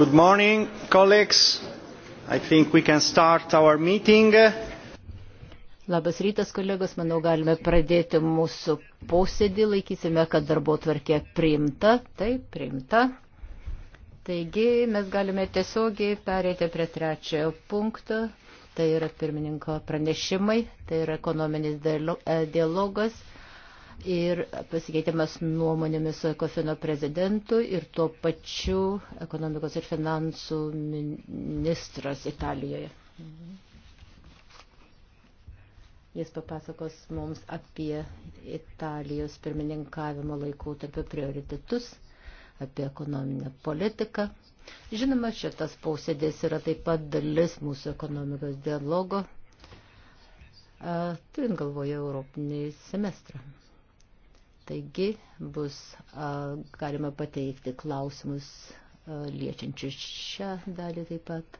Good morning, colleagues. I think we can start our meeting. Labas rytas, kolegos. Manau, galime pradėti mūsų posėdį. Laikysime, kad darbo tvarkė priimta. Taip, priimta. Taigi mes galime tiesiogiai perėti prie trečiojo punkto. Tai yra pirmininko pranešimai, tai yra ekonominis e, dialogas ir pasikeitimas nuomonėmis su Ekofino prezidentu ir tuo pačiu ekonomikos ir finansų ministras Italijoje. Jis papasakos mums apie Italijos pirmininkavimo laikotarpio prioritetus, apie ekonominę politiką. Žinoma, šitas posėdės yra taip pat dalis mūsų ekonomikos dialogo, turint galvoje Europinį semestrą. Taigi bus a, galima pateikti klausimus a, liečiančius šią dalį taip pat.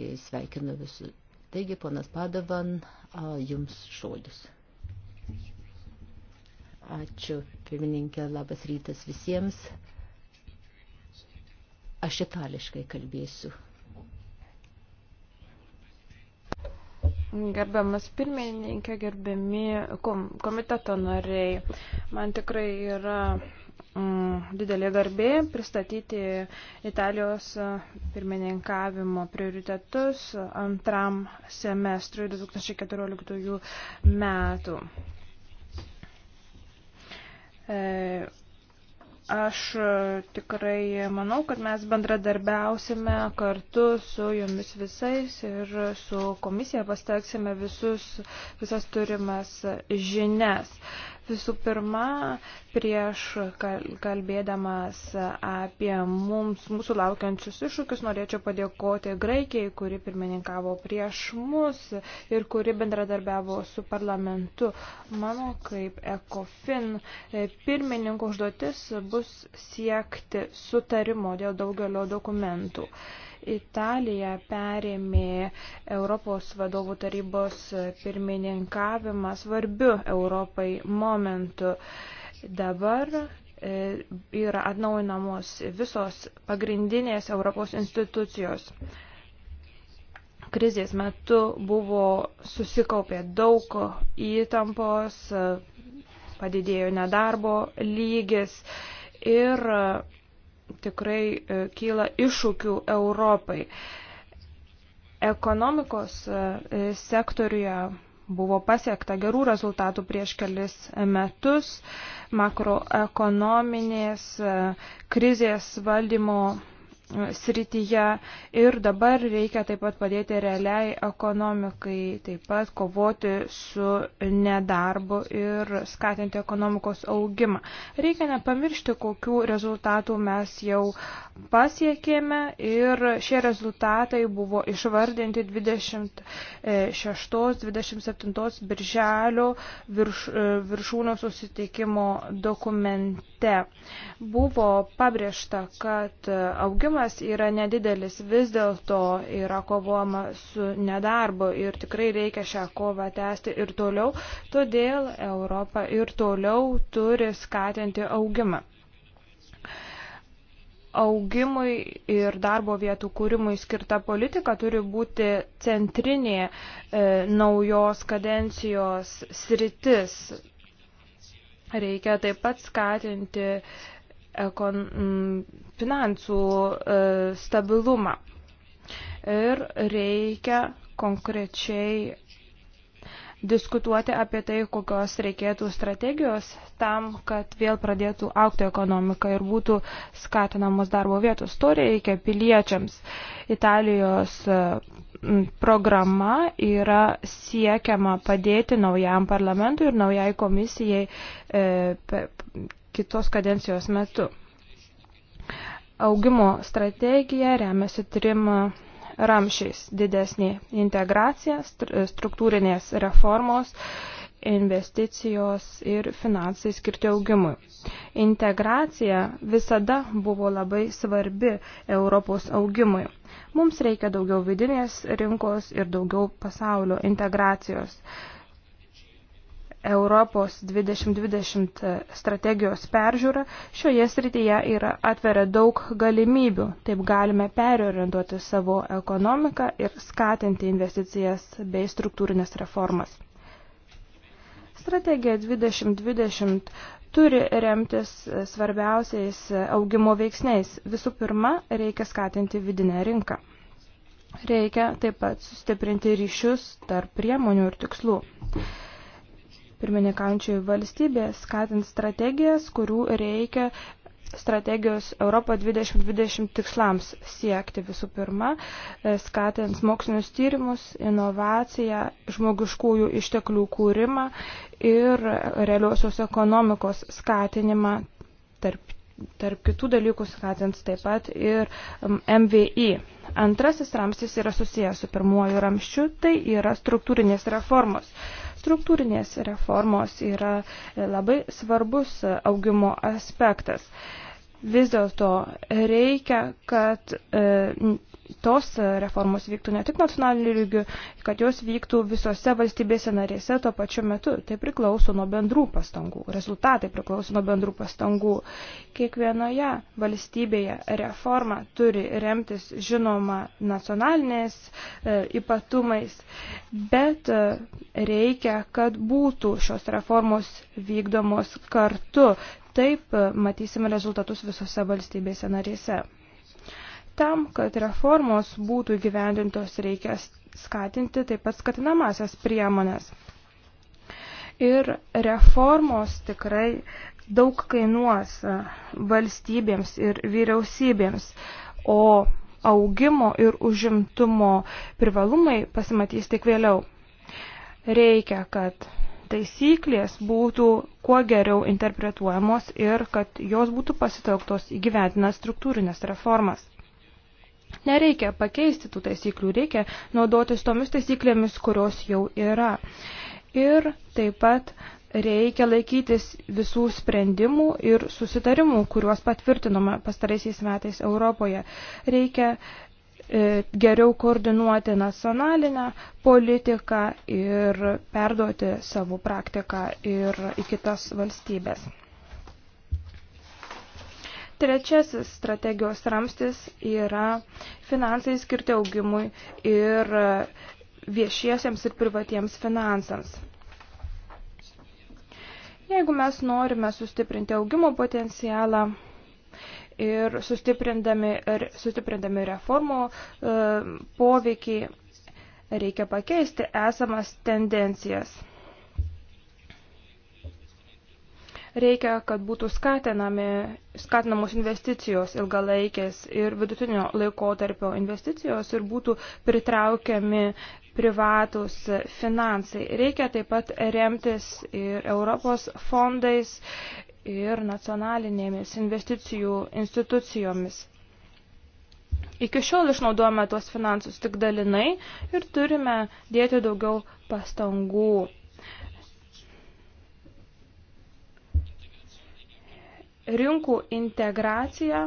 Kai sveikinu visus. Taigi, ponas Padavan, a, jums žodis. Ačiū, pirmininkė, labas rytas visiems. Aš itališkai kalbėsiu. Gerbiamas pirmininkė, gerbiami komiteto nariai, man tikrai yra mm, didelė garbė pristatyti Italijos pirmininkavimo prioritetus antram semestrui 2014 metų. E, Aš e, tikrai manau, kad mes bendradarbiausime kartu su jumis visais ir su komisija pasteksime visus, visas turimas žinias. Visų pirma, prieš kalbėdamas apie mums, mūsų laukiančius iššūkius, norėčiau padėkoti Graikijai, kuri pirmininkavo prieš mus ir kuri bendradarbiavo su parlamentu. Mano kaip ECOFIN pirmininko užduotis bus siekti sutarimo dėl daugelio dokumentų. Uh, Italija perėmė Europos vadovų tarybos pirmininkavimą svarbiu Europai momentu. Dabar e, yra atnaujinamos visos pagrindinės Europos institucijos. Krizės metu buvo susikaupę daug įtampos, padidėjo nedarbo lygis ir tikrai e, kyla iššūkių Europai. Ekonomikos e, sektoriuje buvo pasiekta gerų rezultatų prieš kelis metus. Makroekonominės e, krizės valdymo srityje ir dabar reikia taip pat padėti realiai ekonomikai, taip pat kovoti su nedarbu ir skatinti ekonomikos augimą. Reikia nepamiršti, kokių rezultatų mes jau pasiekėme ir šie rezultatai buvo išvardinti 26-27 birželio virš, viršūnio susitikimo dokumente. Buvo pabrėžta, kad augimas augimas yra nedidelis, vis dėlto yra kovoma su nedarbu ir tikrai reikia šią kovą tęsti ir toliau, todėl Europa ir toliau turi skatinti augimą. Augimui ir darbo vietų kūrimui skirta politika turi būti centrinė e, naujos kadencijos sritis. Reikia taip pat skatinti e, ekon, mm, finansų e, stabilumą. Ir reikia konkrečiai diskutuoti apie tai, kokios reikėtų strategijos tam, kad vėl pradėtų aukti ekonomika ir būtų skatinamos darbo vietos. To reikia piliečiams. Italijos e, programa yra siekiama padėti naujam parlamentui ir naujai komisijai e, kitos kadencijos metu. Augimo strategija remiasi trim ramšiais - didesnė integracija, struktūrinės reformos, investicijos ir finansai skirti augimui. Integracija visada buvo labai svarbi Europos augimui. Mums reikia daugiau vidinės rinkos ir daugiau pasaulio integracijos. Europos 2020 strategijos peržiūra šioje srityje yra atveria daug galimybių. Taip galime periorientuoti savo ekonomiką ir skatinti investicijas bei struktūrinės reformas. Strategija 2020 turi remtis svarbiausiais augimo veiksniais. Visų pirma, reikia skatinti vidinę rinką. Reikia taip pat sustiprinti ryšius tarp priemonių ir tikslų pirmininkaujančioji valstybė skatins strategijas, kurių reikia strategijos Europo 2020 tikslams siekti visų pirma, e, skatins mokslinius tyrimus, inovaciją, žmogiškųjų išteklių kūrimą ir realiosios ekonomikos skatinimą tarp tarp kitų dalykų skatins taip pat ir MVI. Antrasis ramstis yra susijęs su pirmuoju ramščiu, tai yra struktūrinės reformos. Struktūrinės reformos yra labai svarbus augimo aspektas. E, vis dėlto reikia, kad e, tos reformos vyktų ne tik nacionaliniu lygiu, kad jos vyktų visose valstybėse narėse tuo pačiu metu. Tai priklauso nuo bendrų pastangų. Rezultatai priklauso nuo bendrų pastangų. Kiekvienoje valstybėje reforma turi remtis žinoma nacionalinės e, ypatumais, bet e, reikia, kad būtų šios reformos vykdomos kartu. Taip matysime rezultatus visose valstybėse narėse. Tam, kad reformos būtų gyvendintos, reikia skatinti taip pat skatinamasias priemonės. Ir reformos tikrai daug kainuos valstybėms ir vyriausybėms, o augimo ir užimtumo privalumai pasimatys tik vėliau. Reikia, kad taisyklės būtų kuo geriau interpretuojamos ir kad jos būtų pasitelktos įgyvendinant struktūrinės reformas. Nereikia pakeisti tų taisyklių, reikia naudotis tomis taisyklėmis, kurios jau yra. Ir taip pat reikia laikytis visų sprendimų ir susitarimų, kuriuos patvirtinome pastaraisiais metais Europoje. Reikia E, geriau koordinuoti nacionalinę politiką ir perduoti savo praktiką ir į kitas valstybės. Trečiasis strategijos ramstis yra finansai skirti augimui ir viešiesiems ir privatiems finansams. Jeigu mes norime sustiprinti augimo potencialą, ir sustiprindami, sustiprindami reformų e, poveikį reikia pakeisti esamas tendencijas. Reikia, kad būtų skatinamos investicijos ilgalaikės ir vidutinio laikotarpio investicijos ir būtų pritraukiami privatus finansai. Reikia taip pat remtis ir Europos fondais ir nacionalinėmis investicijų institucijomis. Iki šiol išnaudojame tuos finansus tik dalinai ir turime dėti daugiau pastangų. Rinkų integracija,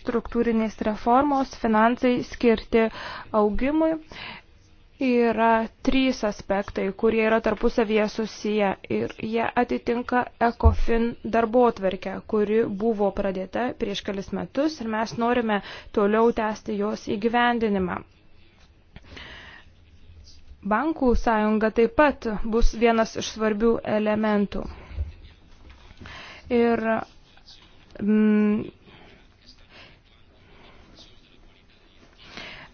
struktūrinės reformos, finansai skirti augimui yra trys aspektai, kurie yra tarpusavyje susiję ir jie atitinka ECOFIN darbotverkę, kuri buvo pradėta prieš kelis metus ir mes norime toliau tęsti jos įgyvendinimą. Bankų sąjunga taip pat bus vienas iš svarbių elementų. Ir mm,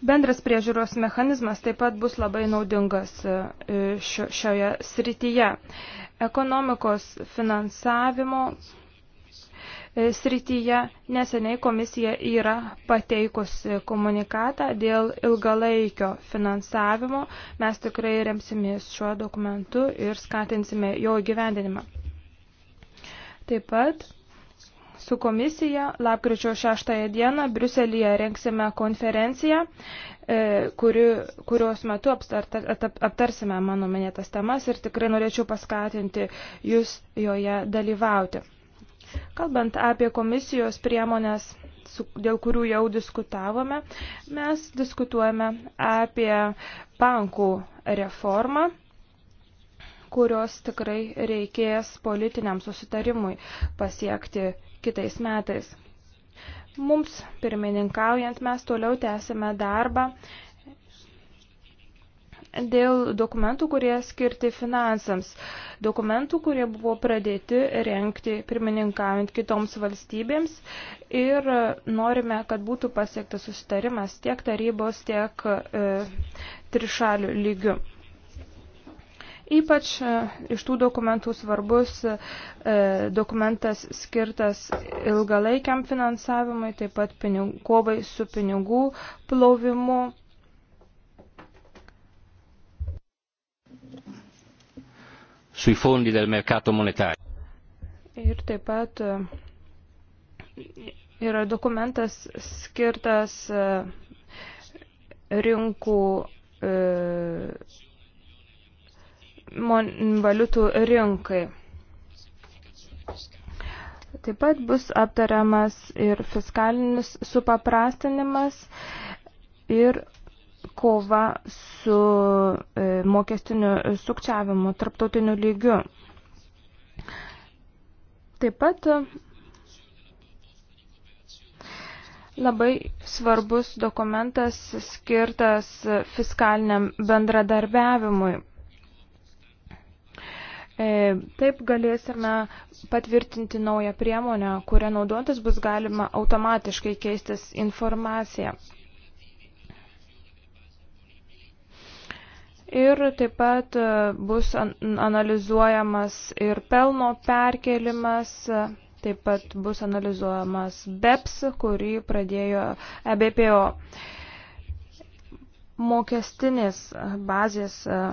Bendras priežiūros mechanizmas taip pat bus labai naudingas e, šioje srityje. Ekonomikos finansavimo e, srityje neseniai komisija yra pateikusi komunikatą dėl ilgalaikio finansavimo. Mes tikrai remsimės šiuo dokumentu ir skatinsime jo gyvendinimą. Taip pat su komisija. Lapkričio 6 dieną Briuselėje renksime konferenciją, e, kuri, kurios metu aptarsime mano minėtas temas ir tikrai norėčiau paskatinti jūs joje dalyvauti. Kalbant apie komisijos priemonės, dėl kurių jau diskutavome, mes diskutuojame apie bankų reformą kurios tikrai reikės politiniam susitarimui pasiekti kitais metais. Mums pirmininkaujant mes toliau tęsime darbą dėl dokumentų, kurie skirti finansams, dokumentų, kurie buvo pradėti renkti pirmininkaujant kitoms valstybėms ir norime, kad būtų pasiektas susitarimas tiek tarybos, tiek e, trišalių lygių. Ypač e, iš tų dokumentų svarbus e, dokumentas skirtas ilgalaikiam finansavimui, taip pat pinigų, kovai su pinigų plovimu. sui fondi del mercato monetario. Ir taip pat e, yra dokumentas skirtas rinkų valiutų rinkai. Taip pat bus aptariamas ir fiskalinis supaprastinimas ir kova su e, mokestiniu sukčiavimu tarptautiniu lygiu. Taip pat labai svarbus dokumentas skirtas fiskaliniam bendradarbiavimui. E, taip galėsime patvirtinti naują priemonę, kurią naudotis bus galima automatiškai keistis informaciją. Ir taip pat e, bus analizuojamas ir pelno perkelimas, taip pat bus analizuojamas BEPS, kurį pradėjo EBPO. Mokestinės bazės e,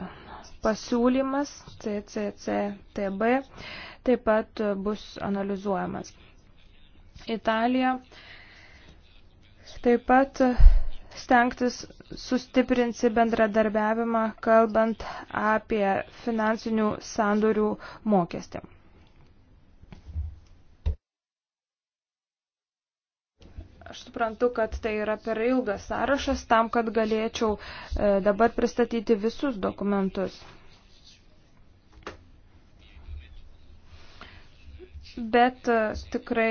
pasiūlymas CCCTB taip pat bus analizuojamas. Italija taip pat stengtis sustiprinsi bendradarbiavimą, kalbant apie finansinių sandorių mokestį. Aš suprantu, kad tai yra per ilgas sąrašas tam, kad galėčiau e, dabar pristatyti visus dokumentus. Bet e, tikrai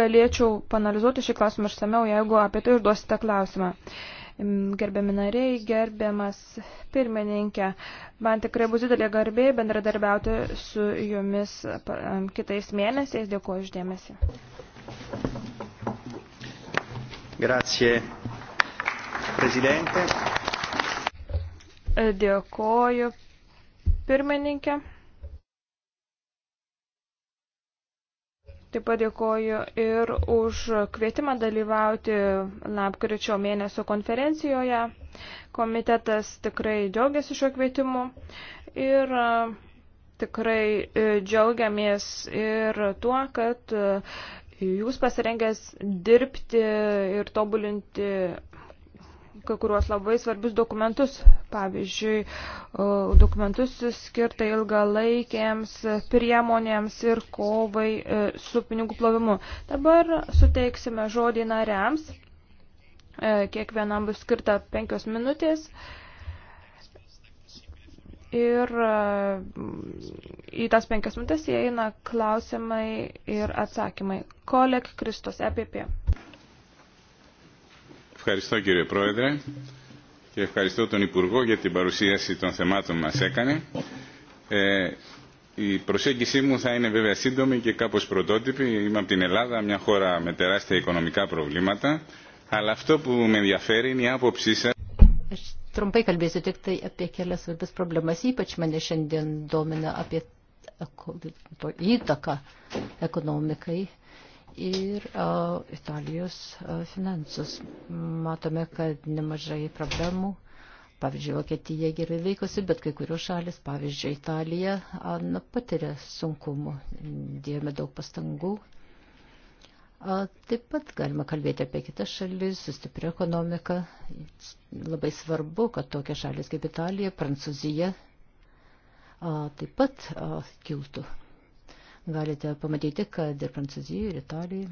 galėčiau panalizuoti šį klausimą išsameu, jeigu apie tai užduosite klausimą. Gerbiami nariai, gerbiamas pirmininkė, man tikrai bus didelė garbė bendradarbiauti su jumis kitais mėnesiais. Dėkuoju uždėmesi. Grazie, prezidente. Dėkoju, pirmininkė. Taip pat dėkoju ir už kvietimą dalyvauti lapkričio mėnesio konferencijoje. Komitetas tikrai džiaugiasi šiuo kvietimu ir e, tikrai e, džiaugiamės ir tuo, kad e, Jūs pasirengęs dirbti ir tobulinti kai kuriuos labai svarbius dokumentus, pavyzdžiui, dokumentus skirtą ilgalaikėms priemonėms ir kovai e, su pinigų plovimu. Dabar suteiksime žodį nariams, e, kiekvienam bus skirta penkios minutės ir e, į tas penkias minutės įeina klausimai ir atsakymai. Kolek Kristos, EPP. Ευχαριστώ κύριε Πρόεδρε και ευχαριστώ τον Υπουργό για την παρουσίαση των θεμάτων μας έκανε. Ε, η προσέγγιση μου θα είναι βέβαια σύντομη και κάπως πρωτότυπη. Είμαι από την Ελλάδα, μια χώρα με τεράστια οικονομικά προβλήματα, αλλά αυτό που με ενδιαφέρει είναι η άποψή σας. Aš trumpai kalbėsiu tik tai apie kelias svarbis problemas, ypač mane šiandien domina apie to įtaką ekonomikai ir uh, Italijos uh, finansus. Matome, kad nemažai problemų. Pavyzdžiui, Vokietija gerai veikosi, bet kai kurios šalis, pavyzdžiui, Italija, na, patiria sunkumų. Dėjome daug pastangų. Uh, Taip pat galima kalbėti apie kitas šalis, sustiprią ekonomiką. Labai svarbu, kad tokia šalis kaip Italija, Prancūzija taip pat kiltų. Galite pamatyti, kad ir Prancūzija, ir Italija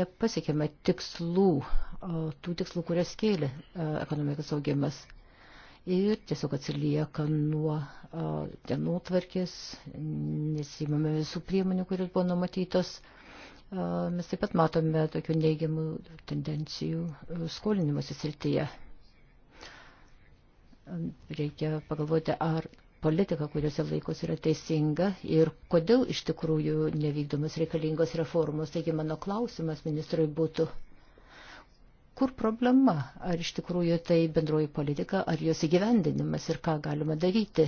nepasiekėme tikslų, tų tikslų, kurias kėlė ekonomikos augimas ir tiesiog atsilieka nuo dienotvarkės, nesimame visų priemonių, kurios buvo numatytos. A, mes taip pat matome tokių neigiamų tendencijų e, skolinimuose srityje. Reikia pagalvoti, ar politika, kuriuose laikos yra teisinga ir kodėl iš tikrųjų nevykdomas reikalingos reformos. Taigi mano klausimas ministrui būtų, kur problema, ar iš tikrųjų tai bendroji politika, ar jos įgyvendinimas ir ką galima daryti.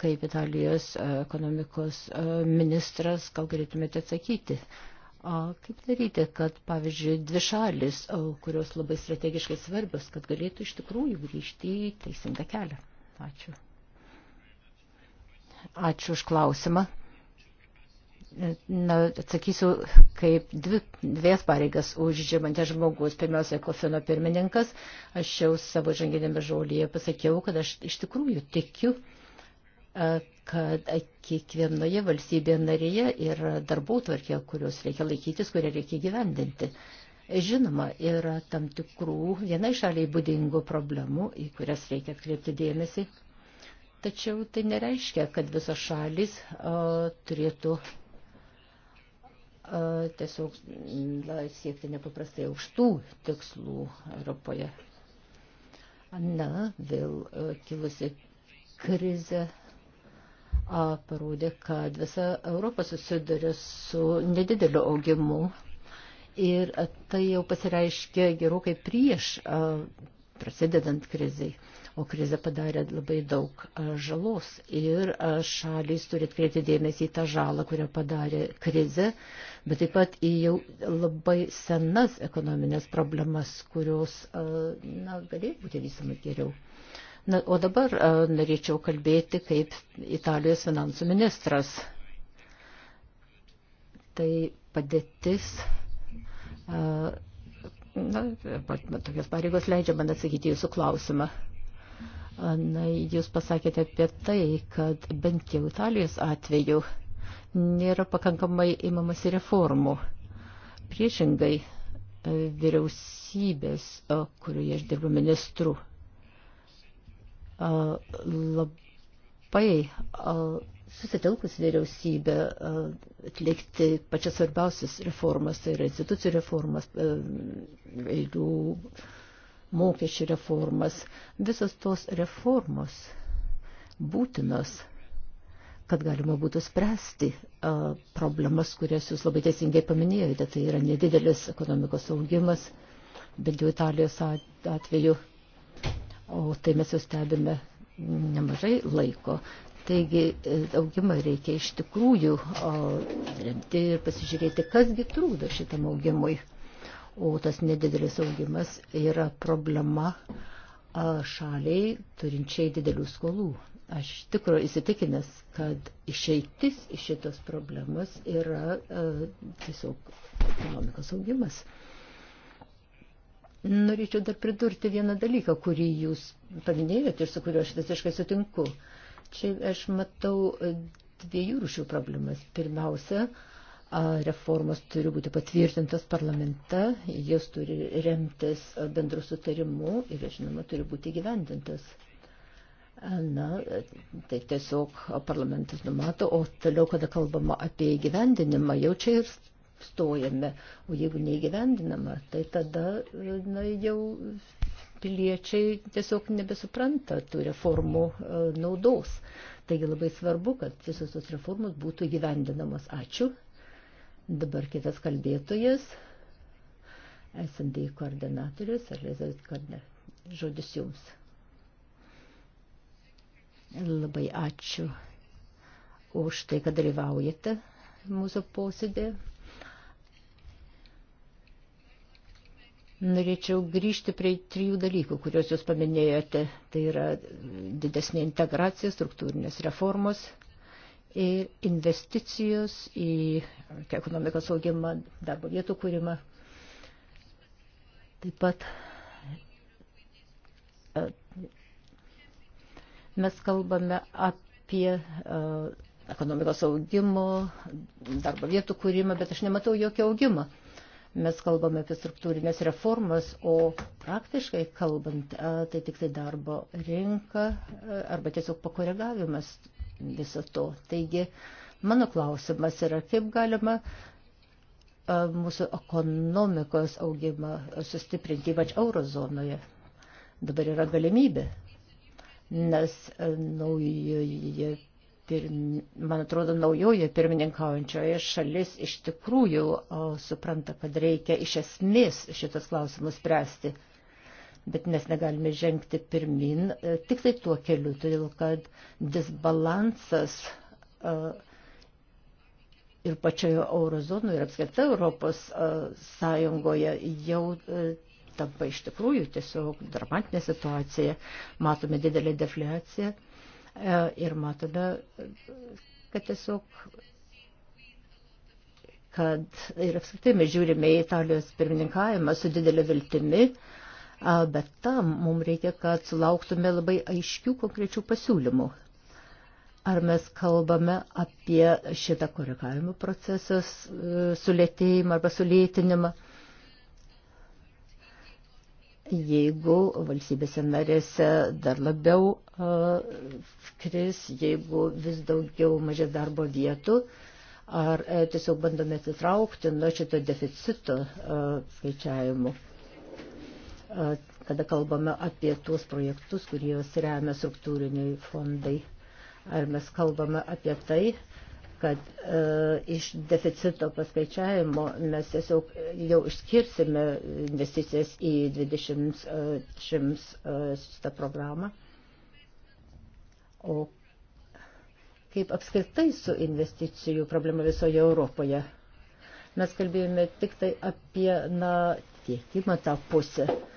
Kaip Italijos e, ekonomikos e, ministras, gal galėtumėte atsakyti? Kaip daryti, kad, pavyzdžiui, dvi šalis, kurios labai strategiškai svarbios, kad galėtų iš tikrųjų grįžti į teisingą kelią? Ačiū. Ačiū už klausimą. Na, atsakysiu kaip dvi, dvies pareigas užžymantė žmogus. Pirmiausia, Kofino pirmininkas. Aš jau savo žanginėme žaulyje pasakiau, kad aš iš tikrųjų tikiu, kad kiekvienoje valstybėje narėje yra darbų tvarkė, kurios reikia laikytis, kurie reikia gyvendinti. Žinoma, yra tam tikrų vienai šaliai būdingų problemų, į kurias reikia atkreipti dėmesį. Tačiau tai nereiškia, kad visos šalis o, turėtų tiesiog siekti nepaprastai aukštų tikslų Europoje. Na, vėl kilusi krizė parodė, kad visa Europa susiduria su nedideliu augimu ir tai jau pasireiškia gerokai prieš prasidedant krizai o krize padarė labai daug žalos ir šalys turi atkreipti dėmesį į tą žalą, kurią padarė krize, bet taip pat į jau labai senas ekonominės problemas, kurios na, galėjo būti vystama geriau. Na, o dabar a, norėčiau kalbėti kaip Italijos finansų ministras. Tai padėtis a, na, tokios pareigos leidžia man atsakyti jūsų klausimą. Na, jūs pasakėte apie tai, kad bent jau Italijos atveju nėra pakankamai imamasi reformų. Priešingai, e, vyriausybės, e, kurioje aš dirbu ministru, e, labai susitelkus vyriausybę atlikti pačias svarbiausias reformas, tai yra institucijų reformas, įvairių e, mokesčių reformas. Visos tos reformos būtinos, kad galima būtų spręsti a, problemas, kurias jūs labai teisingai paminėjote. Tai yra nedidelis ekonomikos augimas, bent jau Italijos atveju. O tai mes jau stebime nemažai laiko. Taigi e, augimą reikia iš tikrųjų o, remti ir pasižiūrėti, kasgi trūdo šitam augimui o tas nedidelis augimas yra problema šaliai turinčiai didelių skolų. Aš tikro įsitikinęs, kad išeitis iš šitos problemos yra e, tiesiog ekonomikos augimas. Norėčiau dar pridurti vieną dalyką, kurį jūs paminėjote ir su kuriuo aš visiškai sutinku. Čia aš matau dviejų rūšių problemas. Pirmiausia, e, reformos turi būti patvirtintas parlamente, jis turi remtis bendru sutarimu ir, žinoma, turi būti gyvendintas. Na, tai tiesiog parlamentas numato, o toliau, kada kalbama apie įgyvendinimą, jau čia ir stojame, o jeigu neįgyvendinama, tai tada na, jau piliečiai tiesiog nebesupranta tų reformų naudos. Taigi labai svarbu, kad visos tos reformos būtų gyvendinamos. Ačiū. Dabar kitas kalbėtojas, SND koordinatorius, Elizabeth Korner. Žodis jums. Labai ačiū už tai, kad dalyvaujate mūsų posėdė. Norėčiau grįžti prie trijų dalykų, kuriuos jūs paminėjote. Tai yra didesnė integracija, struktūrinės reformos ir investicijos į ekonomikos augimą, darbo vietų kūrimą. Taip pat e, mes kalbame apie e, ekonomikos augimo, darbo vietų kūrimą, bet aš nematau jokio augimo. Mes kalbame apie struktūrinės reformas, o praktiškai kalbant, e, tai tik tai darbo rinka arba tiesiog pakoregavimas viso to. Taigi, mano klausimas yra, kaip galima mūsų ekonomikos augimą sustiprinti, ypač eurozonoje. Dabar yra galimybė, nes naujoje, man atrodo, naujoje pirmininkaujančioje šalis iš tikrųjų supranta, kad reikia iš esmės šitas klausimus spręsti bet mes negalime žengti pirmin e, tik tai tuo keliu, todėl kad disbalansas e, ir pačioje eurozonoje ir apskritai Europos e, Sąjungoje jau tampa iš tikrųjų tiesiog dramatinė situacija. Matome didelį defliaciją ir matome, kad tiesiog kad ir apskritai mes žiūrime į Italijos pirmininkavimą su didelė viltimi, uh, bet tam mums reikia, kad sulauktume labai aiškių konkrečių pasiūlymų. Ar mes kalbame apie šitą korekavimo procesą, e, sulėtėjimą arba sulėtinimą? jeigu valstybėse narėse dar labiau kris, jeigu vis daugiau mažės darbo vietų, ar e, tiesiog bandome atsitraukti nuo šito deficito skaičiavimo kada kalbame apie tuos projektus, kuriuos remia struktūriniai fondai. Ar mes kalbame apie tai, kad e, iš deficito paskaičiavimo mes tiesiog jau išskirsime investicijas į 20 šimtą e, e, programą. O kaip apskritai su investicijų problema visoje Europoje? Mes kalbėjome tik tai apie na, tiekimą tą pusę. E,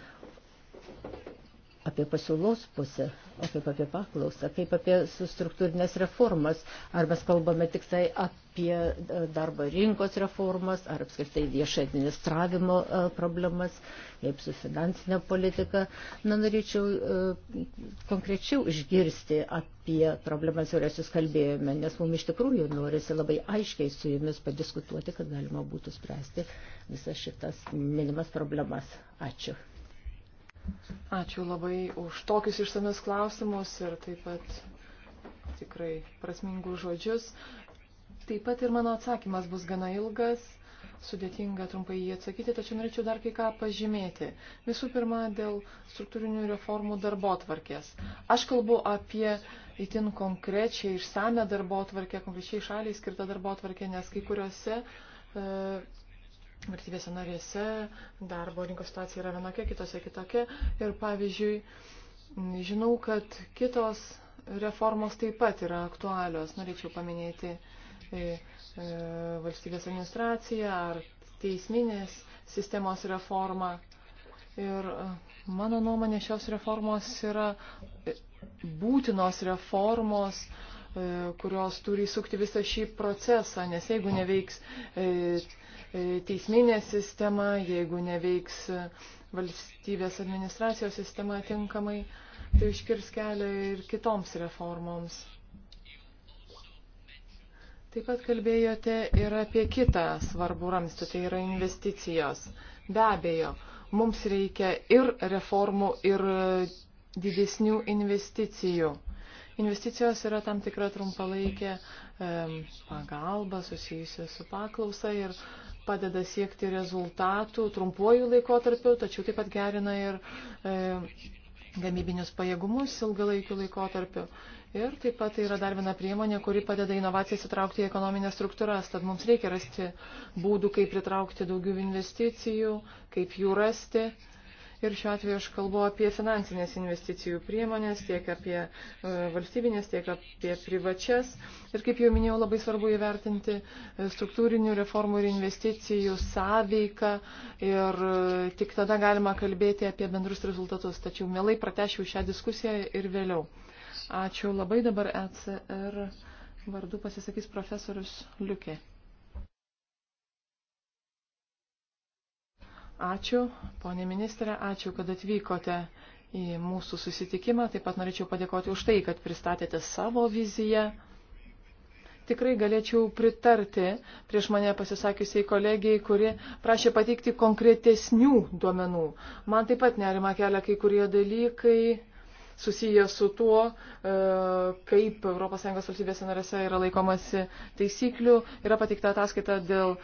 apie pasiūlos pusę, o kaip apie paklausą, kaip apie struktūrinės reformas, ar mes kalbame tik tai apie e, darbo rinkos reformas, ar apskritai viešai administravimo e, problemas, kaip su finansinė politika. Na, norėčiau e, konkrečiau išgirsti apie problemas, kurias jūs kalbėjome, nes mums iš tikrųjų norisi labai aiškiai su jumis padiskutuoti, kad galima būtų spręsti visas šitas minimas problemas. Ačiū. Ačiū labai už tokius išsamius klausimus ir taip pat tikrai prasmingus žodžius. Taip pat ir mano atsakymas bus gana ilgas, sudėtinga trumpai jį atsakyti, tačiau norėčiau dar kai ką pažymėti. Visų pirma, dėl struktūrinių reformų darbo tvarkės. Aš kalbu apie itin konkrečiai išsame darbo tvarkę, konkrečiai šaliai skirtą darbo tvarkę, nes kai kuriuose e, valstybėse narėse darbo rinkos situacija yra vienokia, kitose kitokia. Ir pavyzdžiui, žinau, kad kitos reformos taip pat yra aktualios. Norėčiau paminėti e, e, valstybės administraciją ar teisminės sistemos reformą. Ir e, mano nuomonė šios reformos yra būtinos reformos, kurios turi įsukti visą šį procesą, nes jeigu neveiks E, teisminė sistema, jeigu neveiks valstybės administracijos sistema tinkamai, tai iškirs kelią ir kitoms reformoms. Taip pat kalbėjote ir apie kitą svarbų ramstį, tai yra investicijos. Be abejo, mums reikia ir reformų, ir didesnių investicijų. Investicijos yra tam tikra trumpalaikė pagalba susijusi su paklausa ir padeda siekti rezultatų trumpuoju laikotarpiu, tačiau taip pat gerina ir e, gamybinius pajėgumus ilgalaikiu laikotarpiu. Ir taip pat tai yra dar viena priemonė, kuri padeda inovacijas įtraukti į ekonominės struktūras. Tad mums reikia rasti būdų, kaip pritraukti daugiau investicijų, kaip jų rasti. Ir šiuo atveju aš kalbu apie finansinės investicijų priemonės, tiek apie e, valstybinės, tiek apie privačias. Ir kaip jau minėjau, labai svarbu įvertinti e, struktūrinių reformų ir investicijų sąveiką. Ir e, tik tada galima kalbėti apie bendrus rezultatus. Tačiau mielai pratešiau šią diskusiją ir vėliau. Ačiū labai dabar ECR. Vardu pasisakys profesorius Liukė. Ačiū, ponė ministrė, ačiū, kad atvykote į mūsų susitikimą. Taip pat norėčiau padėkoti už tai, kad pristatėte savo viziją. Tikrai galėčiau pritarti prieš mane pasisakiusiai kolegijai, kuri prašė pateikti konkretesnių duomenų. Man taip pat nerima kelia kai kurie dalykai susiję su tuo, e, kaip ES valstybėse narėse yra laikomasi taisyklių. Yra pateikta ataskaita dėl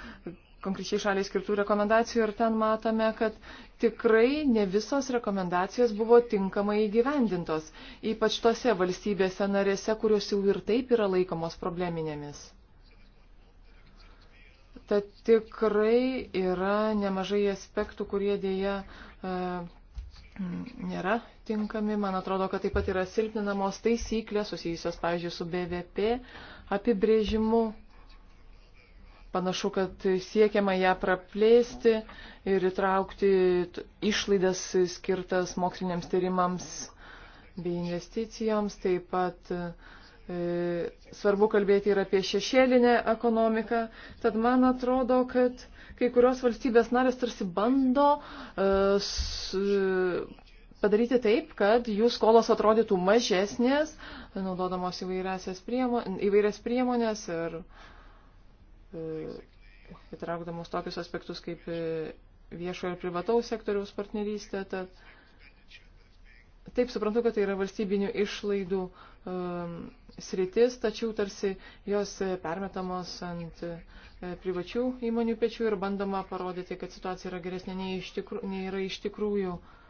konkrečiai šaliai skirtų rekomendacijų ir ten matome, kad tikrai ne visos rekomendacijos buvo tinkamai įgyvendintos, ypač tose valstybėse narėse, kurios jau ir taip yra laikomos probleminėmis. Tad tikrai yra nemažai aspektų, kurie dėja e, nėra tinkami. Man atrodo, kad taip pat yra silpninamos taisyklės susijusios, pavyzdžiui, su BVP apibrėžimu Panašu, kad siekiama ją praplėsti ir įtraukti išlaidas skirtas moksliniams tyrimams bei investicijoms. Taip pat e, svarbu kalbėti ir apie šešėlinę ekonomiką. Tad man atrodo, kad kai kurios valstybės narės tarsi bando e, s, padaryti taip, kad jų skolos atrodytų mažesnės, naudodamos įvairias priemonės. Įvairias priemonės ir, e, E, įtraukdamos tokius aspektus kaip e, viešo ir privataus sektoriaus partnerystė. Tad, taip suprantu, kad tai yra valstybinių išlaidų um, sritis, tačiau tarsi jos permetamos ant privačių įmonių pečių ir bandoma parodyti, kad situacija yra geresnė nei, iš tikrų, nei yra iš tikrųjų. Uh,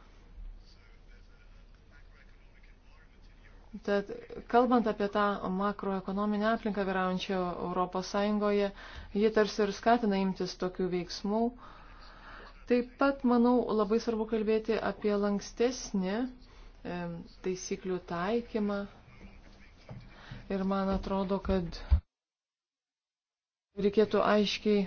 Tad kalbant apie tą makroekonominę aplinką vyraujančią Europos Sąjungoje, ji tarsi ir skatina imtis tokių veiksmų. Taip pat, manau, labai svarbu kalbėti apie lankstesnį e, taisyklių taikymą. Ir man atrodo, kad reikėtų aiškiai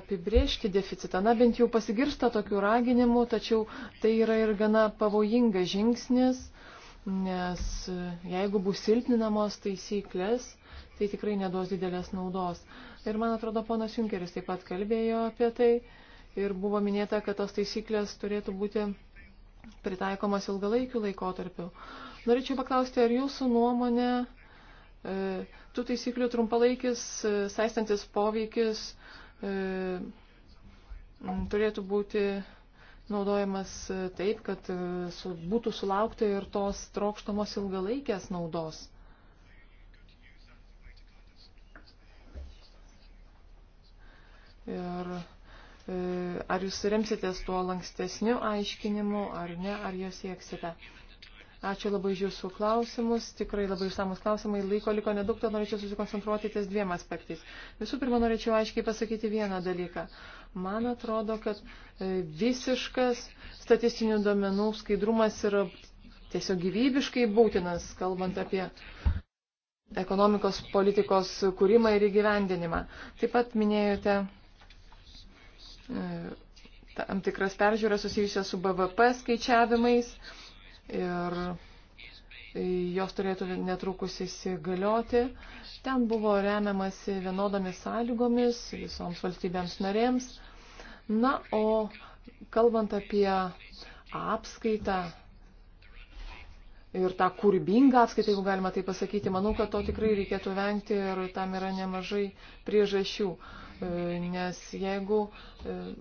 apibriežti deficitą. Na, bent jau pasigirsta tokių raginimų, tačiau tai yra ir gana pavojingas žingsnis nes e, jeigu bus silpninamos taisyklės, tai tikrai neduos didelės naudos. Ir man atrodo, ponas Junkeris taip pat kalbėjo apie tai ir buvo minėta, kad tos taisyklės turėtų būti pritaikomas ilgalaikiu laikotarpiu. Norėčiau paklausti, ar jūsų nuomonė e, tų taisyklių trumpalaikis, e, saistantis poveikis turėtų būti naudojamas e, taip, kad e, su, būtų sulaukta ir tos trokštamos ilgalaikės naudos. Ir e, ar jūs remsitės tuo lankstesniu aiškinimu, ar ne, ar jo sieksite. Ačiū labai iš jūsų klausimus, tikrai labai išsamus klausimai, laiko liko nedaug, tad norėčiau susikoncentruoti ties dviem aspektais. Visų pirma, norėčiau aiškiai pasakyti vieną dalyką. Man atrodo, kad e, visiškas statistinių duomenų skaidrumas yra tiesiog gyvybiškai būtinas, kalbant apie ekonomikos politikos kūrimą ir įgyvendinimą. Taip pat minėjote e, tam tikras peržiūras susijusias su BVP skaičiavimais ir jos turėtų netrukus įsigalioti. Ten buvo remiamasi vienodomis sąlygomis visoms valstybėms narėms. Na, o kalbant apie apskaitą ir tą kūrybingą apskaitą, jeigu galima tai pasakyti, manau, kad to tikrai reikėtų vengti ir tam yra nemažai priežasčių. E, nes jeigu e,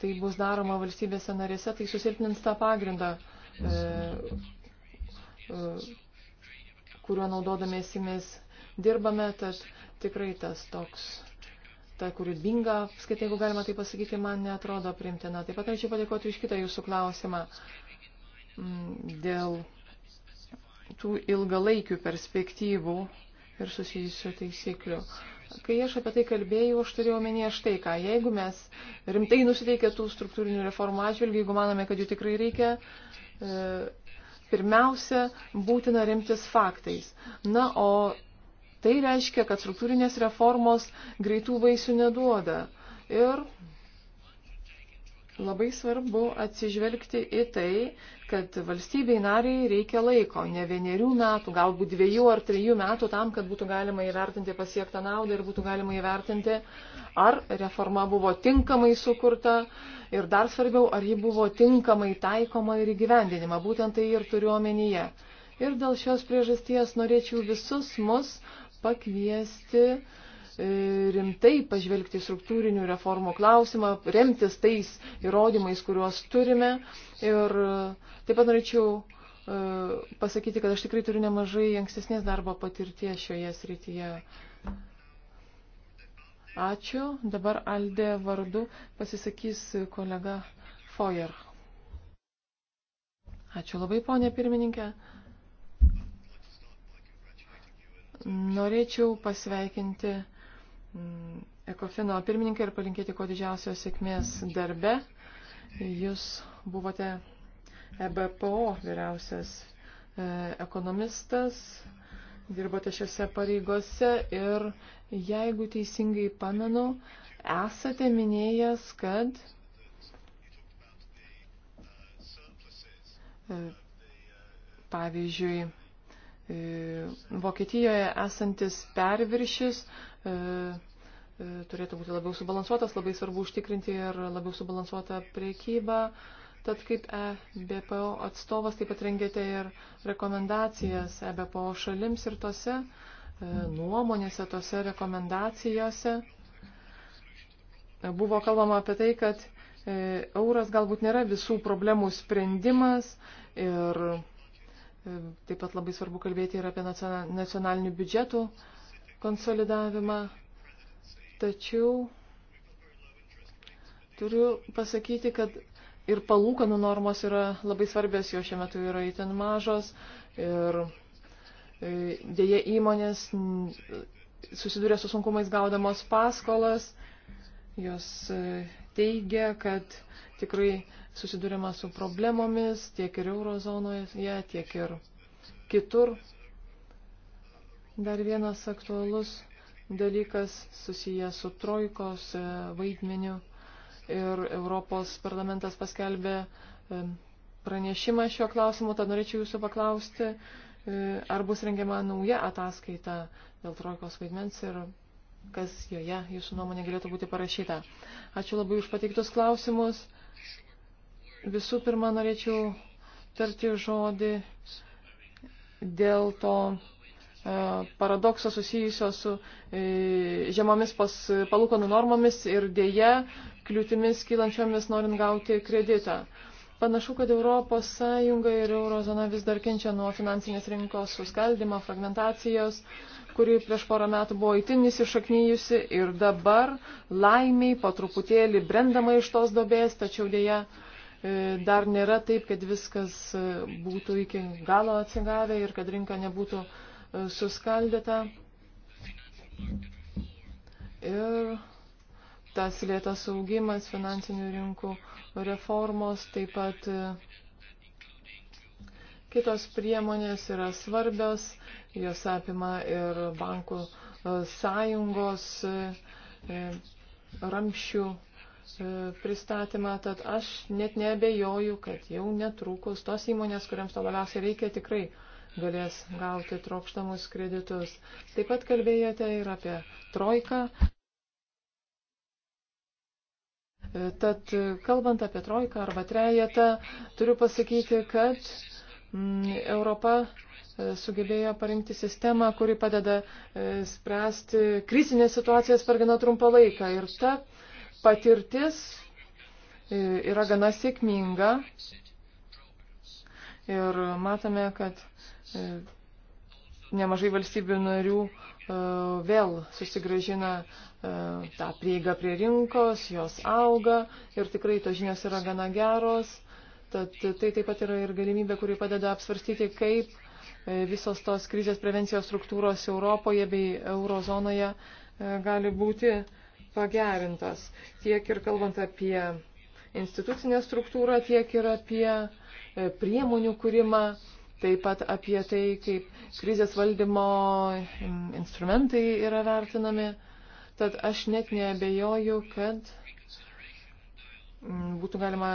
tai bus daroma valstybėse narėse, tai susilpnins tą pagrindą, E, e, kuriuo naudodamiesi mes dirbame, tad tikrai tas toks ta kūrybinga, apskaitai, jeigu galima tai pasakyti, man netrodo primtina. Taip pat norėčiau padėkoti už kitą jūsų klausimą mm, dėl tų ilgalaikių perspektyvų ir susijusių taisyklių. Kai aš apie tai kalbėjau, aš turėjau omenyje štai ką. Jeigu mes rimtai nusiteikę tų struktūrinių reformų atžvilgių, jeigu manome, kad jų tikrai reikia, E, pirmiausia, būtina rimtis faktais. Na, o tai reiškia, kad struktūrinės reformos greitų vaisių neduoda. Ir Labai svarbu atsižvelgti į tai, kad valstybei nariai reikia laiko, ne vienerių metų, galbūt dviejų ar trijų metų tam, kad būtų galima įvertinti pasiektą naudą ir būtų galima įvertinti, ar reforma buvo tinkamai sukurta ir dar svarbiau, ar ji buvo tinkamai taikoma ir įgyvendinima. Būtent tai ir turiu omenyje. Ir dėl šios priežasties norėčiau visus mus pakviesti E, rimtai pažvelgti struktūrinių reformų klausimą, remtis tais įrodymais, kuriuos turime. Ir e, taip pat norėčiau e, pasakyti, kad aš tikrai turiu nemažai ankstesnės darbo patirties šioje srityje. Ačiū. Dabar Aldė vardu pasisakys kolega Foyer. Ačiū labai, ponė pirmininkė. Norėčiau pasveikinti Mm, Ekofino pirmininkai ir palinkėti kuo didžiausios sėkmės darbe. Jūs buvote EBPO vyriausias e, ekonomistas, dirbote šiuose pareigose ir jeigu teisingai pamenu, esate minėjęs, kad e, pavyzdžiui, e, Vokietijoje esantis perviršis E, e, turėtų būti labiau subalansuotas, labai svarbu užtikrinti ir labiau subalansuotą priekybą. Tad kaip EBPO atstovas taip pat rengėte ir rekomendacijas EBPO šalims ir tose e, nuomonėse, tose rekomendacijose buvo kalbama apie tai, kad euras galbūt nėra visų problemų sprendimas ir taip pat labai svarbu kalbėti ir apie nacionalinių biudžetų konsolidavimą, tačiau turiu pasakyti, kad ir palūkanų normos yra labai svarbios, jo šiuo metu yra įten mažos ir e, dėje įmonės susidūrė su sunkumais gaudamos paskolas, jos e, teigia, kad tikrai susidūrėma su problemomis tiek ir eurozonoje, tiek ir kitur. Dar vienas aktualus dalykas susijęs su trojkos e, vaidmeniu ir Europos parlamentas paskelbė e, pranešimą šiuo klausimu, tad norėčiau jūsų paklausti, e, ar bus rengiama nauja ataskaita dėl trojkos vaidmens ir kas joje jūsų nuomonė galėtų būti parašyta. Ačiū labai už pateiktus klausimus. Visų pirma, norėčiau tarti žodį dėl to E, paradokso susijusio su e, žemomis pas palūkanų normomis ir dėje kliūtimis kylančiomis norint gauti kreditą. Panašu, kad ES ir Eurozona vis dar kenčia nuo finansinės rinkos suskaldimo, fragmentacijos, kuri prieš porą metų buvo įtin įsišaknyjusi ir dabar laimiai po truputėlį brendama iš tos dobės, tačiau dėja e, dar nėra taip, kad viskas būtų iki galo atsigavę ir kad rinka nebūtų uh, suskaldyta ir tas lėtas augimas finansinių rinkų reformos, taip pat kitos priemonės yra svarbios, jos apima ir bankų e, sąjungos e, ramšių e, pristatymą, tad aš net nebejoju, kad jau netrukus tos įmonės, kuriams to labiausiai reikia, tikrai uh, galės gauti trokštamus kreditus. Taip pat kalbėjote ir apie trojką. Tad kalbant apie trojką arba trejetą, turiu pasakyti, kad mm, Europa e, sugebėjo parinkti sistemą, kuri padeda e, spręsti krizinės situacijas per gana trumpą laiką. Ir ta patirtis e, yra gana sėkminga. Ir matome, kad E, nemažai valstybių narių e, vėl susigražina e, tą prieigą prie rinkos, jos auga ir tikrai tos žinios yra gana geros. Tad tai taip pat yra ir galimybė, kuri padeda apsvarstyti, kaip visos tos krizės prevencijos struktūros Europoje bei eurozonoje gali būti pagerintos. Tiek ir kalbant apie institucinę struktūrą, tiek ir apie priemonių kūrimą taip pat apie tai, kaip krizės valdymo instrumentai yra vertinami. Tad aš net neabejoju, kad mm, būtų galima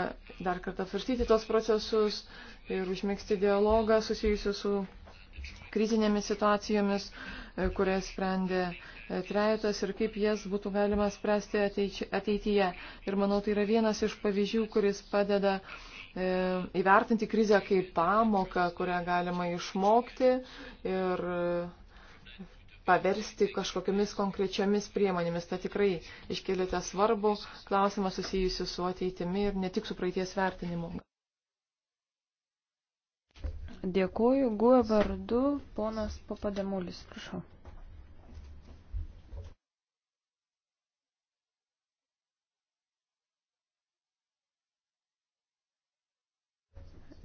dar kartą svarstyti tos procesus ir užmėgsti dialogą susijusiu su krizinėmis situacijomis, e, kurias sprendė e, trejetas ir kaip jas būtų galima spręsti ateityje. Ir manau, tai yra vienas iš pavyzdžių, kuris padeda uh, E, įvertinti krizę kaip pamoką, kurią galima išmokti ir e, paversti kažkokiamis konkrečiamis priemonėmis. Tai tikrai iškelite svarbu klausimą susijusiu su ateitimi ir ne tik su praeities vertinimu. Dėkuoju, guo vardu, ponas Papademulis, prašau.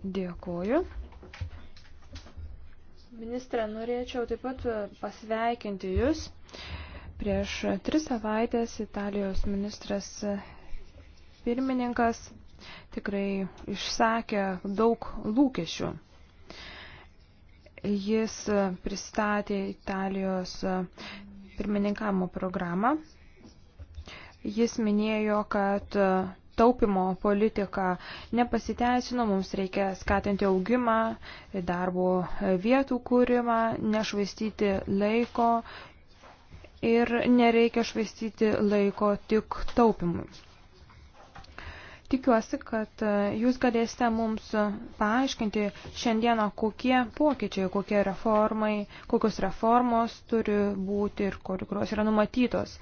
Dėkuoju. Ministrė, norėčiau taip pat pasveikinti Jūs. Prieš tris savaitės Italijos ministras pirmininkas tikrai išsakė daug lūkesčių. Jis pristatė Italijos pirmininkamo programą. Jis minėjo, kad taupimo politika nepasiteisino, mums reikia skatinti augimą, darbo vietų kūrimą, nešvaistyti laiko ir nereikia švaistyti laiko tik taupimui. Tikiuosi, kad jūs galėsite mums paaiškinti šiandieną, kokie pokyčiai, kokie reformai, kokios reformos turi būti ir kurios yra numatytos.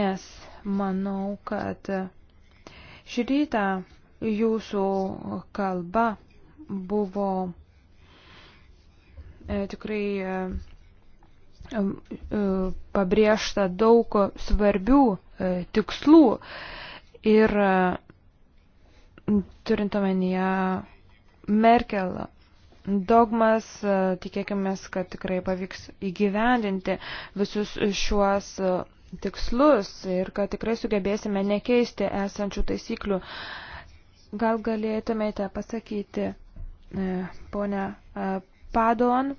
Nes manau, kad Šį rytą jūsų kalba buvo e, tikrai e, e, pabrėžta daug svarbių tikslų ir turint omenyje Merkel dogmas, tikėkime, kad tikrai pavyks įgyvendinti visus šiuos tikslus ir kad tikrai sugebėsime nekeisti esančių taisyklių. Gal galėtumėte pasakyti, e, ponia e, Padon,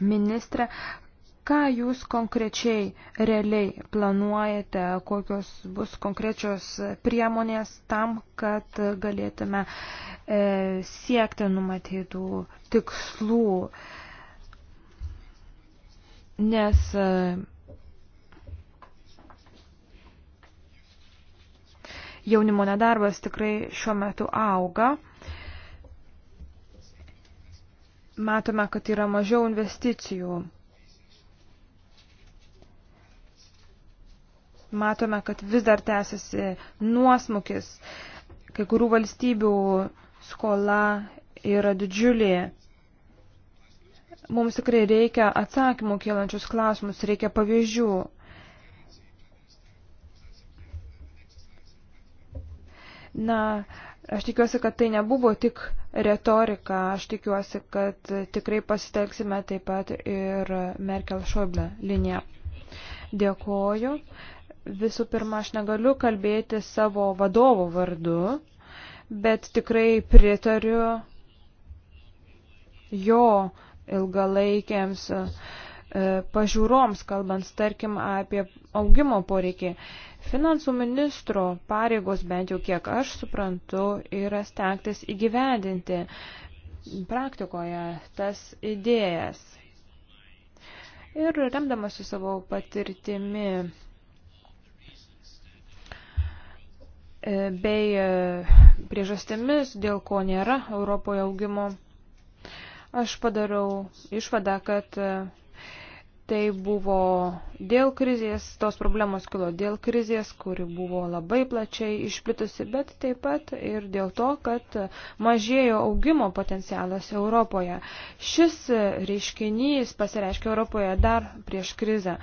ministrė, ką jūs konkrečiai realiai planuojate, kokios bus konkrečios priemonės tam, kad galėtume e, siekti numatytų tikslų, nes jaunimo nedarbas tikrai šiuo metu auga. Matome, kad yra mažiau investicijų. Matome, kad vis dar tęsiasi nuosmukis. Kai kurių valstybių skola yra didžiulė. Mums tikrai reikia atsakymų kylančius klausimus, reikia pavyzdžių. Na, aš tikiuosi, kad tai nebuvo tik retorika, aš tikiuosi, kad tikrai pasitelksime taip pat ir Merkel-Schäuble liniją. Dėkoju. Visų pirma, aš negaliu kalbėti savo vadovo vardu, bet tikrai pritariu jo ilgalaikiams e, pažiūroms, kalbant, tarkim, apie augimo poreikį. Finansų ministro pareigos, bent jau kiek aš suprantu, yra stengtis įgyvendinti praktikoje tas idėjas. Ir remdamasi savo patirtimi e, bei e, priežastėmis, dėl ko nėra Europoje augimo, aš padariau išvadą, kad e, tai buvo dėl krizės, tos problemos kilo dėl krizės, kuri buvo labai plačiai išplitusi, bet taip pat ir dėl to, kad mažėjo augimo potencialas Europoje. Šis reiškinys pasireiškia Europoje dar prieš krizę.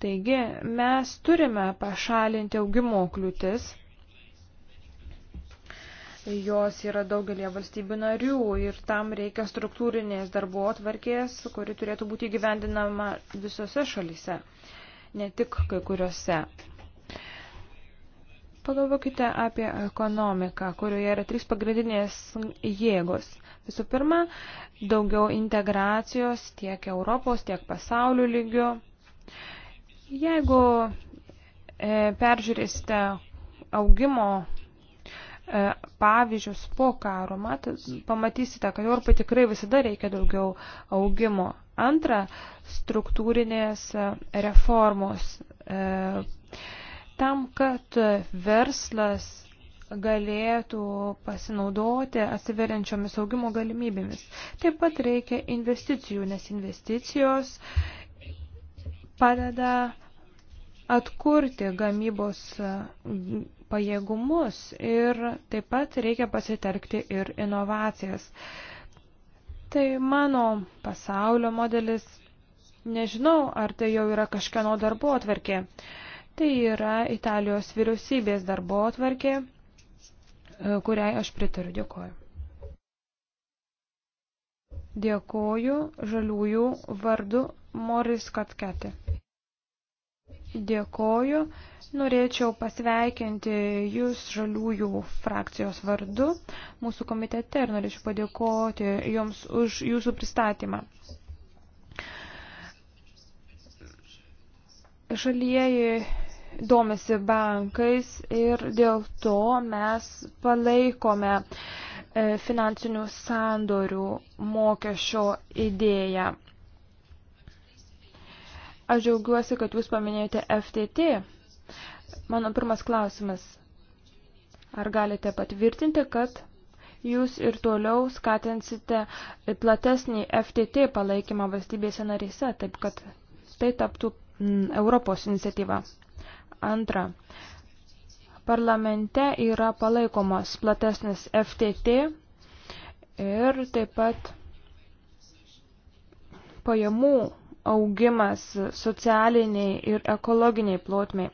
Taigi mes turime pašalinti augimo kliūtis jos yra daugelie valstybių narių ir tam reikia struktūrinės darbo atvarkės, kuri turėtų būti gyvendinama visose šalyse, ne tik kai kuriuose. Pagalvokite apie ekonomiką, kurioje yra trys pagrindinės jėgos. Visų pirma, daugiau integracijos tiek Europos, tiek pasaulio lygių. Jeigu e, peržiūrėsite augimo E, pavyzdžius po karo, matot, pamatysite, kad Europai tikrai visada reikia daugiau augimo. Antra, struktūrinės e, reformos. E, tam, kad verslas galėtų pasinaudoti atsiveriančiomis augimo galimybėmis. Taip pat reikia investicijų, nes investicijos padeda atkurti gamybos pajėgumus ir taip pat reikia pasitelkti ir inovacijas. Tai mano pasaulio modelis, nežinau, ar tai jau yra kažkieno darbo atverkė. Tai yra Italijos vyriausybės darbo atverkė, e, kuriai aš pritariu. Dėkuoju. Dėkuoju žaliųjų vardu Moris Katketė. Dėkoju. Norėčiau pasveikinti Jūs žaliųjų frakcijos vardu mūsų komitete ir norėčiau padėkoti Jums už Jūsų pristatymą. Žalieji domisi bankais ir dėl to mes palaikome e, finansinių sandorių mokesčio idėją. Aš džiaugiuosi, kad jūs paminėjote FTT. Mano pirmas klausimas. Ar galite patvirtinti, kad jūs ir toliau skatinsite platesnį FTT palaikymą valstybėse narėse, taip kad tai taptų mm, Europos iniciatyva. Antra, parlamente yra palaikomas platesnis FTT ir taip pat pajamų augimas socialiniai ir ekologiniai plotmiai.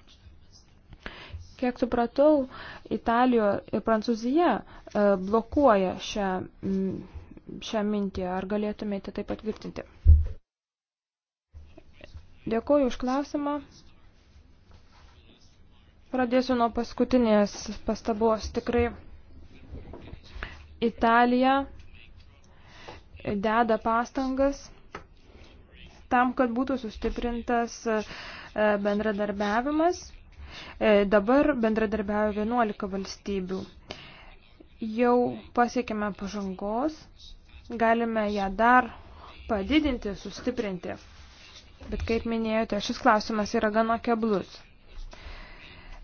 Kiek supratau, Italija ir Prancūzija e, blokuoja šią, šią mintį. Ar galėtumėte tai patvirtinti? Dėkuoju už klausimą. Pradėsiu nuo paskutinės pastabos. Tikrai Italija deda pastangas tam, kad būtų sustiprintas e, bendradarbiavimas. E, dabar bendradarbiavo 11 valstybių. Jau pasiekėme pažangos, galime ją dar padidinti, sustiprinti. Bet kaip minėjote, šis klausimas yra gana keblus.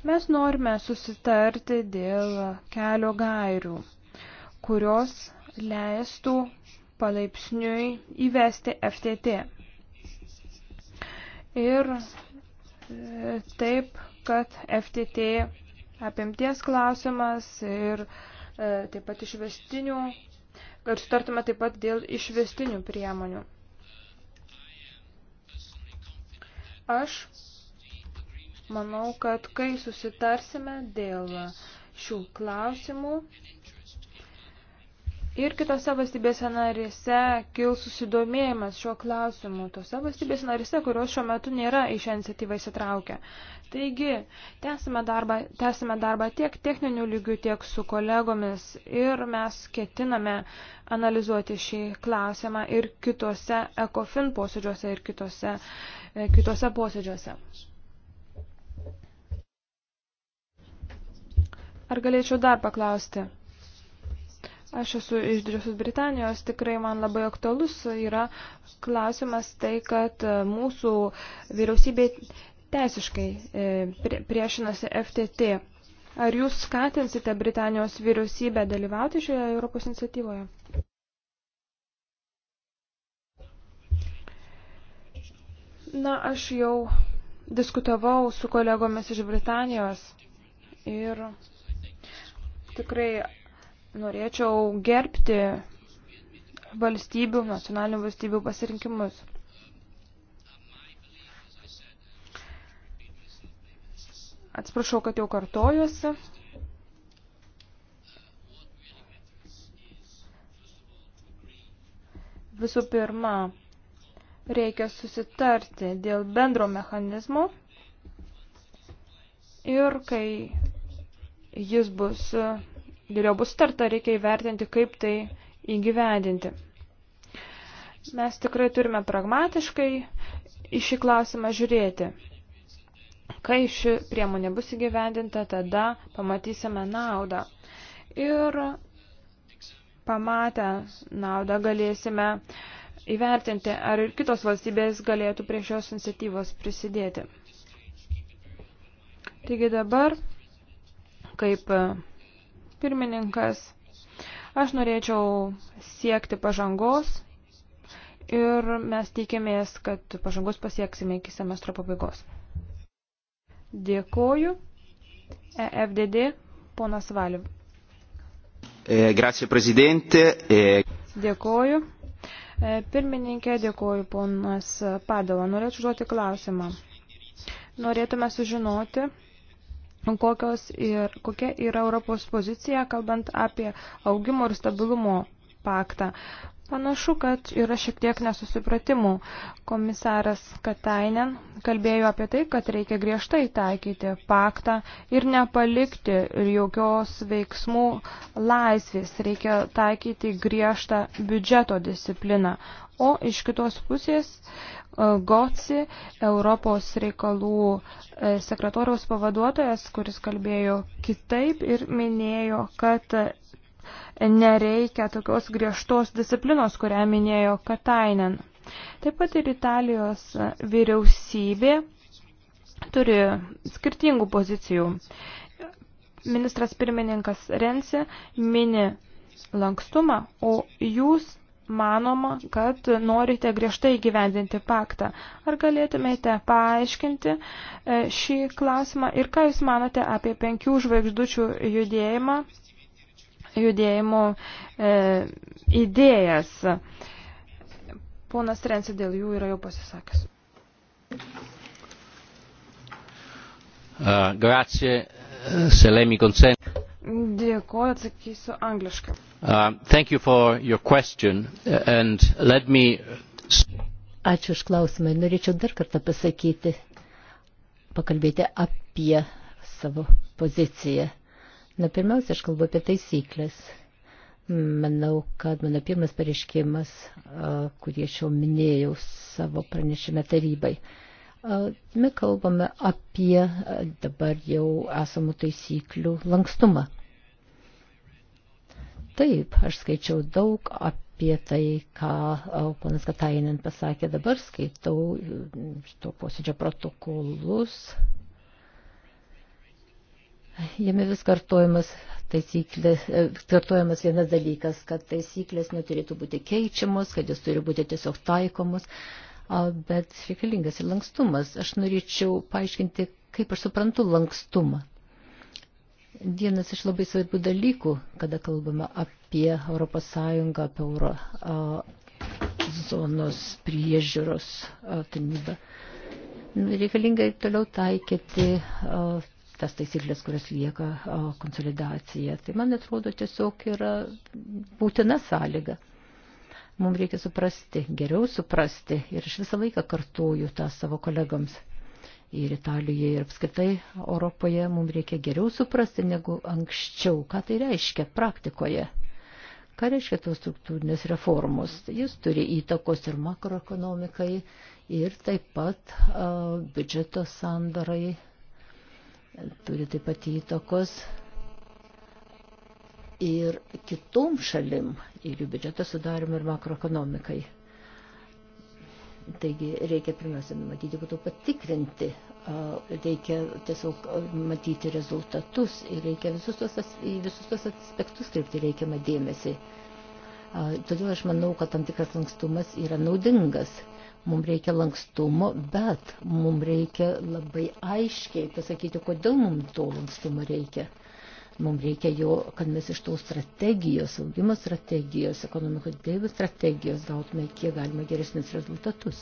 Mes norime susitarti dėl kelio gairių, kurios leistų palaipsniui įvesti FTT ir e, taip, kad FTT apimties klausimas ir e, taip pat išvestinių, kad sutartume taip pat dėl išvestinių priemonių. Aš manau, kad kai susitarsime dėl šių klausimų, Ir kitose valstybėse narėse kils susidomėjimas šiuo klausimu, tose valstybėse narėse, kurios šiuo metu nėra į šią iniciatyvą įsitraukę. Taigi, tęsime darbą, tęsime darbą tiek techninių lygių, tiek su kolegomis ir mes ketiname analizuoti šį klausimą ir kitose ECOFIN posėdžiuose ir kitose, e, kitose posėdžiuose. Ar galėčiau dar paklausti? Aš esu iš Didžiosios Britanijos, tikrai man labai aktualus yra klausimas tai, kad e, mūsų vyriausybė teisiškai e, priešinasi FTT. Ar jūs skatinsite Britanijos vyriausybę dalyvauti šioje Europos iniciatyvoje? Na, aš jau diskutavau su kolegomis iš Britanijos ir tikrai norėčiau gerbti valstybių, nacionalinių valstybių pasirinkimus. Atsiprašau, kad jau kartojuosi. Visų pirma, reikia susitarti dėl bendro mechanizmo ir kai jis bus dėl jo bus starta, reikia įvertinti, kaip tai įgyvendinti. Mes tikrai turime pragmatiškai į šį klausimą žiūrėti. Kai ši priemonė bus įgyvendinta, tada pamatysime naudą. Ir pamatę naudą galėsime įvertinti, ar ir kitos valstybės galėtų prie šios iniciatyvos prisidėti. Taigi dabar, kaip pirmininkas. Aš norėčiau siekti pažangos ir mes tikimės, kad pažangos pasieksime iki semestro pabaigos. Dėkoju. EFDD, ponas Valiv. E, grazie, prezidente. E... Dėkoju. E, pirmininkė, dėkoju, ponas Padela. Norėčiau žuoti klausimą. Norėtume sužinoti, Nu, kokios ir kokia yra Europos pozicija, kalbant apie augimo ir stabilumo paktą. Panašu, kad yra šiek tiek nesusipratimų. Komisaras Katainen kalbėjo apie tai, kad reikia griežtai taikyti paktą ir nepalikti jokios veiksmų laisvės. Reikia taikyti griežtą biudžeto discipliną. O iš kitos pusės e, Goci, Europos reikalų e, sekretoriaus pavaduotojas, kuris kalbėjo kitaip ir minėjo, kad e, nereikia tokios griežtos disciplinos, kurią minėjo Katainen. Taip pat ir Italijos vyriausybė turi skirtingų pozicijų. Ministras pirmininkas Rensi mini lankstumą, o jūs manoma, kad norite griežtai gyvendinti paktą. Ar galėtumėte paaiškinti e, šį klausimą ir ką Jūs manote apie penkių žvaigždučių judėjimą, judėjimo e, idėjas? Ponas Rensi dėl jų yra jau pasisakęs. Uh, grazie, se lei mi consente. Dėkuoju, atsakysiu angliškai. Uh, thank you for your question uh, and let me... Ačiū už klausimą. Norėčiau dar kartą pasakyti, pakalbėti apie savo poziciją. Na, pirmiausia, aš kalbu apie taisyklės. Manau, kad mano pirmas pareiškimas, uh, kurį aš jau minėjau savo pranešime tarybai. Uh, Mes kalbame apie dabar jau esamų taisyklių lankstumą. Taip, aš skaičiau daug apie tai, ką ponas Katainin pasakė dabar, skaitau šito posėdžio protokolus. Jame vis kartojamas, taisyklės, e, kartojamas vienas dalykas, kad taisyklės neturėtų būti keičiamos, kad jos turi būti tiesiog taikomos. Uh, bet reikalingas ir lankstumas. Aš norėčiau paaiškinti, kaip aš suprantu lankstumą. Vienas iš labai svarbių dalykų, kada kalbame apie ES, apie euro zonos priežiūros tarnybą, reikalinga ir toliau taikyti tas taisyklės, kurias lieka konsolidacija. Tai man atrodo tiesiog yra būtina sąlyga. Mums reikia suprasti, geriau suprasti ir aš visą laiką kartuoju tą savo kolegoms. Ir Italijoje, ir apskritai Europoje mums reikia geriau suprasti negu anksčiau, ką tai reiškia praktikoje. Ką reiškia tos struktūrinės reformos? Jis turi įtakos ir makroekonomikai, ir taip pat uh, biudžeto sandarai, turi taip pat įtakos uh, ir kitom šalim, ir jų biudžeto sudarimui, ir makroekonomikai. Taigi reikia pirmiausia numatyti, būtų patikrinti, reikia tiesiog matyti rezultatus ir reikia visus tos, į visus tos aspektus kreipti reikiamą dėmesį. Todėl aš manau, kad tam tikras lankstumas yra naudingas. Mums reikia lankstumo, bet mums reikia labai aiškiai pasakyti, kodėl mums to lankstumo reikia Mums reikia jo, kad mes iš tos strategijos, augimo strategijos, ekonomikos dėjimų strategijos gautume kiek galima geresnis rezultatus.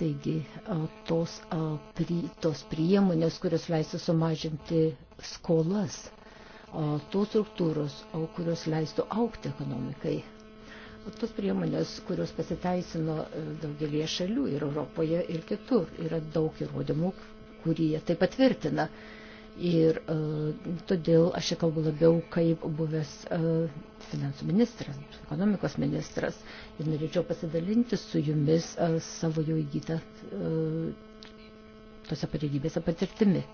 Taigi tos, tos priemonės, kurios leistų sumažinti skolas, tos struktūros, kurios leistų aukti ekonomikai. Tos priemonės, kurios pasiteisino e, daugelie šalių ir Europoje ir kitur, yra daug įrodymų, kurie tai patvirtina. tvirtina Ir e, todėl aš čia kalbu labiau kaip buvęs e, finansų ministras, ekonomikos ministras. Ir norėčiau pasidalinti su jumis e, savo jau įgytą e, tose pareigybėse patirtimi.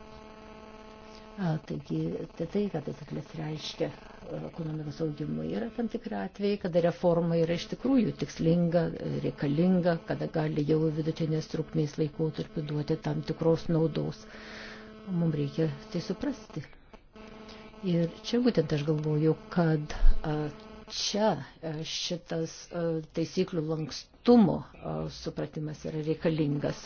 A, e, taigi, tai tai, kad taisyklės reiškia e, ekonomikos augimui, yra tam tikri atvejai, kada reforma yra iš tikrųjų tikslinga, reikalinga, kada gali jau vidutinės trukmės laikotarpiu duoti tam tikros naudos. E, Mums reikia tai suprasti. Ir čia būtent aš galvoju, kad čia šitas taisyklių lankstumo supratimas yra reikalingas.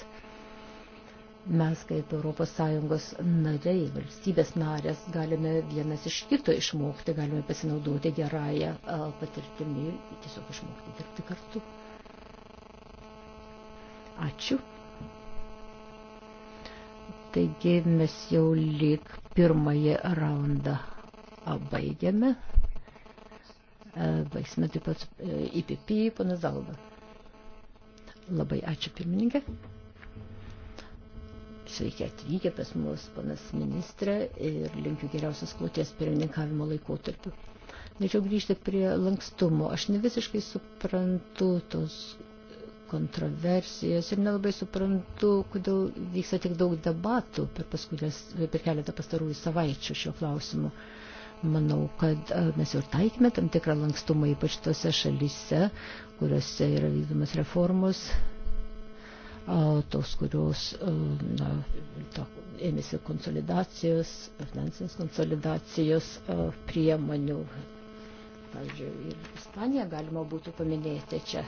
Mes kaip ES nariai, valstybės narės, galime vienas iš kito išmokti, galime pasinaudoti gerąją patirtimį ir tiesiog išmokti dirbti kartu. Ačiū. Taigi mes jau lyg pirmąjį raundą baigėme. E, baigsime taip pat IPP, e, e panas Zalba. Labai ačiū pirmininkė. Sveiki atvykę pas mus, panas ministrė, ir linkiu geriausios kloties pirmininkavimo laikotarpiu. Norėčiau grįžti prie lankstumo. Aš ne visiškai suprantu tos kontroversijas ir nelabai suprantu, kodėl vyksta tik daug debatų per, paskulės, per keletą pastarųjų savaičių šio klausimu. Manau, kad e, mes jau taikime tam tikrą lankstumą, ypač tose šalyse, kuriuose yra vykdomas reformos, tos, kurios e, na, to, ėmėsi konsolidacijos, finansinės konsolidacijos e, priemonių. Pavyzdžiui, ir Ispaniją galima būtų paminėti čia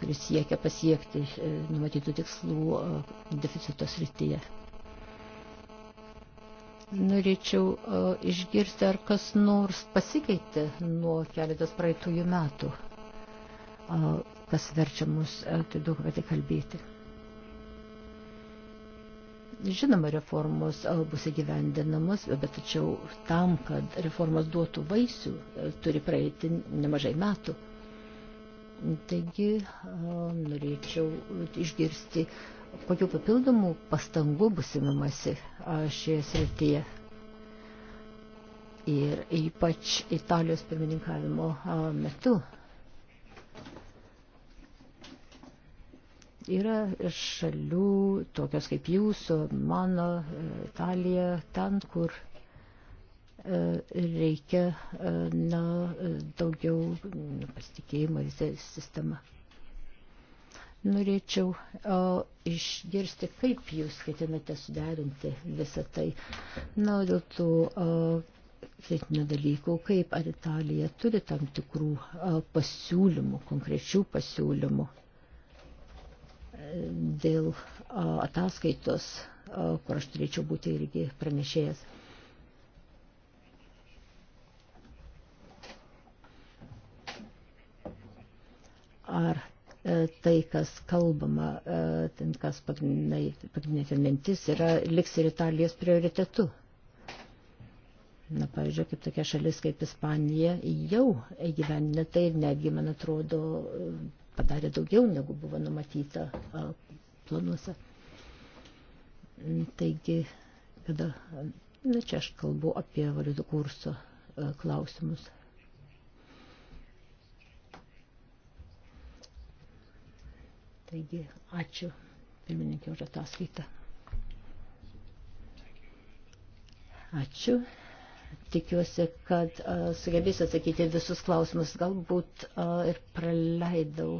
kuris siekia pasiekti e, numatytų tikslų e, deficito srityje. Norėčiau e, išgirsti, ar kas nors pasikeitė nuo keletas praeitųjų metų, kas verčia mus tai daug apie tai kalbėti žinoma, reformos bus įgyvendinamos, bet tačiau tam, kad reformos duotų vaisių, turi praeiti nemažai metų. Taigi norėčiau išgirsti, kokiu papildomų pastangų bus imamasi šioje srityje. Ir ypač Italijos pirmininkavimo metu. Yra šalių, tokios kaip jūsų, mano, Italija, ten, kur E, reikia e, na, e, daugiau pasitikėjimo visą sistemą. Norėčiau o, išgirsti, kaip jūs ketinate suderinti visą tai. Na, dėl tų o, kritinių dalykų, kaip ar Italija turi tam tikrų o, pasiūlymų, konkrečių pasiūlymų dėl o, ataskaitos, o, kur aš turėčiau būti irgi pranešėjęs. ar e, tai, kas kalbama, e, ten kas pagrindinė ten mintis, yra, liks ir Italijos prioritetu. Na, pavyzdžiui, kaip tokia šalis kaip Ispanija jau įgyvendina tai ir netgi, man atrodo, padarė daugiau, negu buvo numatyta planuose. Taigi, kada, na, čia aš kalbu apie valiutų kurso klausimus. Taigi, ačiū pirmininkė už ataskaitą. Ačiū. Tikiuosi, kad uh, sugebėsiu atsakyti visus klausimus. Galbūt uh, ir praleidau,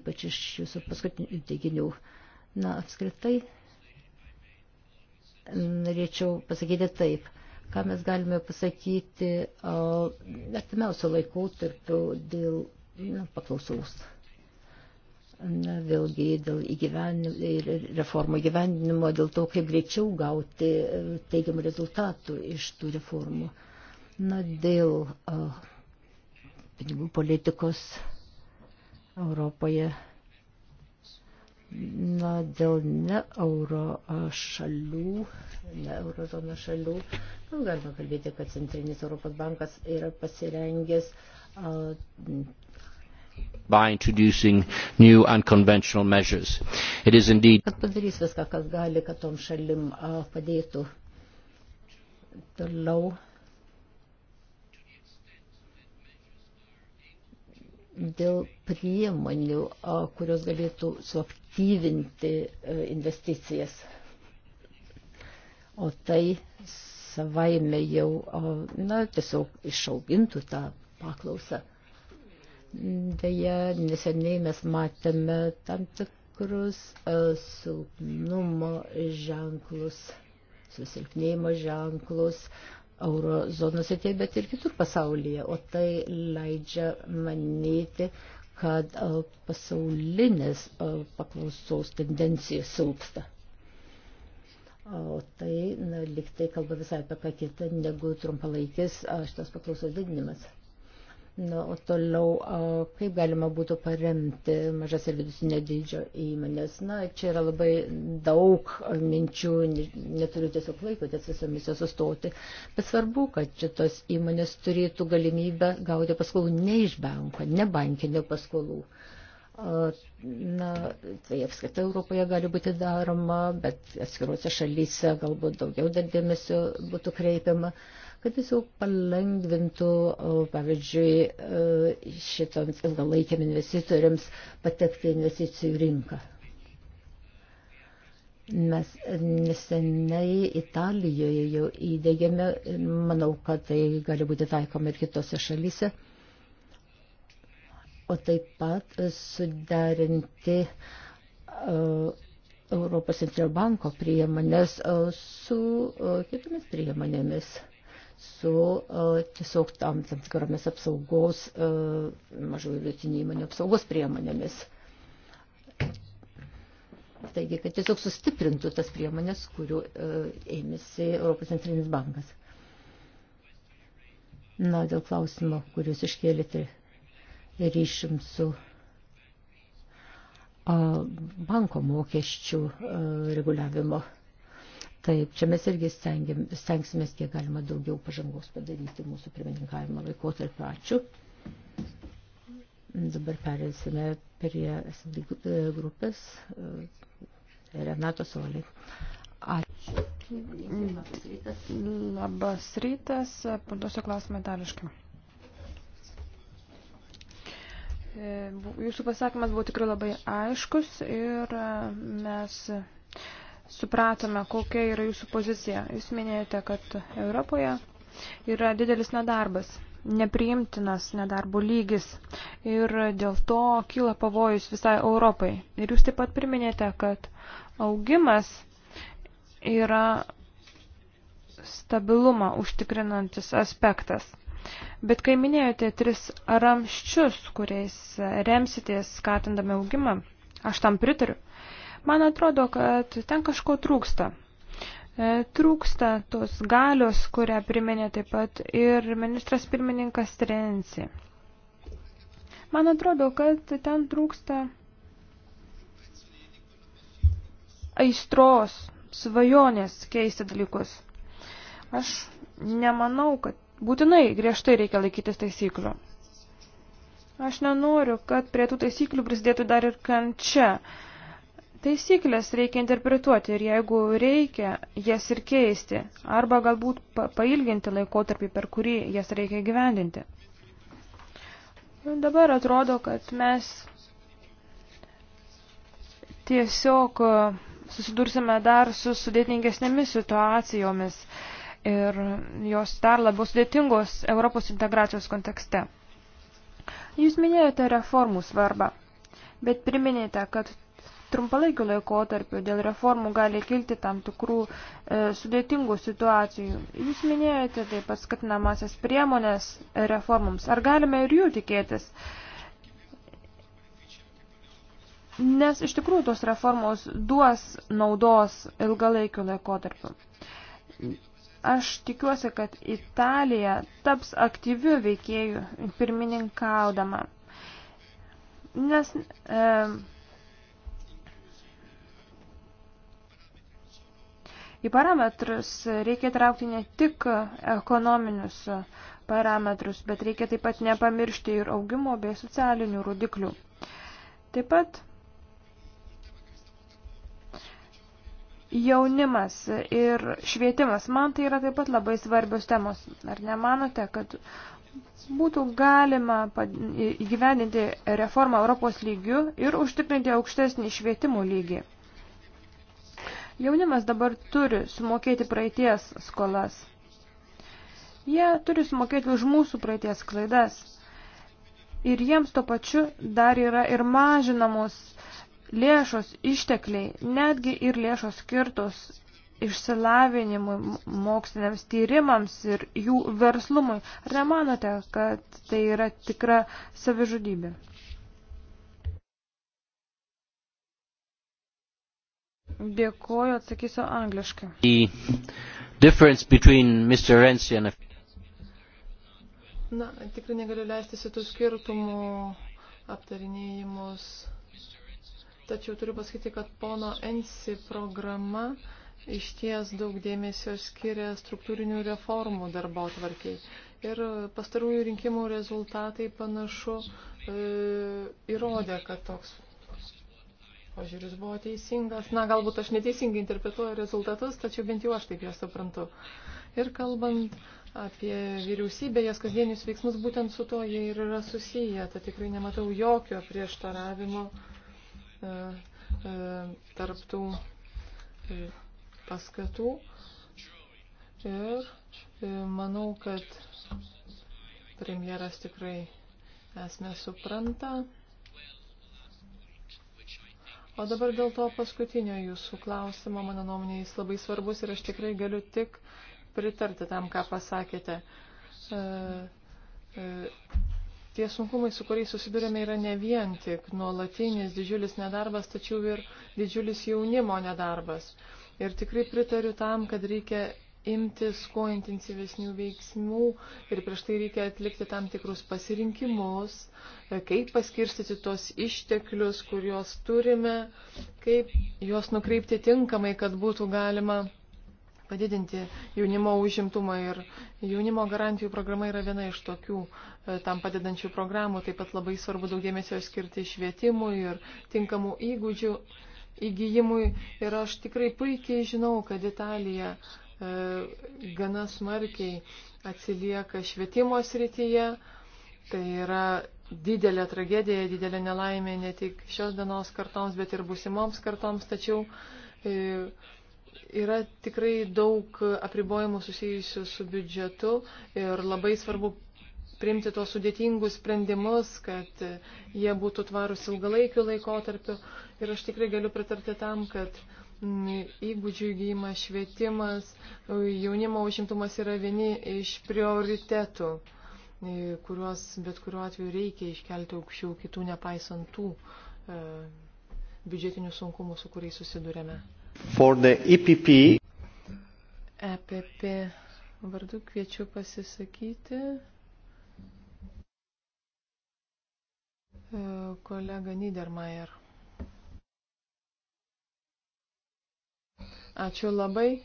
ypač iš jūsų paskutinių teiginių. Na, apskritai, norėčiau pasakyti taip ką mes galime pasakyti artimiausio laikotarpio dėl na, paklausaus na, vėlgi dėl reformų gyvendinimo, dėl to, kaip greičiau gauti e, teigiamų rezultatų iš tų reformų. Na, dėl uh, pinigų politikos Europoje, na, dėl ne euro šalių, ne eurozono šalių, na, galima kalbėti, kad Centrinis Europos bankas yra pasirengęs uh, by introducing new unconventional measures. It is indeed kad padarys viską, kas gali, kad tom šalim padėtų toliau. Dėl priemonių, kurios galėtų suaktyvinti e, investicijas. O tai savaime jau, na, tiesiog išaugintų tą paklausą. Deja, neseniai mes matėme tam tikrus e, silpnumo ženklus, susilpnėjimo ženklus eurozonose tiek, bet ir kitur pasaulyje. O tai leidžia manyti, kad e, pasaulinės e, paklausos tendencijos silpsta. O tai, na, liktai kalba visai apie ką kitą, negu trumpalaikis šitas paklausos didinimas. Nu, o toliau, kaip galima būtų paremti mažas ir vidutinio dydžio įmonės? Na, čia yra labai daug minčių, neturiu tiesiog laiko ties visomis jos sustoti, bet svarbu, kad šitos įmonės turėtų galimybę gauti paskolų ne iš banko, ne bankinių paskolų. Na, tai apskritai Europoje gali būti daroma, bet atskiruose šalyse galbūt daugiau dar dėmesio būtų kreipiama. Uh, kad tiesiog palengvintų, pavyzdžiui, e, šitoms ilgalaikiam investitoriams patekti investicijų rinką. Mes neseniai Italijoje jau įdėgėme, manau, kad tai gali būti taikoma ir kitose šalyse, o taip pat suderinti uh, Europos centrinio banko priemonės uh, su uh, kitomis priemonėmis. Uh, su e, tiesiog tam, tam tikromis apsaugos, e, mažų vidutinių įmonių apsaugos priemonėmis. Taigi, kad tiesiog sustiprintų tas priemonės, kurių e, ėmėsi Europos centrinis bankas. Na, dėl klausimo, kuriuos iškėlėte ryšim su banko mokesčių reguliavimo. Taip, čia mes irgi stengiam, stengsimės kiek galima daugiau pažangos padaryti mūsų pirmininkavimo laikotarpiu. Ačiū. Dabar perėsime prie SD e, grupės. E, Renato Solė. Ačiū. Labas rytas. Labas rytas. Paduosiu klausimą itališkai. E, jūsų pasakymas buvo tikrai labai aiškus ir mes supratome, kokia yra jūsų pozicija. Jūs minėjote, kad Europoje yra didelis nedarbas, nepriimtinas nedarbo lygis ir dėl to kyla pavojus visai Europai. Ir jūs taip pat priminėte, kad augimas yra stabilumą užtikrinantis aspektas. Bet kai minėjote tris ramščius, kuriais remsitės skatindami augimą, aš tam pritariu. Man atrodo, kad ten kažko trūksta. E, trūksta tos galios, kurią priminė taip pat ir ministras pirmininkas Trensi. Man atrodo, kad ten trūksta aistros, svajonės keisti dalykus. Aš nemanau, kad būtinai griežtai reikia laikytis taisyklių. Aš nenoriu, kad prie tų taisyklių prisidėtų dar ir kančia. Taisyklės reikia interpretuoti ir jeigu reikia, jas ir keisti, arba galbūt pailginti laikotarpį, per kurį jas reikia gyvendinti. Nu, dabar atrodo, kad mes tiesiog e, susidursime dar su sudėtingesnėmis situacijomis ir jos dar labiau sudėtingos Europos integracijos kontekste. Jūs minėjote reformų svarbą, bet priminėte, kad trumpalaikiu laikotarpiu dėl reformų gali kilti tam tikrų e, sudėtingų situacijų. Jūs minėjote taip pat skatinamasias priemonės reformams. Ar galime ir jų tikėtis? Nes iš tikrųjų tos reformos duos naudos ilgalaikiu laikotarpiu. Aš tikiuosi, kad Italija taps aktyviu veikėjų pirmininkaudama. Nes e, Į parametrus reikia traukti ne tik ekonominius parametrus, bet reikia taip pat nepamiršti ir augimo bei socialinių rodiklių. Taip pat jaunimas ir švietimas. Man tai yra taip pat labai svarbios temos. Ar nemanote, kad būtų galima įgyvendinti reformą Europos lygių ir užtikrinti aukštesnį švietimo lygį? Jaunimas dabar turi sumokėti praeities skolas. Jie turi sumokėti už mūsų praeities klaidas. Ir jiems to pačiu dar yra ir mažinamos lėšos ištekliai, netgi ir lėšos skirtos išsilavinimui, moksliniams tyrimams ir jų verslumui. Ar nemanote, kad tai yra tikra savižudybė? Dėkuoju, atsakysiu angliškai. And... Na, tikrai negaliu leisti šitų skirtumų aptarinėjimus. Tačiau turiu pasakyti, kad pono Ensi programa iš ties daug dėmesio skiria struktūrinių reformų darbo tvarkiai. Ir pastarųjų rinkimų rezultatai panašu e, įrodė, kad toks požiūris buvo teisingas. Na, galbūt aš neteisingai interpretuoju rezultatus, tačiau bent jau aš taip juos suprantu. Ir kalbant apie vyriausybę, jas kasdienius veiksmus, būtent su to jie ir yra susiję. Tai tikrai nematau jokio prieštaravimo e, e, tarptų e, paskatų. Ir e, manau, kad premjeras tikrai esmę supranta. O dabar dėl to paskutinio jūsų klausimo, mano nuomonė, jis labai svarbus ir aš tikrai galiu tik pritarti tam, ką pasakėte. E, e, tie sunkumai, su kuriais susidurėme, yra ne vien tik nuolatinis didžiulis nedarbas, tačiau ir didžiulis jaunimo nedarbas. Ir tikrai pritariu tam, kad reikia imtis kuo intensyvesnių veiksmų ir prieš tai reikia atlikti tam tikrus pasirinkimus, e, kaip paskirstyti tos išteklius, kuriuos turime, kaip juos nukreipti tinkamai, kad būtų galima padidinti jaunimo užimtumą ir jaunimo garantijų programa yra viena iš tokių e, tam padedančių programų. Taip pat labai svarbu daug dėmesio skirti švietimui ir tinkamų įgūdžių įgyjimui. Ir aš tikrai puikiai žinau, kad Italija gana smarkiai atsilieka švietimo srityje. Tai yra didelė tragedija, didelė nelaimė ne tik šios dienos kartoms, bet ir būsimoms kartoms. Tačiau e, yra tikrai daug apribojimų susijusių su biudžetu ir labai svarbu priimti tuos sudėtingus sprendimus, kad jie būtų tvarus ilgalaikiu laikotarpiu. Ir aš tikrai galiu pritarti tam, kad uh, įgūdžių įgyjimas, švietimas, e, jaunimo užimtumas yra vieni iš prioritetų, e, kuriuos bet kuriuo atveju reikia iškelti aukščiau kitų, nepaisant tų e, biudžetinių sunkumų, su kuriais susidurėme. EPP. E EPP vardu kviečiu pasisakyti. E, kolega Niedermayer. Ačiū labai.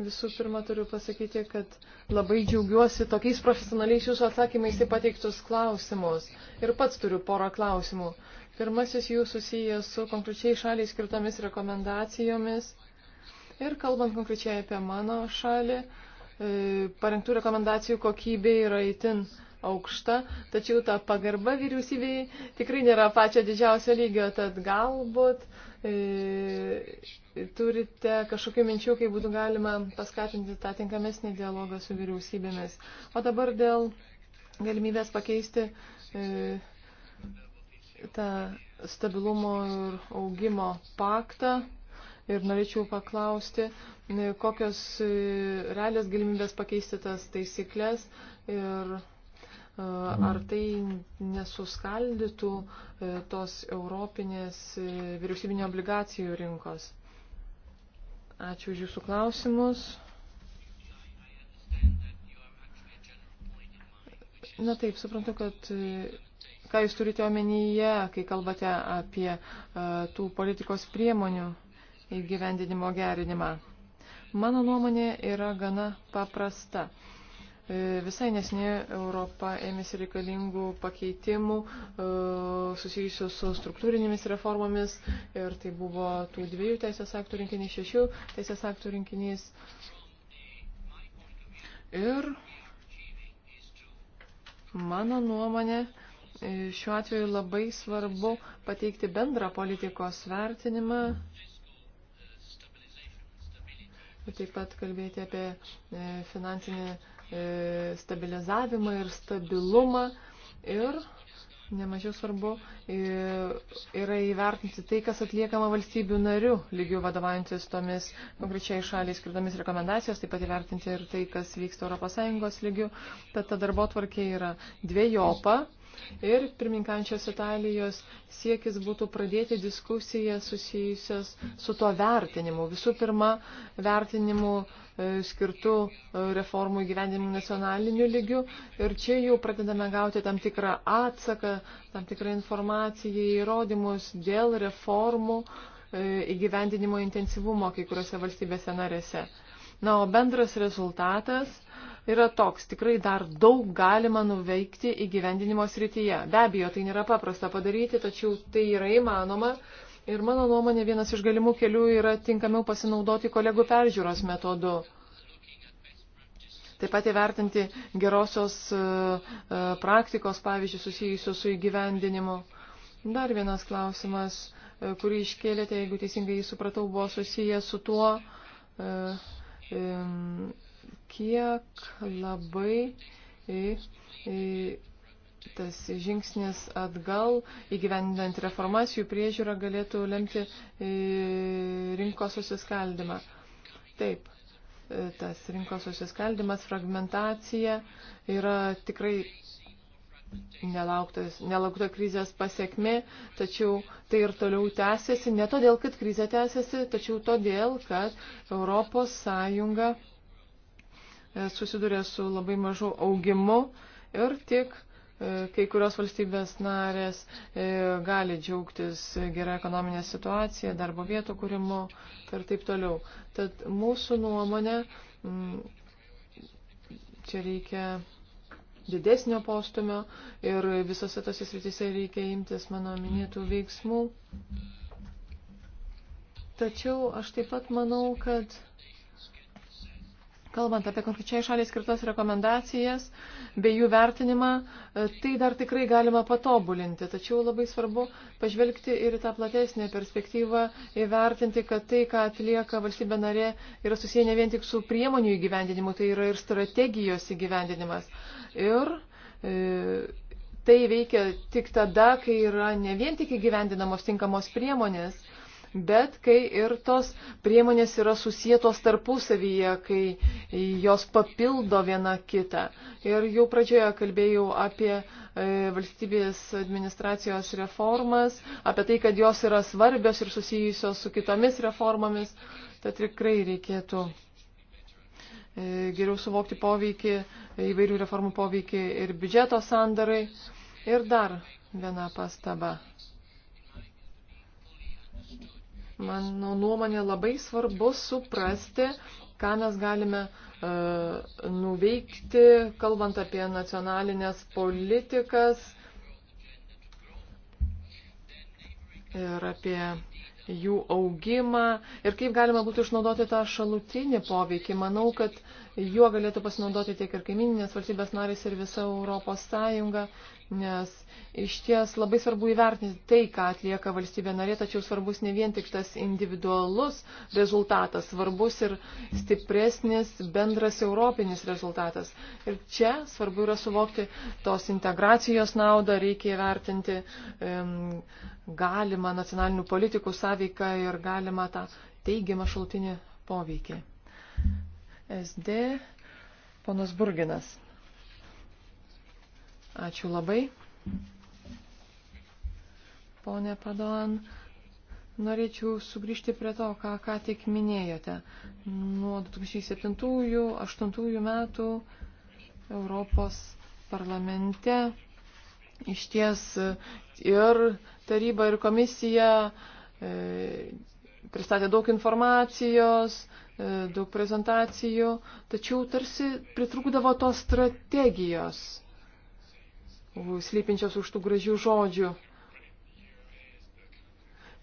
Visų pirma, turiu pasakyti, kad labai džiaugiuosi tokiais profesionaliais jūsų atsakymais į pateiktus klausimus. Ir pats turiu porą klausimų. Pirmasis jų susijęs su konkrečiai šaliai skirtomis rekomendacijomis. Ir kalbant konkrečiai apie mano šalį, e, parengtų rekomendacijų kokybė yra itin uh, aukšta, tačiau ta pagarba vyriausybei tikrai nėra pačio didžiausio lygio, tad galbūt e, turite kažkokių minčių, kaip būtų galima paskatinti tą tinkamesnį dialogą su vyriausybėmis. O dabar dėl galimybės pakeisti e, tą stabilumo ir augimo paktą. Ir norėčiau paklausti, e, kokios e, realios galimybės pakeisti tas taisyklės ir Ar tai nesuskaldytų e, tos europinės e, vyriausybinio obligacijų rinkos? Ačiū už Jūsų klausimus. Na taip, suprantu, kad e, ką jūs turite omenyje, kai kalbate apie tų politikos priemonių įgyvendinimo gerinimą. Mano nuomonė yra gana paprasta. E, visai nesnė Europa ėmėsi reikalingų pakeitimų e, susijusių su struktūrinėmis reformomis ir tai buvo tų dviejų teisės aktų rinkinys, šešių teisės aktų rinkinys. Ir mano nuomonė, e, šiuo atveju labai svarbu pateikti bendrą politikos vertinimą taip pat kalbėti apie finansinį E, stabilizavimą ir stabilumą. Ir nemažiau svarbu e, yra įvertinti tai, kas atliekama valstybių narių lygių vadovaujantis tomis konkrečiai šaliai skirtomis rekomendacijos, taip pat įvertinti ir tai, kas vyksta ES lygių. Tad ta darbo tvarkė yra dviejopa. Ir pirminkančios Italijos siekis būtų pradėti diskusiją susijusios su tuo vertinimu. Visų pirma, vertinimu e, skirtų e, reformų įgyvendinimu nacionaliniu lygiu. Ir čia jau pradedame gauti tam tikrą atsaką, tam tikrą informaciją, įrodymus dėl reformų e, įgyvendinimo intensyvumo kai kuriuose valstybėse narėse. Na, o bendras rezultatas yra toks. Tikrai dar daug galima nuveikti įgyvendinimo srityje. Be abejo, tai nėra paprasta padaryti, tačiau tai yra įmanoma. Ir mano nuomonė, vienas iš galimų kelių yra tinkamiau pasinaudoti kolegų peržiūros metodu. Taip pat įvertinti gerosios e, e, praktikos, pavyzdžiui, susijusios su įgyvendinimu. Dar vienas klausimas, e, kurį iškėlėte, jeigu teisingai jį supratau, buvo susijęs su tuo, kiek labai tas žingsnis atgal įgyvendinant reformas, jų priežiūra galėtų lemti rinkos susiskaldimą. Taip, e, tas rinkos susiskaldimas, fragmentacija yra tikrai nelauktas, nelaukta krizės pasiekmi, tačiau tai ir toliau tęsiasi, ne todėl, kad krizė tęsiasi, tačiau todėl, kad Europos Sąjunga E, susiduria su labai mažu augimu ir tik e, kai kurios valstybės narės e, gali džiaugtis gerą ekonominę situaciją, darbo vietų kūrimu ir taip toliau. Tad mūsų nuomonė, mm, čia reikia didesnio postumio ir visose tose srityse reikia imtis mano minėtų veiksmų. Tačiau aš taip pat manau, kad Kalbant apie konkrečiai šaliai skirtas rekomendacijas bei jų vertinimą, e, tai dar tikrai galima patobulinti, tačiau labai svarbu pažvelgti ir tą platesnę perspektyvą, įvertinti, kad tai, ką atlieka valstybė narė, yra susiję ne vien tik su priemonių įgyvendinimu, tai yra ir strategijos įgyvendinimas. Ir e, tai veikia tik tada, kai yra ne vien tik įgyvendinamos tinkamos priemonės, bet kai ir tos priemonės yra susijėtos tarpusavyje, kai jos papildo viena kitą. Ir jau pradžioje kalbėjau apie e, valstybės administracijos reformas, apie tai, kad jos yra svarbios ir susijusios su kitomis reformomis, tad tikrai reikėtų e, geriau suvokti poveikį, įvairių reformų poveikį ir biudžeto sandarai. Ir dar viena pastaba. mano nuomonė, labai svarbu suprasti, ką mes galime uh, nuveikti, kalbant apie nacionalinės politikas ir apie jų augimą ir kaip galima būtų išnaudoti tą šalutinį poveikį. Manau, kad juo galėtų pasinaudoti tiek ir kaimininės valstybės narės ir visa Europos Sąjunga nes iš ties labai svarbu įvertinti tai, ką atlieka valstybė narė, tačiau svarbus ne vien tik tas individualus rezultatas, svarbus ir stipresnis bendras europinis rezultatas. Ir čia svarbu yra suvokti tos integracijos naudą, reikia įvertinti um, galimą nacionalinių politikų sąveiką ir galimą tą teigiamą šaltinį poveikį. SD, ponas Burginas. Ačiū labai. Pone Padoan, norėčiau sugrįžti prie to, ką, ką tik minėjote. Nuo 2007-2008 metų Europos parlamente iš ties ir taryba, ir komisija e, pristatė daug informacijos, e, daug prezentacijų, tačiau tarsi pritrūkdavo tos strategijos slypinčios už tų gražių žodžių.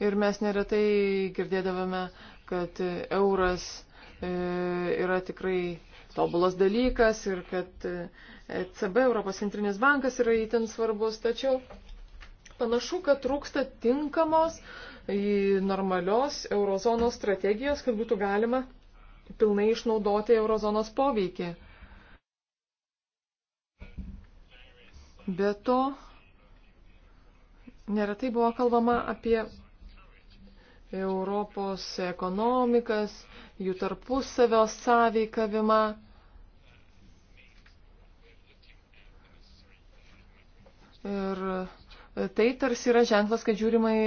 Ir mes neretai girdėdavome, kad euras e, yra tikrai tobulas dalykas ir kad ECB, e Europos centrinis bankas, yra įtin svarbus, tačiau panašu, kad trūksta tinkamos į e, normalios eurozonos strategijos, kad būtų galima pilnai išnaudoti eurozonos poveikį. Be to, neretai buvo kalbama apie Europos ekonomikas, jų tarpusavio sąveikavimą. Ir tai tarsi yra ženklas, kad žiūrima į,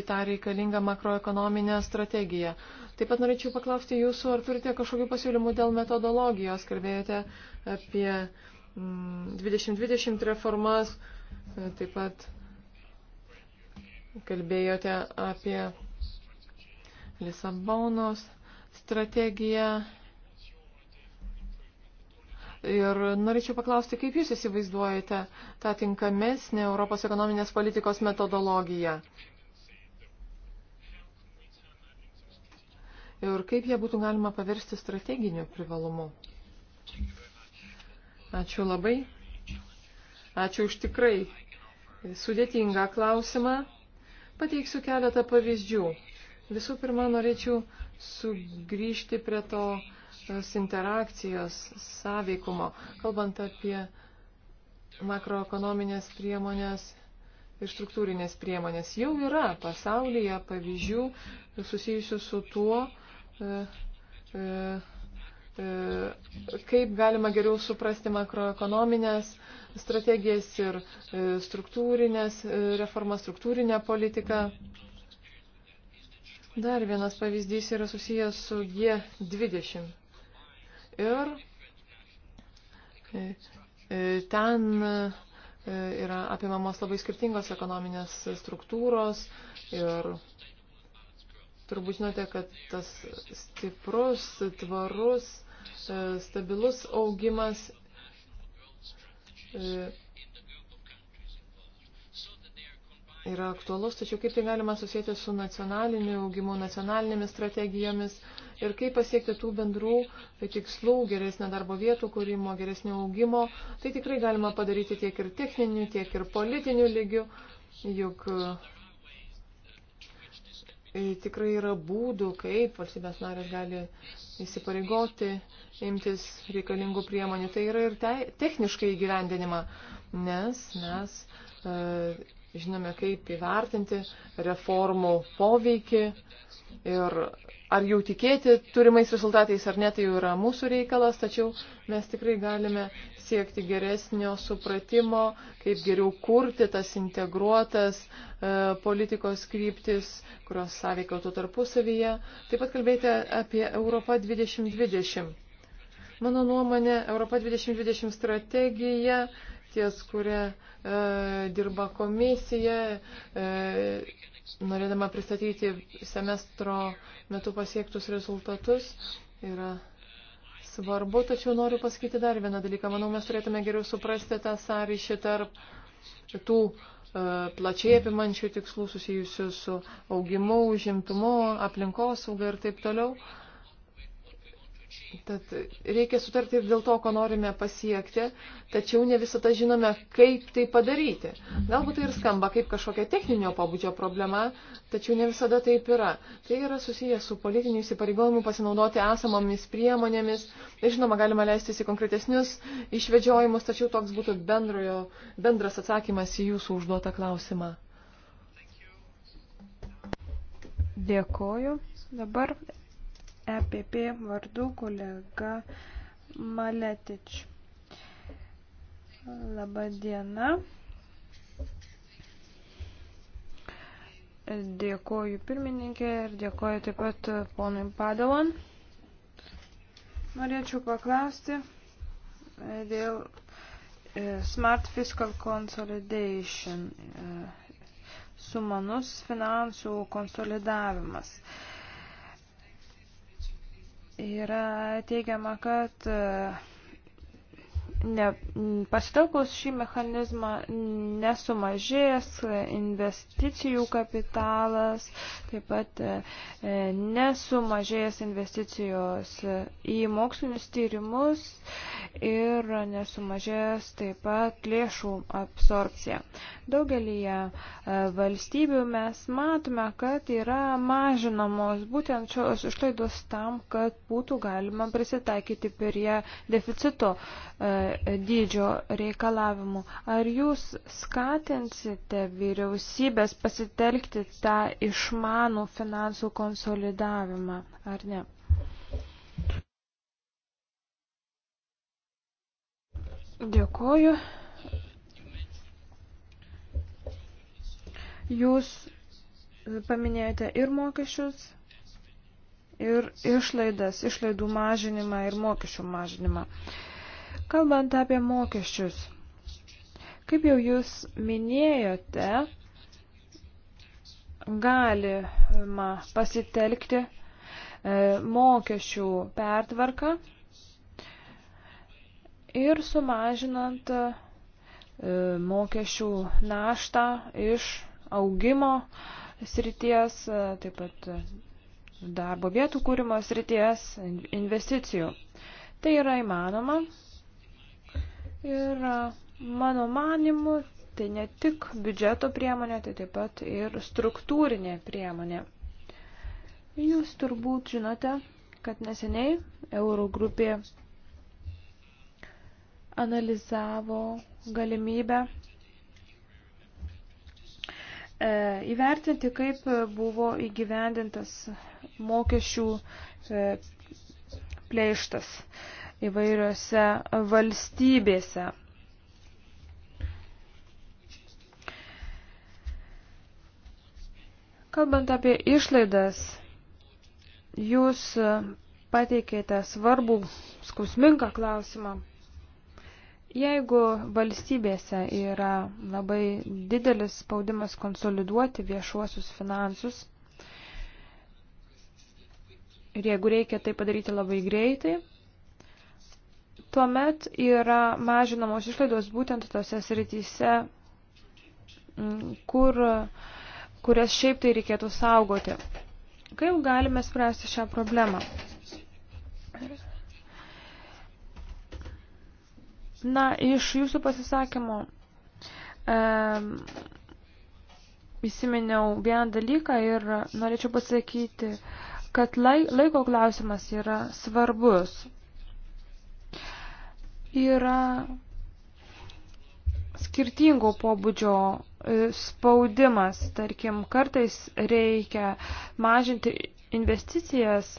į tą reikalingą makroekonominę strategiją. Taip pat norėčiau paklausti jūsų, ar turite kažkokių pasiūlymų dėl metodologijos. Kalbėjote apie 2020 reformas, e, taip pat kalbėjote apie Lisabonos strategiją. Ir norėčiau paklausti, kaip Jūs įsivaizduojate tą tinkamesnį Europos ekonominės politikos metodologiją? Ir kaip ją būtų galima paversti strateginiu privalumu? Ačiū labai. Ačiū už tikrai sudėtingą klausimą. Pateiksiu keletą pavyzdžių. Visų pirma, norėčiau sugrįžti prie to interakcijos sąveikumo, kalbant apie makroekonominės priemonės ir struktūrinės priemonės. Jau yra pasaulyje pavyzdžių susijusių su tuo, e, e, E, kaip galima geriau suprasti makroekonominės strategijas ir e, struktūrinės e, reformas, struktūrinę politiką. Dar vienas pavyzdys yra susijęs su G20. Ir ten yra apimamos labai skirtingos ekonominės struktūros ir turbūt žinote, kad tas stiprus, tvarus E, stabilus augimas. E, yra aktualus, tačiau kaip tai galima susijęti su nacionaliniu augimu, nacionalinėmis strategijomis ir kaip pasiekti tų bendrų tai tikslų, geresnio darbo vietų kūrimo, geresnio augimo. Tai tikrai galima padaryti tiek ir techniniu, tiek ir politiniu lygiu, juk uh, Tai tikrai yra būdų, kaip valstybės narės gali įsipareigoti, imtis reikalingų priemonių. Tai yra ir te, techniškai įgyvendinima, nes mes e, žinome, kaip įvertinti reformų poveikį ir ar jau tikėti turimais rezultatais ar ne, tai jau yra mūsų reikalas, tačiau mes tikrai galime siekti geresnio supratimo, kaip geriau kurti tas integruotas e, politikos kryptis, kurios sąveikautų tarpusavyje. Taip pat kalbėti apie Europą 2020. Mano nuomonė, Europa 2020 strategija, ties kuria e, dirba komisija, e, norėdama pristatyti semestro metu pasiektus rezultatus, yra svarbu, tačiau noriu pasakyti dar vieną dalyką. Manau, mes turėtume geriau suprasti tą sąryšį tarp tų e, plačiai apimančių tikslų susijusių su augimu, užimtumu, aplinkosauga ir taip toliau. Tad reikia sutarti ir dėl to, ko norime pasiekti, tačiau ne visada žinome, kaip tai padaryti. Galbūt tai ir skamba kaip kažkokia techninio pabudžio problema, tačiau ne visada taip yra. Tai yra susijęs su politiniu įsipareigojimu pasinaudoti esamomis priemonėmis. Ir žinoma, galima leistis į konkretesnius išvedžiojimus, tačiau toks būtų bendrojo, bendras atsakymas į jūsų užduotą klausimą. Dėkoju. Dabar EPP vardu kolega Maletič. Labą dieną. Dėkoju pirmininkė ir dėkoju taip pat ponui Padawan. Norėčiau paklausti dėl e, Smart Fiscal Consolidation, e, sumanus finansų konsolidavimas. E, yra teigiama, kad ne, pasitelkus šį mechanizmą nesumažės investicijų kapitalas, taip pat e, nesumažės investicijos į mokslinius tyrimus ir nesumažės taip pat lėšų absorpcija. Daugelįje e, valstybių mes matome, kad yra mažinamos būtent šios išlaidos tam, kad būtų galima prisitaikyti prie deficito e, dydžio reikalavimų. Ar jūs skatinsite vyriausybės pasitelkti tą išmanų finansų konsolidavimą, ar ne? Dėkoju. Jūs paminėjote ir mokesčius, ir išlaidas, išlaidų mažinimą ir mokesčių mažinimą. Uh, Kalbant apie mokesčius, kaip jau jūs minėjote, galima pasitelkti e, mokesčių pertvarką ir sumažinant e, mokesčių naštą iš augimo srities, e, taip pat darbo vietų kūrimo srities, investicijų. Tai yra įmanoma, Ir mano manimu, tai ne tik biudžeto priemonė, tai taip pat ir struktūrinė priemonė. Jūs turbūt žinote, kad neseniai Eurogrupė analizavo galimybę e, įvertinti, kaip buvo įgyvendintas mokesčių pleištas. E, įvairiose valstybėse. Kalbant apie išlaidas, jūs pateikėte svarbų skausmingą klausimą. Jeigu valstybėse yra labai didelis spaudimas konsoliduoti viešuosius finansus ir jeigu reikia tai padaryti labai greitai, tuomet yra mažinamos išlaidos būtent tose srityse, mm, kur, kurias šiaip tai reikėtų saugoti. Kaip galime spręsti šią problemą? Na, iš jūsų pasisakymo e, įsiminiau vieną dalyką ir norėčiau pasakyti, kad laiko klausimas yra svarbus yra skirtingų pobūdžio e, spaudimas. Tarkim, kartais reikia mažinti investicijas,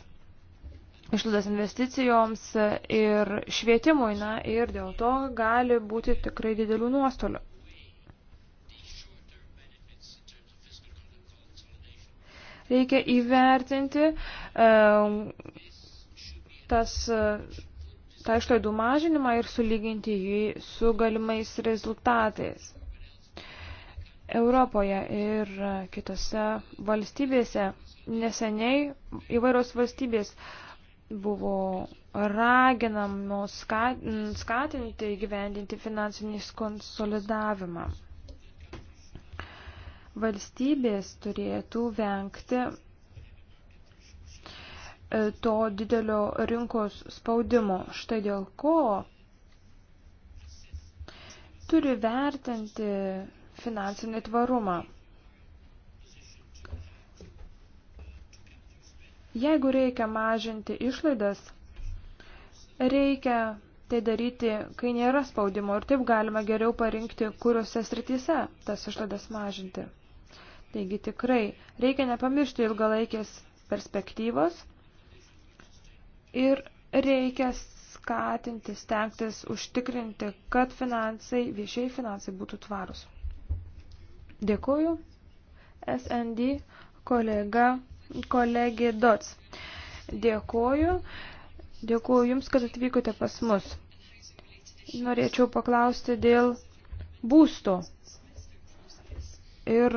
išlaidas investicijoms e, ir švietimui, na ir dėl to gali būti tikrai didelių nuostolių. Reikia įvertinti e, tas e, tą išlaidų mažinimą ir sulyginti jį su galimais rezultatais. Europoje ir kitose valstybėse neseniai įvairios valstybės buvo raginamos skatinti įgyvendinti finansinį konsolidavimą. Valstybės turėtų vengti E, to didelio rinkos spaudimo. Štai dėl ko turi vertinti finansinį tvarumą. Jeigu reikia mažinti išlaidas, reikia tai daryti, kai nėra spaudimo ir taip galima geriau parinkti, kuriuose srityse tas išlaidas mažinti. Taigi tikrai reikia nepamiršti ilgalaikės perspektyvos ir reikia skatinti, stengtis užtikrinti, kad finansai, viešiai finansai būtų tvarus. Dėkuoju. SND kolega, kolegė Dots. Dėkuoju. Dėkuoju Jums, kad atvykote pas mus. Norėčiau paklausti dėl būsto ir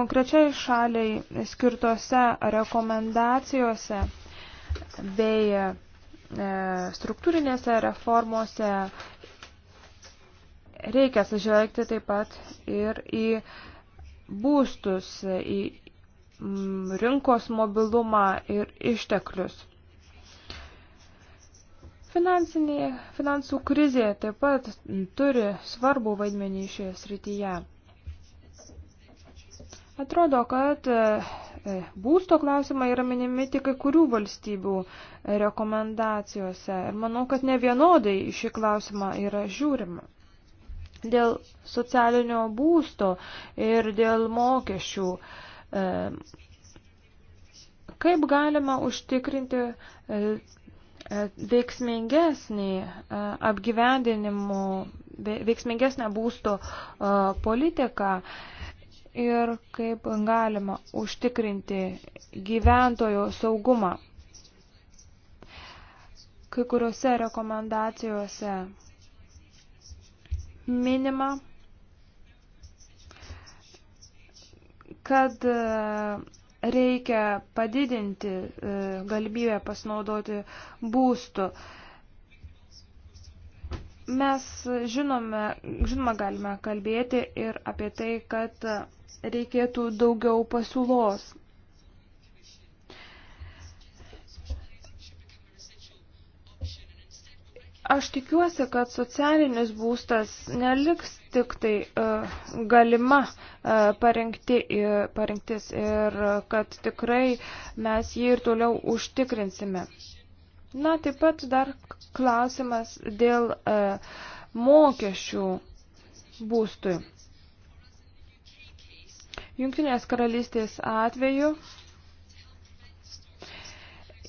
konkrečiai šaliai skirtose rekomendacijose bei e, struktūrinėse reformose reikia sužvelgti taip pat ir į būstus, į rinkos mobilumą ir išteklius. Finansinė, finansų krizė taip pat turi svarbų vaidmenį šioje srityje. Atrodo, kad E, būsto klausimą yra minimi tik kai kurių valstybių rekomendacijose. Ir manau, kad ne vienodai šį klausimą yra žiūrima. Dėl socialinio būsto ir dėl mokesčių. E, kaip galima užtikrinti e, veiksmingesnį apgyvendinimo, veiksmingesnę būsto politiką ir kaip galima užtikrinti gyventojų saugumą. Kai kuriuose rekomendacijose minima, kad e, reikia padidinti e, galimybę pasinaudoti būstu. Mes žinome, žinoma galime kalbėti ir apie tai, kad reikėtų daugiau pasiūlos. Aš tikiuosi, kad socialinis būstas neliks tik tai uh, galima uh, e, parinkti, uh, parinktis ir uh, kad tikrai mes jį ir toliau užtikrinsime. Na, taip pat dar klausimas dėl uh, mokesčių būstui. Junktinės karalystės atveju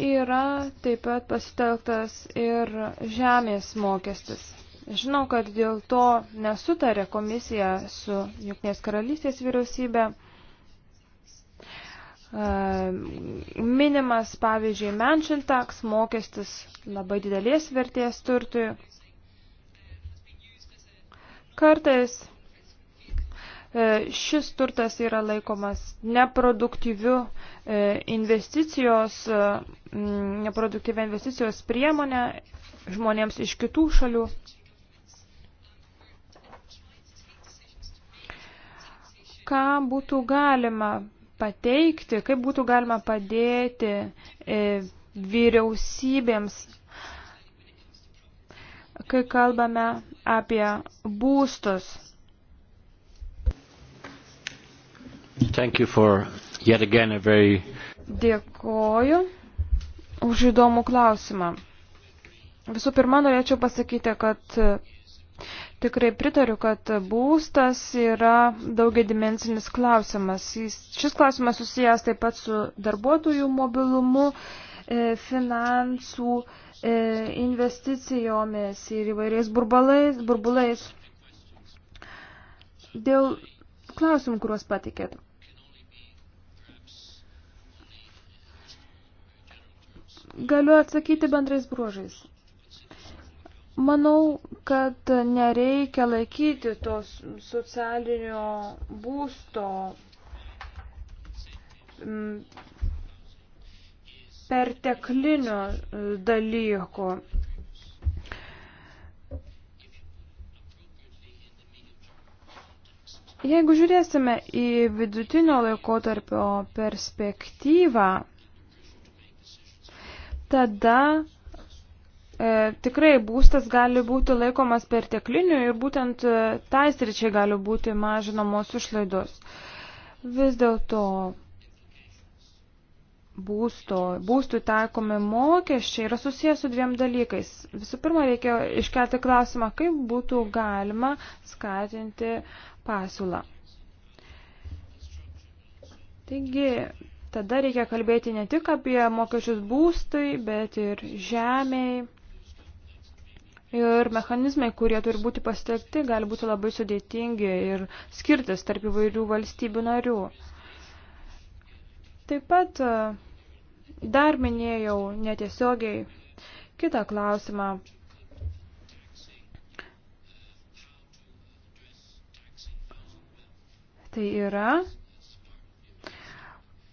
yra taip pat pasitelktas ir žemės mokestis. Žinau, kad dėl to nesutarė komisija su Junktinės karalystės vyriausybė. E, minimas, pavyzdžiui, mention tax mokestis labai didelės vertės turtui. Kartais E, šis turtas yra laikomas neproduktyviu e, investicijos, e, neproduktyvia investicijos priemonė žmonėms iš kitų šalių. Ką būtų galima pateikti, kaip būtų galima padėti vyriausybėms kai kalbame apie būstus. Very... Dėkoju už įdomų klausimą. Visų pirma, norėčiau pasakyti, kad tikrai pritariu, kad būstas yra daugiadimensinis klausimas. Šis klausimas susijęs taip pat su darbuotojų mobilumu, e, finansų e, investicijomis ir įvairiais burbulais. burbulais. Dėl klausimų, kuriuos patikėtų. Galiu atsakyti bendrais bruožais. Manau, kad nereikia laikyti tos socialinio būsto mm, perteklinio e, dalyko. Jeigu žiūrėsime į vidutinio laikotarpio perspektyvą, tada e, tikrai būstas gali būti laikomas pertekliniu ir būtent e, tai sričiai gali būti mažinamos išlaidos. Vis dėlto būsto, būstų taikomi mokesčiai yra susijęs su dviem dalykais. Visų pirma, reikia iškelti klausimą, kaip būtų galima skatinti pasiūlą. Taigi, Tada reikia kalbėti ne tik apie mokesčius būstui, bet ir žemiai. Ir mechanizmai, kurie turi būti pasitelkti, gali būti labai sudėtingi ir skirtis tarp įvairių valstybių narių. Taip pat e, dar minėjau netiesiogiai kitą klausimą. Tai yra,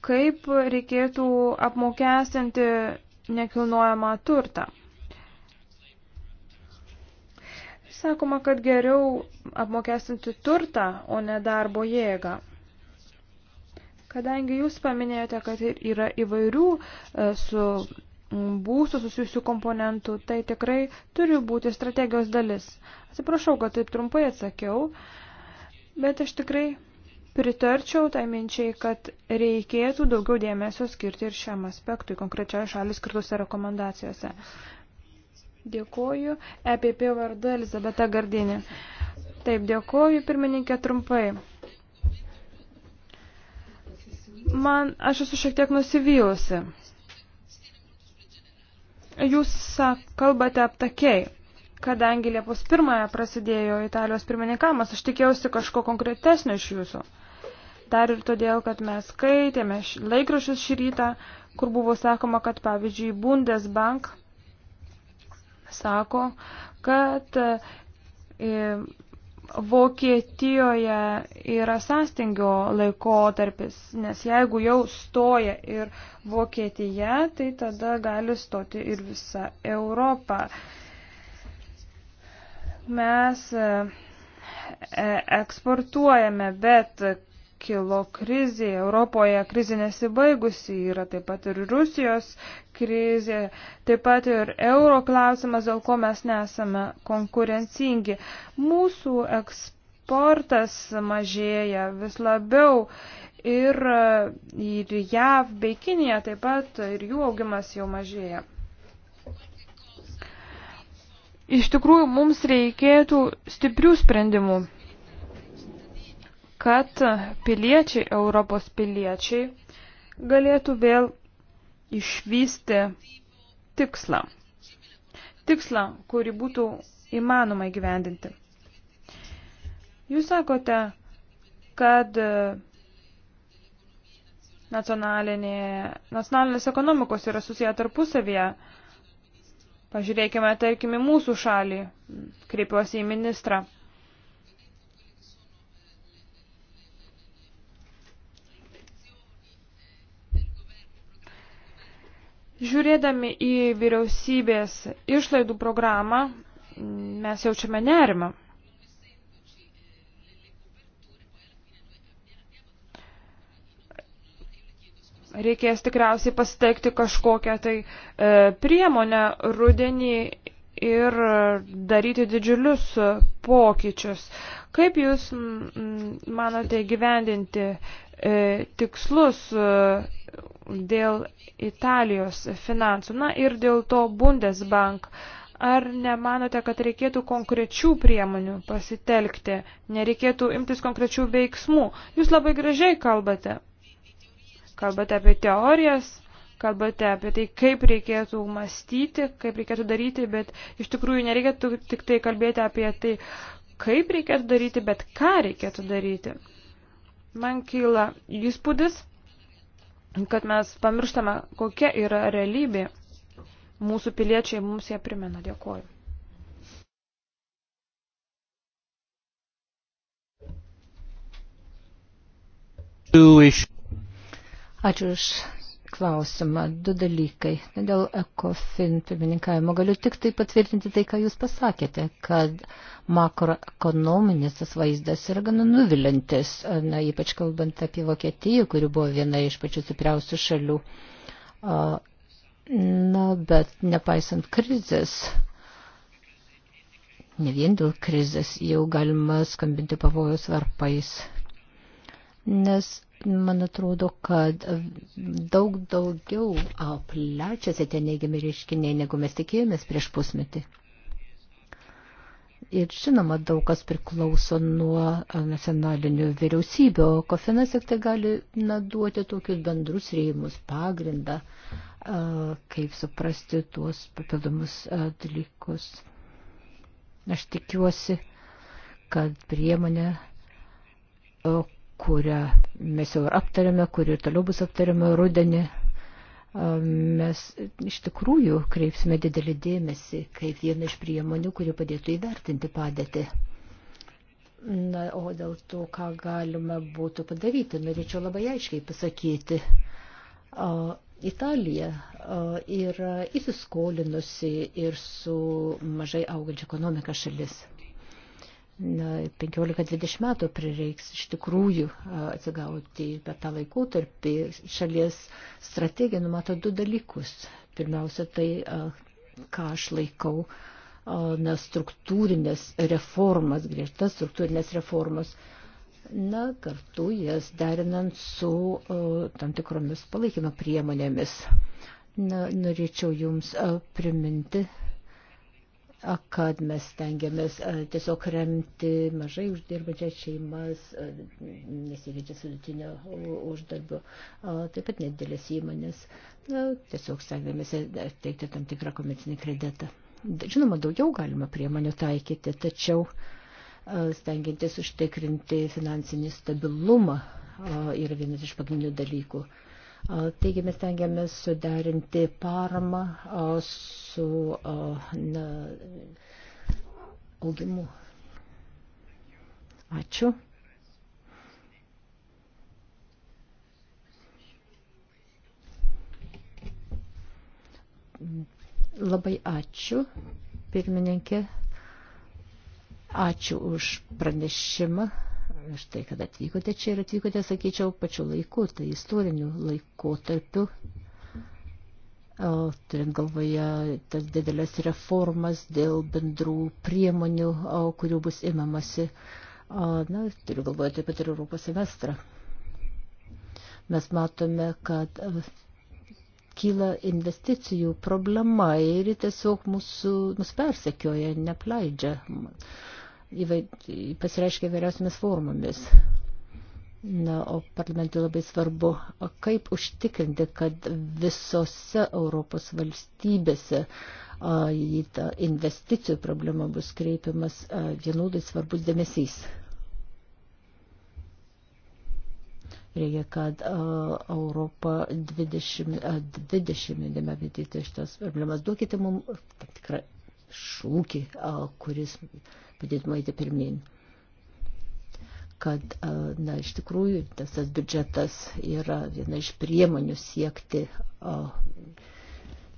kaip reikėtų apmokestinti nekilnojamą turtą. Sakoma, kad geriau apmokestinti turtą, o ne darbo jėgą. Kadangi jūs paminėjote, kad yra įvairių e, su būstų susijusių komponentų, tai tikrai turi būti strategijos dalis. Atsiprašau, kad taip trumpai atsakiau, bet aš tikrai Pritarčiau tai minčiai, kad reikėtų daugiau dėmesio skirti ir šiam aspektui konkrečioje šalis skirtose rekomendacijose. Dėkuoju. EPP vardu Elizabeta Gardinė. Taip, dėkuoju, pirmininkė, trumpai. Man, aš esu šiek tiek nusivylusi. Jūs kalbate aptakiai kadangi Liepos pirmąją prasidėjo Italijos pirmininkamas, aš tikėjausi kažko konkretesnio iš jūsų. Dar ir todėl, kad mes skaitėme laikrašius šį rytą, kur buvo sakoma, kad pavyzdžiui Bundesbank sako, kad e, Vokietijoje yra sąstingio laikotarpis, nes jeigu jau stoja ir Vokietija, tai tada gali stoti ir visa Europa. Mes e, e, eksportuojame, bet kilo krizė Europoje, krizė nesibaigusi, yra taip pat ir Rusijos krizė, taip pat ir euro klausimas, dėl ko mes nesame konkurencingi. Mūsų eksportas mažėja vis labiau ir, ir JAV bei Kinija taip pat ir jų augimas jau mažėja. Iš tikrųjų, mums reikėtų stiprių sprendimų kad piliečiai, Europos piliečiai galėtų vėl išvysti tikslą. Tikslą, kurį būtų įmanoma įgyvendinti. Jūs sakote, kad nacionalinė, nacionalinės ekonomikos yra susiję tarpusavėje. Pažiūrėkime, tarkime, mūsų šalį. Kreipiuosi į ministrą. Žiūrėdami į vyriausybės išlaidų programą, mes jaučiame nerimą. Reikės tikriausiai pasitelkti kažkokią tai e, priemonę rudenį ir daryti didžiulius pokyčius. Kaip Jūs manote gyvendinti E, tikslus e, dėl Italijos finansų. Na ir dėl to Bundesbank. Ar nemanote, kad reikėtų konkrečių priemonių pasitelkti, nereikėtų imtis konkrečių veiksmų? Jūs labai gražiai kalbate. Kalbate apie teorijas, kalbate apie tai, kaip reikėtų mąstyti, kaip reikėtų daryti, bet iš tikrųjų nereikėtų tik tai kalbėti apie tai, kaip reikėtų daryti, bet ką reikėtų daryti man kyla įspūdis, kad mes pamirštame, kokia yra realybė. Mūsų piliečiai mums ją primena. Dėkuoju. Ačiū iš klausimą. Du dalykai. Dėl ECOFIN pirmininkavimo galiu tik tai patvirtinti tai, ką jūs pasakėte, kad makroekonominis tas vaizdas yra gana nuvilintis, na, ypač kalbant apie Vokietiją, kuri buvo viena iš pačių stipriausių šalių. Na, bet nepaisant krizės, ne vien dėl krizės jau galima skambinti pavojus varpais. Nes man atrodo, kad daug daugiau plečiasi tie neigiami reiškiniai, negu mes tikėjomės prieš pusmetį. Ir žinoma, daug kas priklauso nuo nacionalinių vyriausybių, o kofinas tik tai gali na, duoti tokius bendrus rėmus, pagrindą, kaip suprasti tuos papildomus dalykus. Aš tikiuosi, kad priemonė kurią mes jau ir aptarėme, kuri ir toliau bus aptariama rudenį. Mes iš tikrųjų kreipsime didelį dėmesį kaip vieną iš priemonių, kuri padėtų įvertinti padėtį. Na, o dėl to, ką galima būtų padaryti, norėčiau labai aiškiai pasakyti. Italija yra įsiskolinusi ir su mažai augančia ekonomika šalis. 15-20 metų prireiks iš tikrųjų atsigauti per tą laikotarpį. Šalies strategija numato du dalykus. Pirmiausia, tai ką aš laikau na, struktūrinės reformas, griežtas struktūrinės reformas, na, kartu jas derinant su tam tikromis palaikymo priemonėmis. Na, norėčiau Jums priminti kad mes tengiamės e, tiesiog remti mažai uždirbančias šeimas, e, nesiveikia sudėtinio uždarbio, taip pat nedėlės įmonės, na, tiesiog stengiamės e, teikti tam tikrą komercinį kreditą. Žinoma, daugiau galima priemonių taikyti, tačiau stengiantis užtikrinti finansinį stabilumą yra vienas iš pagrindinių dalykų. Taigi mes tengiamės suderinti paramą su na, augimu. Ačiū. Labai ačiū, pirmininkė. Ačiū už pranešimą štai, kad atvykote čia ir atvykote, sakyčiau, pačiu laiku, tai istoriniu laikotarpiu, turint galvoje tas didelės reformas dėl bendrų priemonių, kurių bus imamasi. Na, turiu galvoje taip pat ir Europos semestrą. Mes matome, kad e, kyla investicijų problema ir tiesiog mūsų, mūsų persekioja, nepleidžia pasireiškia įvairiausiamis formomis. Na, o parlamentui labai svarbu, kaip užtikrinti, kad visose Europos valstybėse į tą investicijų problemą bus kreipiamas vienodai svarbus dėmesys. Reikia, kad Europa 20, 20 minime matyti šitas problemas. Duokite mums tam tikrą šūkį, kuris padėtų maitę pirmin kad, na, iš tikrųjų, tas, tas biudžetas yra viena iš priemonių siekti o,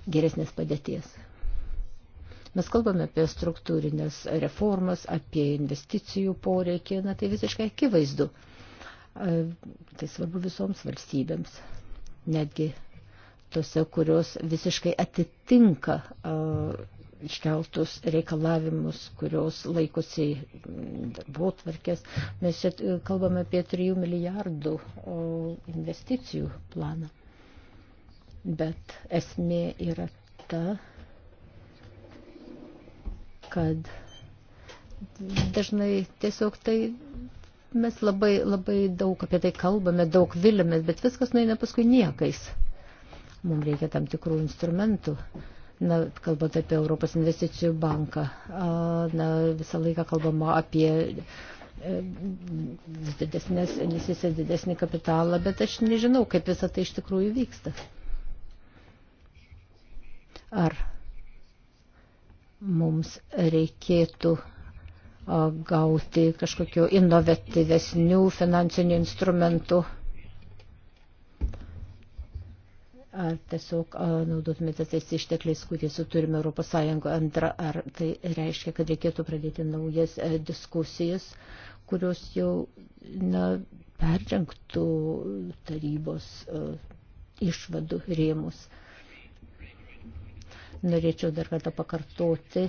geresnės padėties. Mes kalbame apie struktūrinės reformas, apie investicijų poreikį, na tai visiškai akivaizdu. Tai svarbu visoms valstybėms, netgi tose, kurios visiškai atitinka iškeltus reikalavimus, kurios laikosi darbo tvarkės. Mes e, kalbame apie 3 milijardų investicijų planą. Bet esmė yra ta, kad dažnai tiesiog tai mes labai, labai daug apie tai kalbame, daug vilimės, bet viskas nueina paskui niekais. Mums reikia tam tikrų instrumentų, Na, kalbant apie Europos investicijų banką, na, visą laiką kalbama apie e, didesnės investicijas, didesnį kapitalą, bet aš nežinau, kaip visą tai iš tikrųjų vyksta. Ar mums reikėtų gauti kažkokiu inovatyvesnių finansinių instrumentų? ar tiesiog naudotumėte tais ištekliais, kuriais turime Europos Sąjungoje antrą, ar tai reiškia, kad reikėtų pradėti naujas e, diskusijas, kurios jau na, peržengtų tarybos e, išvadų rėmus. Norėčiau dar kartą pakartoti,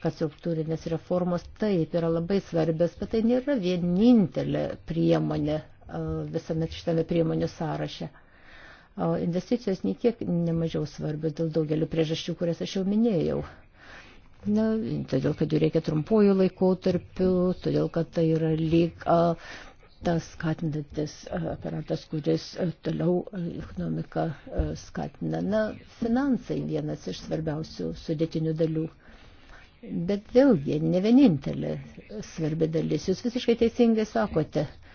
kad struktūrinės reformos taip yra labai svarbios, bet tai nėra vienintelė priemonė e, visame šitame priemonių sąraše investicijos nei kiek nemažiau svarbios dėl daugelio priežasčių, kurias aš jau minėjau. Na, todėl, kad jų reikia trumpuoju laikotarpiu, todėl, kad tai yra lyg a, tas skatinantis aparatas, kuris a, toliau ekonomiką a, skatina. Na, finansai vienas iš svarbiausių sudėtinių dalių. Bet vėlgi, ne vienintelė svarbi dalis. Jūs visiškai teisingai sakote. A,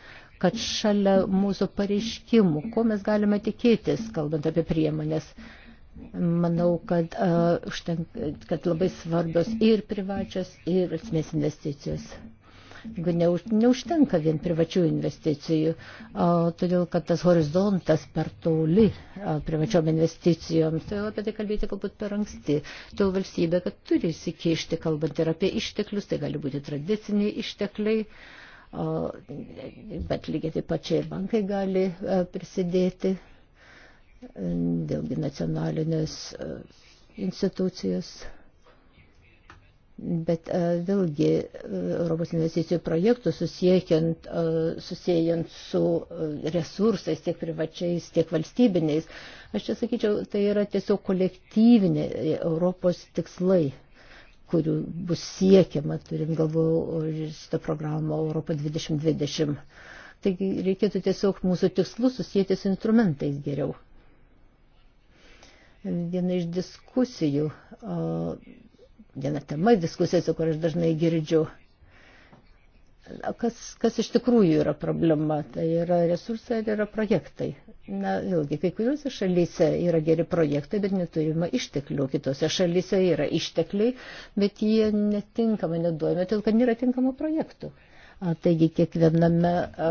kad šalia mūsų pareiškimų, ko mes galime tikėtis, kalbant apie priemonės, manau, kad, uh, šten, kad labai svarbios ir privačios, ir atsmės investicijos. Neužtenka vien privačių investicijų, uh, todėl kad tas horizontas per toli uh, privačiom investicijoms, tai apie tai kalbėti galbūt per anksti. Todėl valstybė, kad turi įsikišti, kalbant ir apie išteklius, tai gali būti tradiciniai ištekliai. Uh, bet lygiai taip pat čia ir bankai gali e, prisidėti, e, vėlgi nacionalinės e, institucijos. Bet vėlgi Europos investicijų projektų susiekiant, susijęjant su resursais tiek privačiais, tiek valstybiniais, aš čia sakyčiau, tai yra tiesiog kolektyviniai Europos tikslai kurių bus siekiama, turint galvoje šitą programą Europą 2020. Taigi reikėtų tiesiog mūsų tikslus susijęti su instrumentais geriau. Viena iš diskusijų, viena tema diskusijose, kur aš dažnai girdžiu, kas, kas iš tikrųjų yra problema, tai yra resursai ir yra projektai. Na, vėlgi, kai kuriuose šalyse yra geri projektai, bet neturima išteklių, kitose šalyse yra ištekliai, bet jie netinkama, neduojame, todėl kad nėra tinkamų projektų. A, taigi kiekviename a,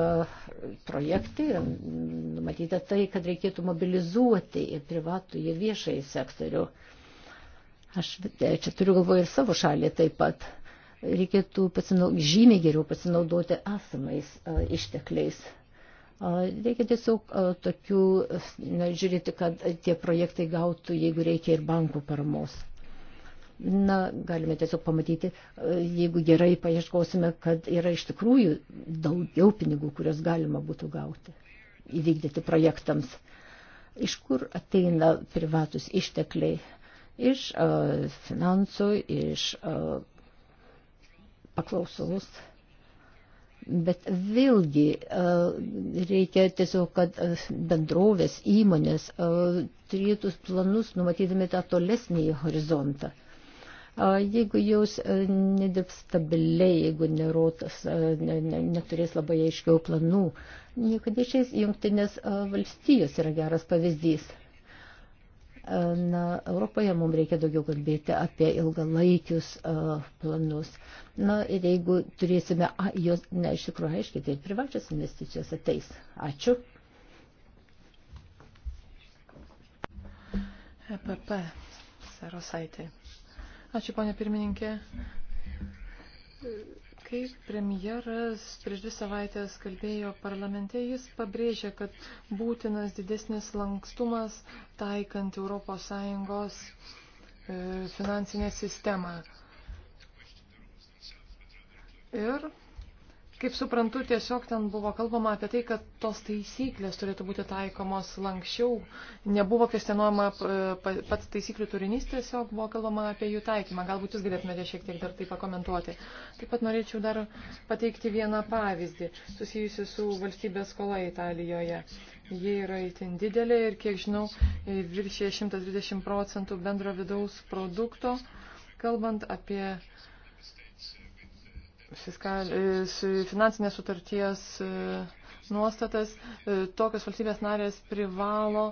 projekte yra numatyta tai, kad reikėtų mobilizuoti ir privatų, ir viešąjį sektorių. Aš e, čia turiu galvoje ir savo šalį taip pat reikėtų pasinau, žymiai geriau pasinaudoti esamais ištekliais. Reikia tiesiog tokių, na, žiūrėti, kad tie projektai gautų, jeigu reikia, ir bankų paramos. Na, galime tiesiog pamatyti, jeigu gerai paieškosime, kad yra iš tikrųjų daugiau pinigų, kurios galima būtų gauti, įvykdyti projektams. Iš kur ateina privatus ištekliai? Iš finansų, iš paklausos. Bet vėlgi reikia tiesiog, kad bendrovės, įmonės turėtų planus numatydami tą tolesnį horizontą. Jeigu jūs nedirbs stabiliai, jeigu nerotas, ne, ne, neturės labai aiškiau planų, niekada išės jungtinės valstijos yra geras pavyzdys. E, na, Europoje mums reikia daugiau kalbėti apie ilgalaikius uh, planus. Na, ir jeigu turėsime, a, jos, ne, iš tikrųjų, aiškiai, tai privačios investicijos ateis. Ačiū. EPP, Sarosaitė. Ačiū, ponė pirmininkė. Kai premjeras prieš dvi savaitės kalbėjo parlamente, jis pabrėžė, kad būtinas didesnis lankstumas taikant ES e, finansinę sistemą. Ir Kaip suprantu, tiesiog ten buvo kalbama apie tai, kad tos taisyklės turėtų būti taikomos lankščiau. Nebuvo kvestionuojama e, pats taisyklių turinys, tiesiog buvo kalbama apie jų taikymą. Galbūt jūs galėtumėte šiek tiek dar tai pakomentuoti. Taip pat norėčiau dar pateikti vieną pavyzdį susijusi su valstybės skola Italijoje. Jie yra itin didelė ir, kiek žinau, viršė 120 procentų bendro vidaus produkto. Kalbant apie uh, fiskal, e, finansinės sutarties e, nuostatas, e, tokios valstybės narės privalo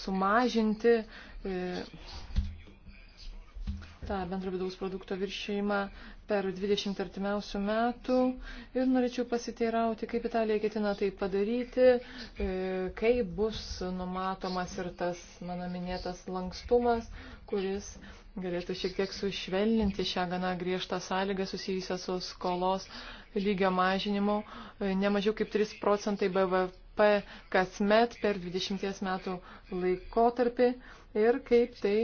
sumažinti tą bendro vidaus produkto viršėjimą per 20 artimiausių metų ir norėčiau pasiteirauti, kaip Italija ketina tai padaryti, kaip bus numatomas ir tas mano minėtas lankstumas, kuris galėtų šiek tiek sušvelninti šią gana griežtą sąlygą susijusią su skolos lygio mažinimu, nemažiau kaip 3 procentai BVP kasmet per 20 metų laikotarpį ir kaip tai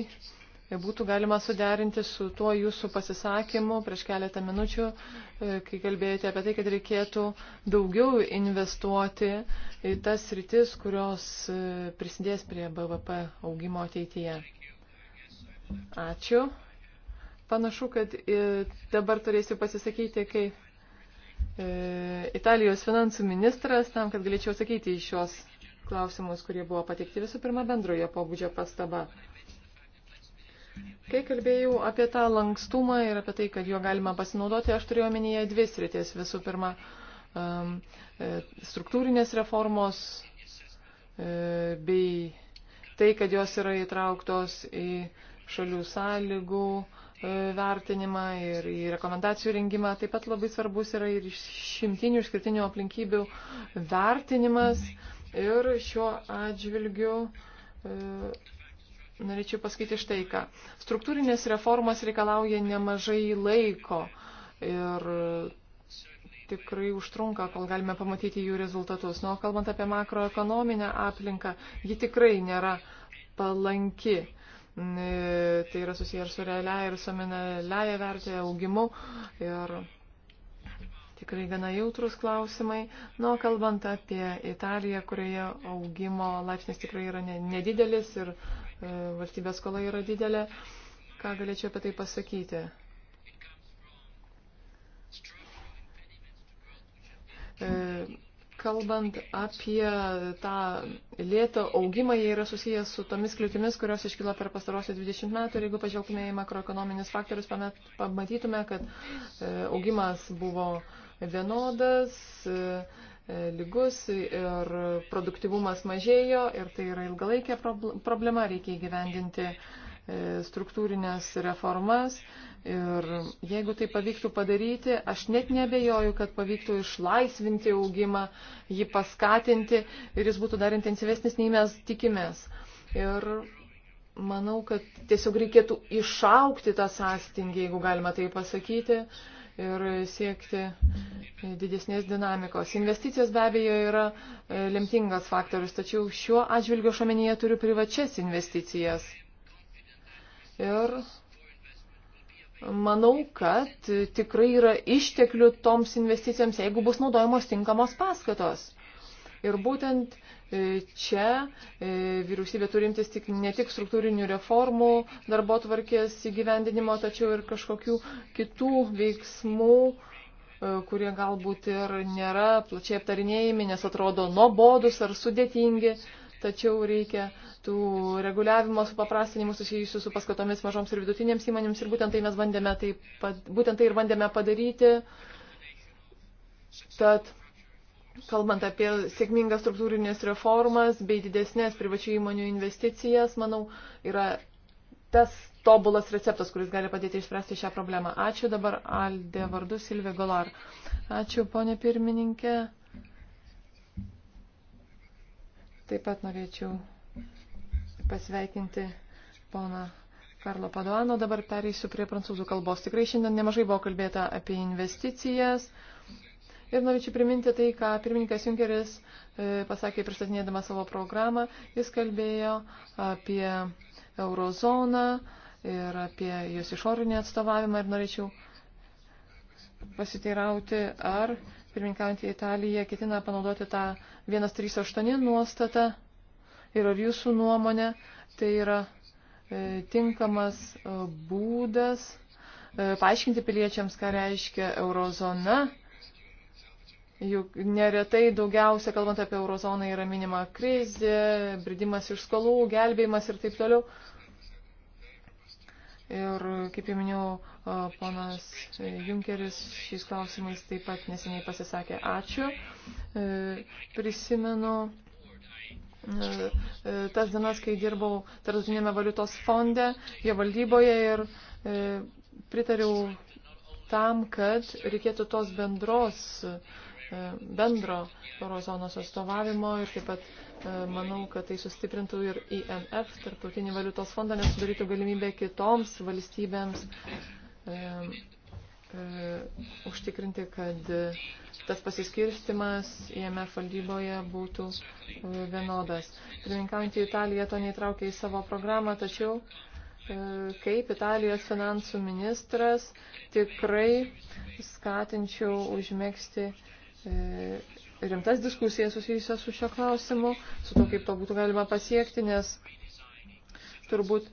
būtų galima suderinti su tuo jūsų pasisakymu prieš keletą minučių, e, kai kalbėjote apie tai, kad reikėtų daugiau investuoti į tas rytis, kurios e, prisidės prie BVP augimo ateityje. Ačiū. Panašu, kad e, dabar turėsiu pasisakyti kaip e, Italijos finansų ministras, tam, kad galėčiau sakyti į šios klausimus, kurie buvo pateikti visų pirma bendroje pobūdžio pastaba. Kai kalbėjau apie tą lankstumą ir apie tai, kad jo galima pasinaudoti, aš turėjau omenyje dvi sritis. Visų pirma, e, struktūrinės reformos bei tai, kad jos yra įtrauktos į šalių sąlygų e, vertinimą ir į rekomendacijų rengimą. Taip pat labai svarbus yra ir šimtinių išskirtinių aplinkybių vertinimas. Ir šiuo atžvilgiu e, norėčiau pasakyti štai ką. Struktūrinės reformas reikalauja nemažai laiko ir tikrai užtrunka, kol galime pamatyti jų rezultatus. Nuo kalbant apie makroekonominę aplinką, ji tikrai nėra palanki tai yra susiję ir su realia ir nominaliaja vertė augimu. Ir tikrai gana jautrus klausimai. Nu, kalbant apie Italiją, kurioje augimo laipsnis tikrai yra nedidelis ir e, valstybės skola yra didelė, ką galėčiau apie tai pasakyti? E, kalbant apie tą lėtą augimą, jie yra susijęs su tomis kliūtimis, kurios iškilo per pastarosius 20 metų. Ir jeigu pažvelgtume į makroekonominius faktorius, pamatytume, kad e, augimas buvo vienodas, e, e, lygus ir produktivumas mažėjo ir tai yra ilgalaikė problema, reikia įgyvendinti struktūrinės reformas Ir jeigu tai pavyktų padaryti, aš net nebejoju, kad pavyktų išlaisvinti augimą, jį paskatinti ir jis būtų dar intensyvesnis, nei mes tikimės. Ir manau, kad tiesiog reikėtų išaukti tą sąstingį, jeigu galima tai pasakyti, ir siekti didesnės dinamikos. Investicijos be abejo yra e, lemtingas faktorius, tačiau šiuo atžvilgiu šomenyje turiu privačias investicijas. Ir manau, kad tikrai yra išteklių toms investicijoms, jeigu bus naudojamos tinkamos paskatos. Ir būtent e, čia e, vyriausybė turintis tik, ne tik struktūrinių reformų darbo tvarkės įgyvendinimo, tačiau ir kažkokių kitų veiksmų, e, kurie galbūt ir nėra plačiai aptarinėjami, nes atrodo nuobodus ar sudėtingi tačiau reikia tų reguliavimo supaprastinimų susijusių su paskatomis mažoms ir vidutinėms įmonėms ir būtent tai mes bandėme, tai, būtent tai ir bandėme padaryti. Tad Kalbant apie sėkmingas struktūrinės reformas bei didesnės privačių įmonių investicijas, manau, yra tas tobulas receptas, kuris gali padėti išspręsti šią problemą. Ačiū dabar Aldė vardu Silvė Golar. Ačiū, ponė pirmininkė. Taip pat norėčiau pasveikinti poną Karlo Paduano. Dabar pereisiu prie prancūzų kalbos. Tikrai šiandien nemažai buvo kalbėta apie investicijas. Ir norėčiau priminti tai, ką pirmininkas Junkeris e, pasakė pristatinėdama savo programą. Jis kalbėjo apie eurozoną ir apie jos išorinį atstovavimą ir norėčiau pasiteirauti, ar pirminkaujantį Italiją ketina panaudoti tą 138 nuostatą ir ar jūsų nuomonė tai yra e, tinkamas e, būdas e, paaiškinti piliečiams, ką reiškia eurozona. Juk neretai daugiausia, kalbant apie eurozoną, yra minima krizė, bridimas iš skolų, gelbėjimas ir taip toliau. E, Ir, kaip jau minėjau, ponas Junkeris šiais klausimais taip pat neseniai pasisakė ačiū. E, prisimenu e, e, tas dienas, kai dirbau Tarptautinėme valiutos fonde, jo valdyboje ir pritariau tam, kad reikėtų tos bendros uh, E, bendro eurozonos atstovavimo ir taip pat e, manau, kad tai sustiprintų ir IMF, tarptautinį valiutos fondą, nes sudarytų galimybę kitoms valstybėms e, e, užtikrinti, kad tas pasiskirstimas IMF valdyboje būtų e, vienodas. Pirminkaujantį Italiją to neįtraukė į savo programą, tačiau kaip Italijos finansų ministras tikrai skatinčiau užmėgsti E, rimtas diskusijas susijusias su šio klausimu, su to, kaip to būtų galima pasiekti, nes turbūt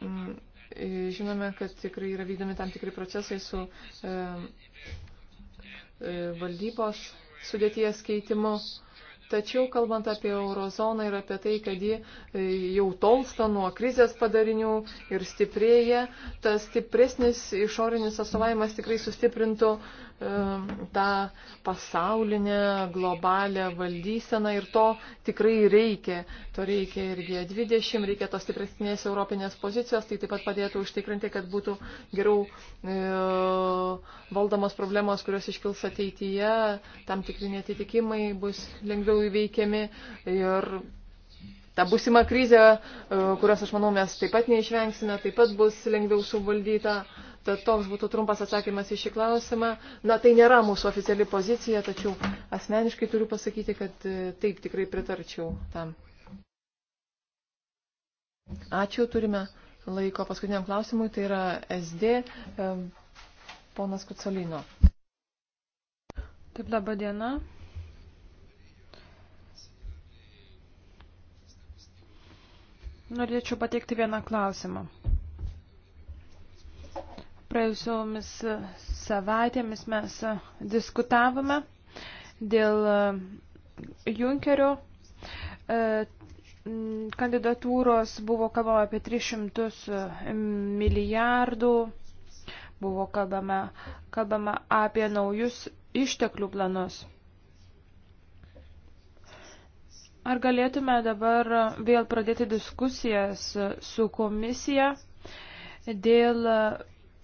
m, mm, e, žinome, kad tikrai yra vykdomi tam tikri procesai su e, e, valdybos sudėties keitimu. Tačiau kalbant apie eurozoną ir apie tai, kad ji e, jau tolsta nuo krizės padarinių ir stiprėja, tas stipresnis išorinis atstovavimas tikrai sustiprintų E, tą pasaulinę globalę valdyseną ir to tikrai reikia. To reikia ir G20, reikia tos stipresnės europinės pozicijos, tai taip pat padėtų užtikrinti, kad būtų geriau e, valdomos problemos, kurios iškils ateityje, tam tikri netitikimai bus lengviau įveikiami ir ta būsima krizė, e, kurios aš manau mes taip pat neišvengsime, taip pat bus lengviau suvaldyta. E, Tad toks būtų trumpas atsakymas į šį klausimą. Na, tai nėra mūsų oficiali pozicija, tačiau asmeniškai turiu pasakyti, kad e, taip tikrai pritarčiau tam. Ačiū, turime laiko paskutiniam klausimui, tai yra SD, e, ponas Kucolino. Taip, laba diena. Norėčiau pateikti vieną klausimą. Praėjusiomis savaitėmis mes diskutavome dėl e, Junkerio e, kandidatūros, buvo kalbama apie 300 e, milijardų, buvo kalbama, kalbama apie naujus išteklių planus. Ar galėtume dabar vėl pradėti diskusijas su komisija dėl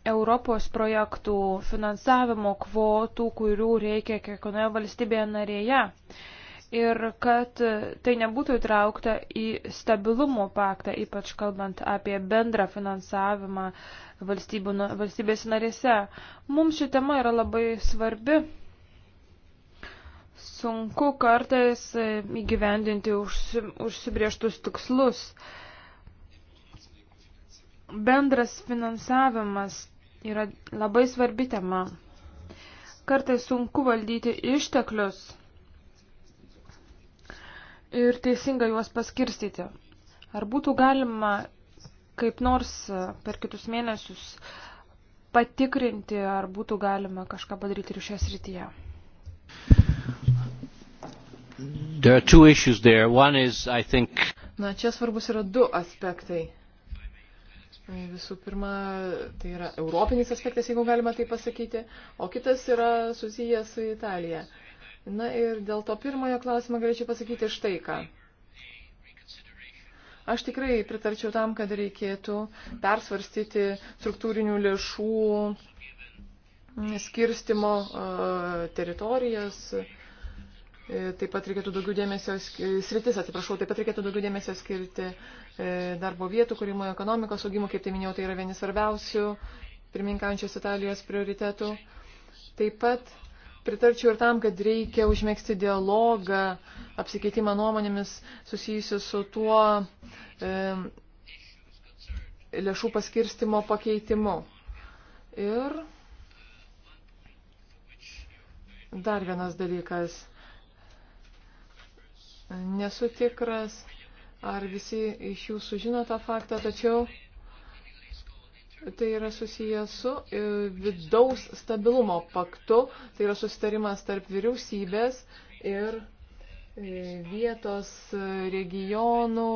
Europos projektų finansavimo kvotų, kurių reikia kiekvienoje valstybėje narėje. Ir kad tai nebūtų įtraukta į stabilumo paktą, ypač kalbant apie bendrą finansavimą valstybės narėse. Mums ši tema yra labai svarbi. Sunku kartais įgyvendinti užsibrieštus tikslus bendras finansavimas yra labai svarbi tema. Kartais sunku valdyti išteklius ir teisingai juos paskirstyti. Ar būtų galima kaip nors per kitus mėnesius patikrinti, ar būtų galima kažką padaryti ir šią srityje? There are two issues there. One is, I think... Na, čia svarbus yra du aspektai. Visų pirma, tai yra europinis aspektas, jeigu galima tai pasakyti, o kitas yra susijęs su Italija. Na ir dėl to pirmojo klausimą galėčiau pasakyti štai ką. Aš tikrai pritarčiau tam, kad reikėtų persvarstyti struktūrinių lėšų mm, skirstimo teritorijas. E, taip pat reikėtų daugiau dėmesio, sritis, atsiprašau, taip pat reikėtų daugiau dėmesio skirti E, darbo vietų kūrimo, ekonomikos augimo, kaip tai minėjau, tai yra vienas svarbiausių pirmininkančios Italijos prioritetų. Taip pat pritarčiau ir tam, kad reikia užmėgsti dialogą, apsikeitimą nuomonėmis susijusiu su tuo e, lėšų paskirstimo pakeitimu. Ir dar vienas dalykas. Nesu tikras, ar visi iš jūsų žino tą faktą, tačiau tai yra susijęs su e, vidaus stabilumo paktu, tai yra susitarimas tarp vyriausybės ir e, vietos e, regionų,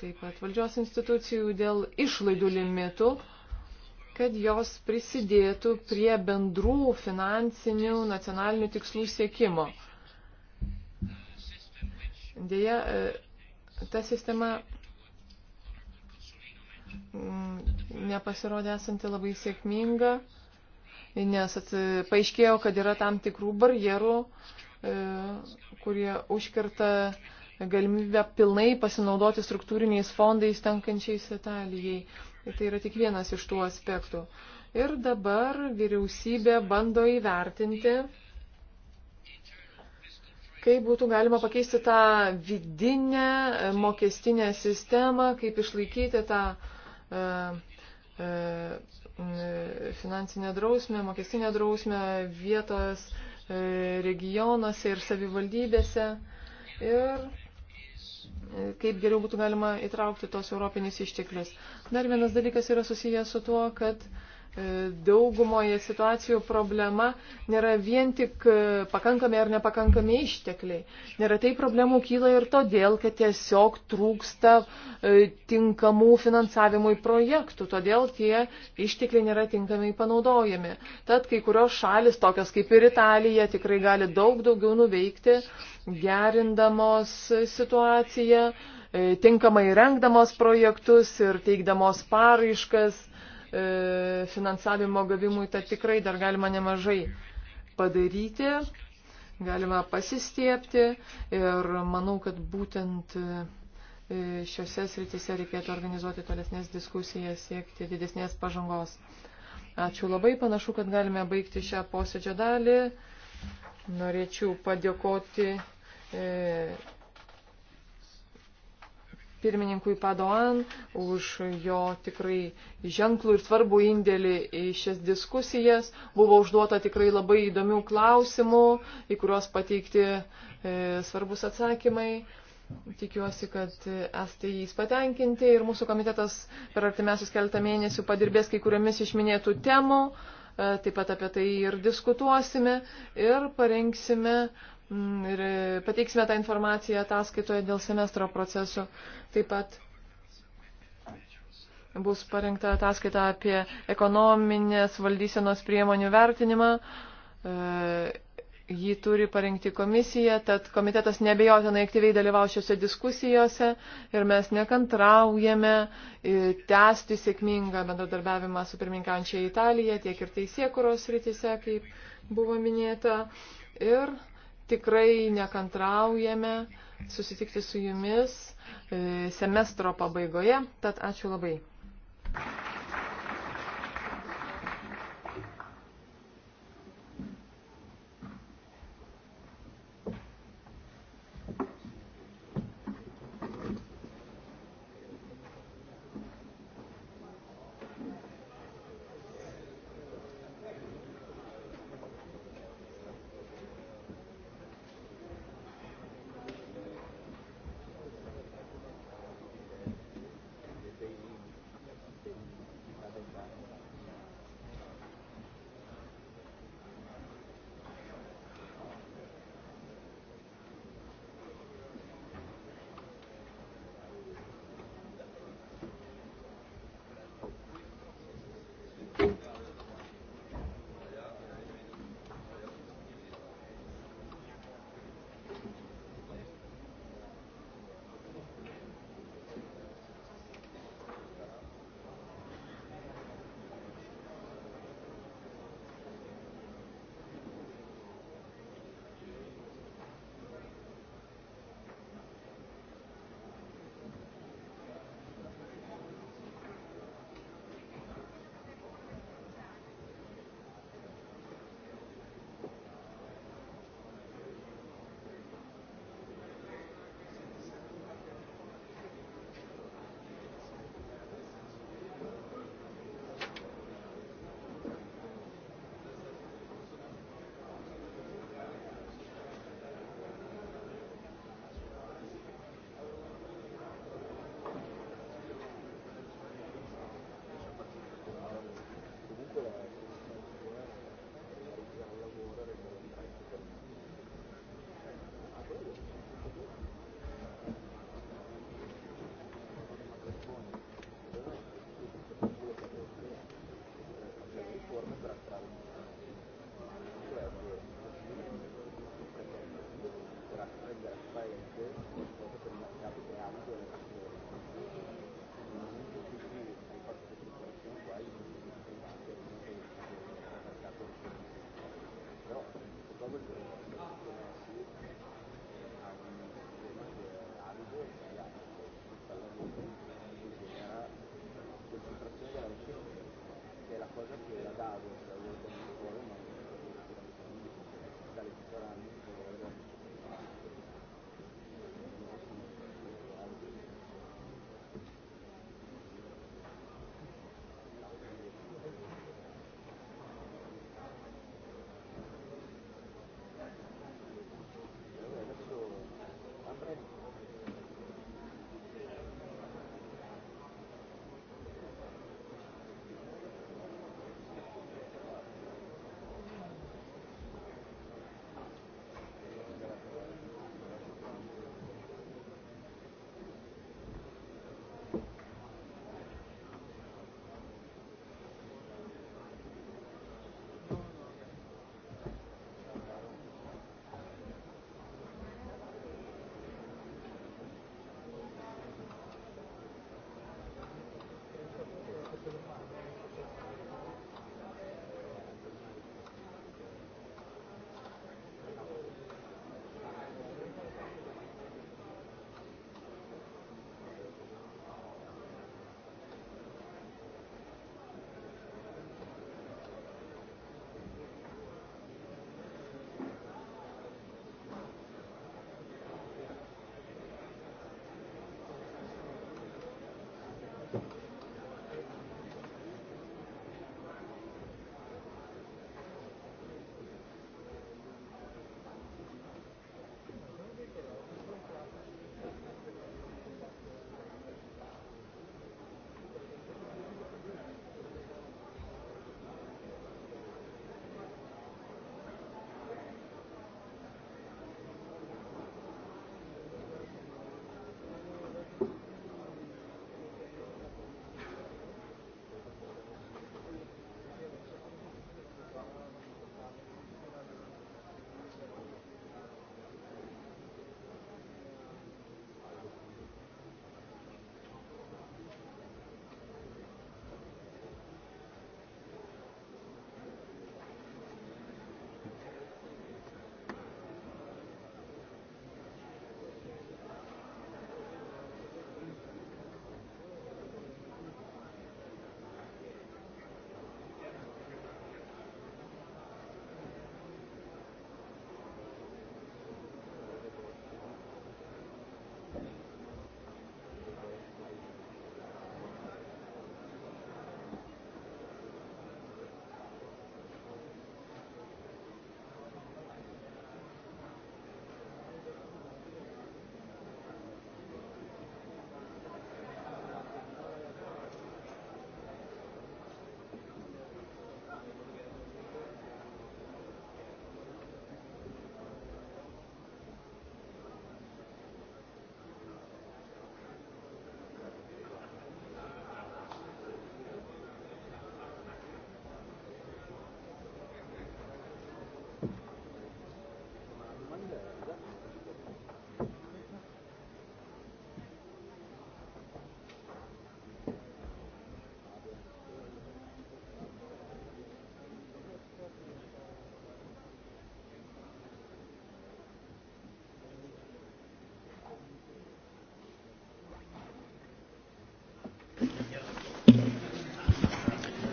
taip pat valdžios institucijų dėl išlaidų limitų kad jos prisidėtų prie bendrų finansinių nacionalinių tikslų siekimo. Dėja, e, ta sistema mm, nepasirodė esanti labai sėkminga, nes paaiškėjo, kad yra tam tikrų barjerų, e, kurie užkirta galimybę pilnai pasinaudoti struktūriniais fondais tenkančiais Italijai. Tai yra tik vienas iš tų aspektų. Ir dabar vyriausybė bando įvertinti kaip būtų galima pakeisti tą vidinę e, mokestinę sistemą, kaip išlaikyti tą e, e, e, finansinę drausmę, mokestinę drausmę vietos e, regionuose ir savivaldybėse. Ir e, kaip geriau būtų galima įtraukti tos europinius išteklius. Dar vienas dalykas yra susijęs su tuo, kad e, E, daugumoje situacijų problema nėra vien tik e, pakankami ar nepakankami ištekliai. Neretai problemų kyla ir todėl, kad tiesiog trūksta e, tinkamų finansavimui projektų, todėl tie ištekliai nėra tinkamai panaudojami. Tad kai kurios šalis, tokios kaip ir Italija, tikrai gali daug daugiau nuveikti, gerindamos situaciją tinkamai rengdamos projektus ir teikdamos paraiškas E, finansavimo gavimui, tad tikrai dar galima nemažai padaryti, galima pasistiepti ir manau, kad būtent e, šiuose srityse reikėtų organizuoti tolesnės diskusijas, siekti didesnės pažangos. Ačiū labai, panašu, kad galime baigti šią posėdžio dalį. Norėčiau padėkoti. E, pirmininkui Padoan už jo tikrai ženklų ir svarbų indėlį į šias diskusijas. Buvo užduota tikrai labai įdomių klausimų, į kuriuos pateikti e, svarbus atsakymai. Tikiuosi, kad esate jais patenkinti ir mūsų komitetas per artimiausius keletą mėnesių padirbės kai kuriomis išminėtų temų. E, taip pat apie tai ir diskutuosime ir parengsime Mm, ir e, pateiksime tą informaciją ataskaitoje dėl semestro procesų. Taip pat bus parengta ataskaita apie ekonominės valdysenos priemonių vertinimą. E, jį turi parengti komisija, tad komitetas nebejotinai aktyviai dalyvau šiuose diskusijose ir mes nekantraujame e, tęsti sėkmingą bendradarbiavimą su pirmininkančia Italija, tiek ir teisėkuros rytise, kaip buvo minėta. Ir uh, tikrai nekantraujame susitikti su jumis e, semestro pabaigoje, tad ačiū labai.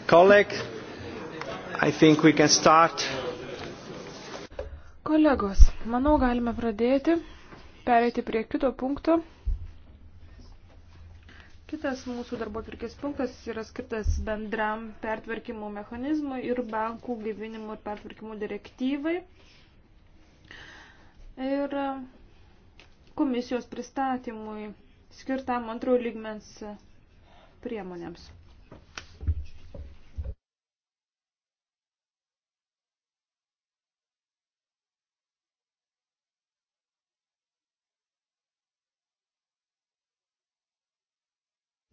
Colleague, I think we can start. Kolegos, manau, galime pradėti, pereiti prie kito punkto. Kitas mūsų darbo atvirkės punktas yra skirtas bendram pertvarkymo mechanizmui ir bankų gyvinimo ir pertvarkymo direktyvai. Ir komisijos pristatymui skirtam antrojo lygmens priemonėms.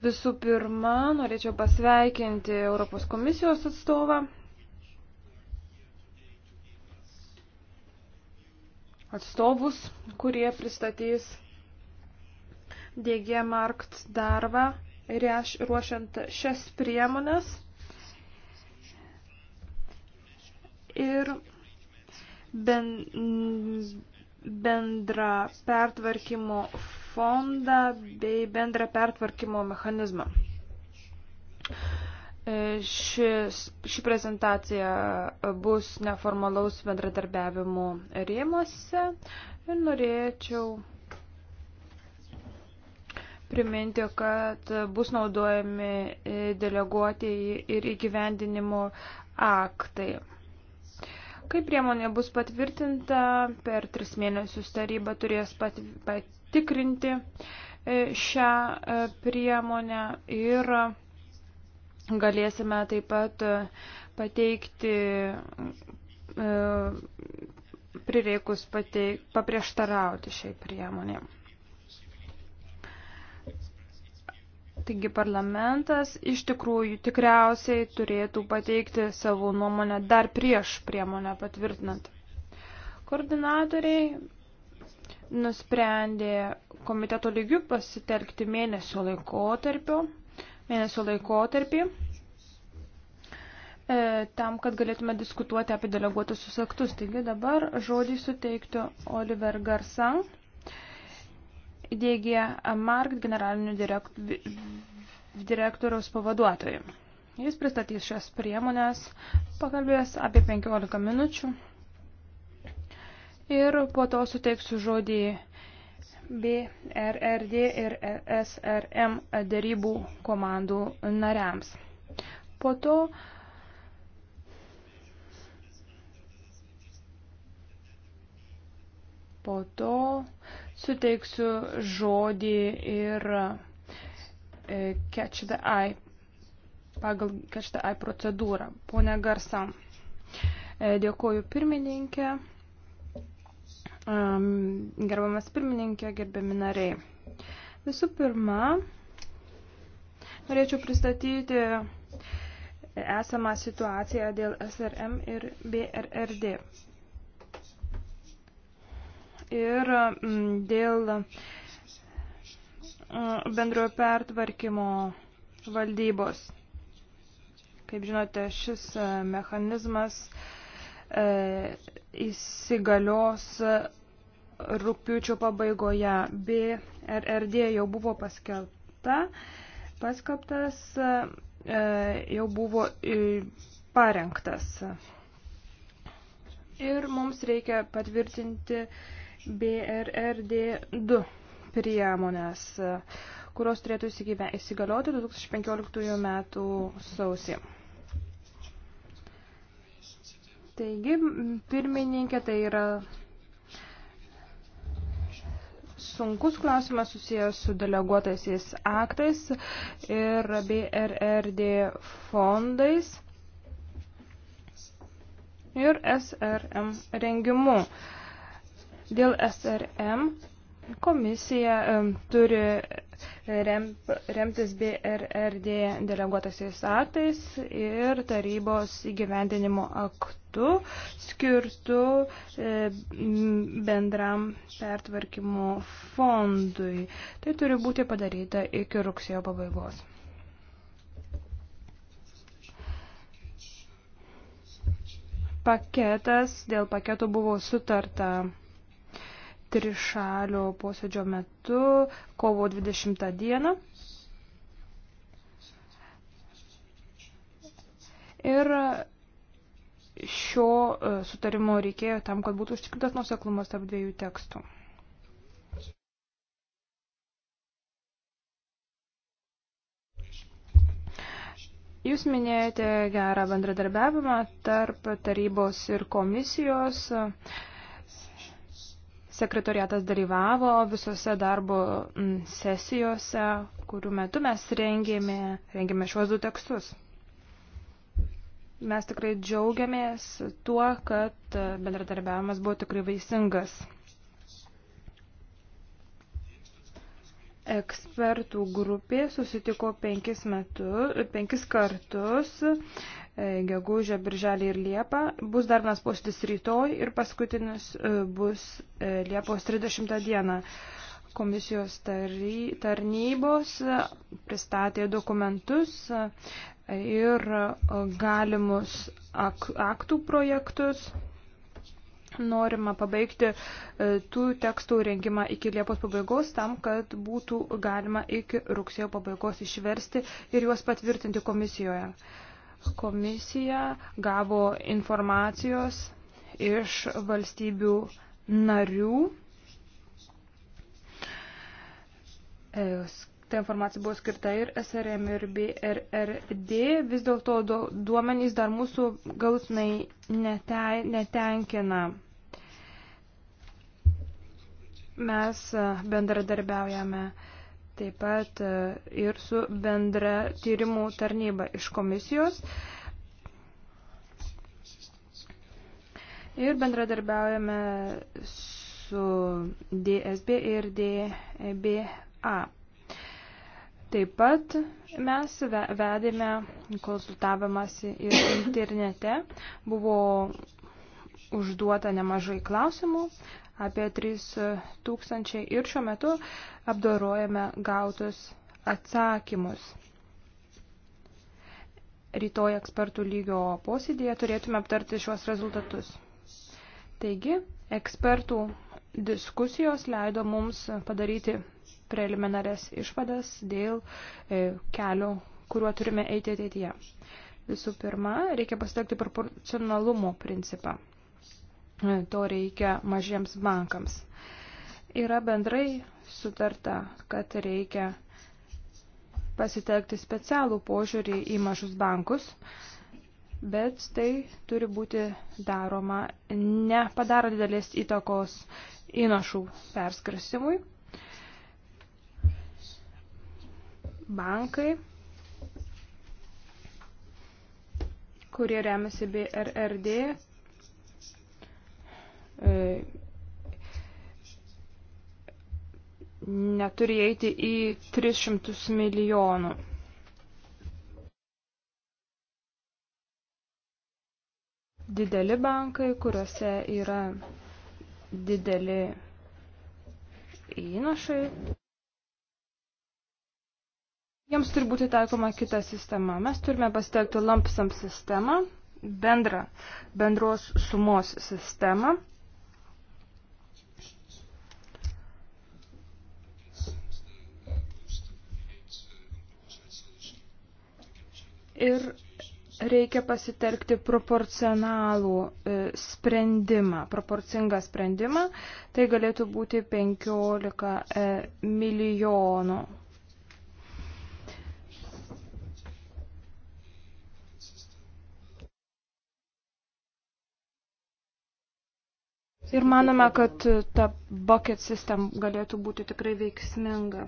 Visų pirma, norėčiau pasveikinti Europos komisijos atstovą. Atstovus, kurie pristatys DG Markt darbą ruošiant šias priemonės. Ir ben, bendrą pertvarkymo fondą bei bendrą pertvarkymo mechanizmą. E, ši, ši prezentacija bus neformalaus bendradarbiavimo rėmose ir norėčiau priminti, kad bus naudojami deleguoti ir įgyvendinimo aktai. Kai priemonė bus patvirtinta, per tris mėnesius taryba turės pat, pat, tikrinti e, šią e, priemonę ir galėsime taip pat e, pateikti prireikus pateik, paprieštarauti šiai priemonė. Taigi parlamentas iš tikrųjų tikriausiai turėtų pateikti savo nuomonę dar prieš priemonę patvirtinant. Koordinatoriai nusprendė komiteto lygių pasitelkti mėnesio laikotarpio, mėnesio laikotarpį, e, tam, kad galėtume diskutuoti apie deleguotusius aktus. Taigi dabar žodį suteikti Oliver Garsan, DG Mark generalinių direkt, direktoriaus pavaduotojai. Jis pristatys šias priemonės, pakalbės apie 15 minučių ir po to suteiksiu žodį BRRD ir SRM darybų komandų nariams. Po to Po to suteiksiu žodį ir e, catch the eye, pagal catch the eye procedūrą. Pone Garsam, e, dėkoju pirmininkė. Gerbamas pirmininkė, gerbiami nariai. Visų pirma, norėčiau pristatyti esamą situaciją dėl SRM ir BRRD. Ir dėl bendrojo pertvarkymo valdybos. Kaip žinote, šis e, mechanizmas uh, E, įsigalios rūpiučio pabaigoje. BRRD jau buvo paskelbta, paskelbtas, e, jau buvo parengtas. Ir mums reikia patvirtinti BRRD 2 priemonės, kurios turėtų įsigalioti 2015 m. sausį. Taigi, pirmininkė, tai yra sunkus klausimas susijęs su deleguotaisiais aktais ir BRRD fondais ir SRM rengimu. Dėl SRM Komisija turi e, remtis BRRD deleguotasiais aktais ir tarybos įgyvendinimo aktu skirtu e, bendram pertvarkymo fondui. Tai turi būti padaryta iki rugsėjo pabaigos. Paketas, dėl paketo buvo sutarta trišalio posėdžio metu kovo 20 dieną. Ir šio e, sutarimo reikėjo tam, kad būtų užtikrintas nuseklumas tarp dviejų tekstų. Jūs minėjote gerą bendradarbiavimą tarp tarybos ir komisijos. Uh, Sekretoriatas dalyvavo visose darbo mm, sesijose, kurių metu mes rengėme, rengėme šiuos du tekstus. Mes tikrai džiaugiamės tuo, kad e, bendradarbiavimas buvo tikrai vaisingas. ekspertų grupė susitiko penkis, metu, penkis kartus E, gegužę, birželį ir liepą. Bus dar vienas postis rytoj ir paskutinis e, bus e, Liepos 30 dieną. Komisijos tarnybos pristatė dokumentus ir galimus aktų projektus norima pabaigti tų tekstų rengimą iki Liepos pabaigos tam, kad būtų galima iki rugsėjo pabaigos išversti ir juos patvirtinti komisijoje. Komisija gavo informacijos iš valstybių narių. E, ta informacija buvo skirta ir SRM ir BRRD. Vis dėlto duomenys dar mūsų galutinai netenkina. Mes e, bendradarbiaujame uh, taip pat e, ir su bendra tyrimų tarnyba iš komisijos. Ir bendradarbiaujame su DSB ir DBA. Taip pat mes vedėme konsultavimąsi ir internete. Buvo užduota nemažai klausimų, apie 3 tūkstančiai ir šiuo metu apdorojame gautus atsakymus. Rytoj ekspertų lygio posėdėje turėtume aptarti šiuos rezultatus. Taigi, ekspertų diskusijos leido mums padaryti preliminarias išvadas dėl e, kelio, kuriuo turime eiti ateityje. Visų pirma, reikia pasitekti proporcionalumo principą to reikia mažiems bankams. Yra bendrai sutarta, kad reikia pasitelkti specialų požiūrį į mažus bankus, bet tai turi būti daroma nepadaro didelės įtakos įnašų perskirsimui. Bankai, kurie remiasi BRRD, neturi eiti į 300 milijonų. Dideli bankai, kuriuose yra dideli įnašai. Jiems turi būti taikoma kita sistema. Mes turime pasitelkti lampsam sistemą, bendrą, bendros sumos sistemą. ir reikia pasitelkti proporcionalų e, sprendimą, proporcingą sprendimą, tai galėtų būti 15 e, milijonų. Ir manome, kad ta bucket system galėtų būti tikrai veiksminga.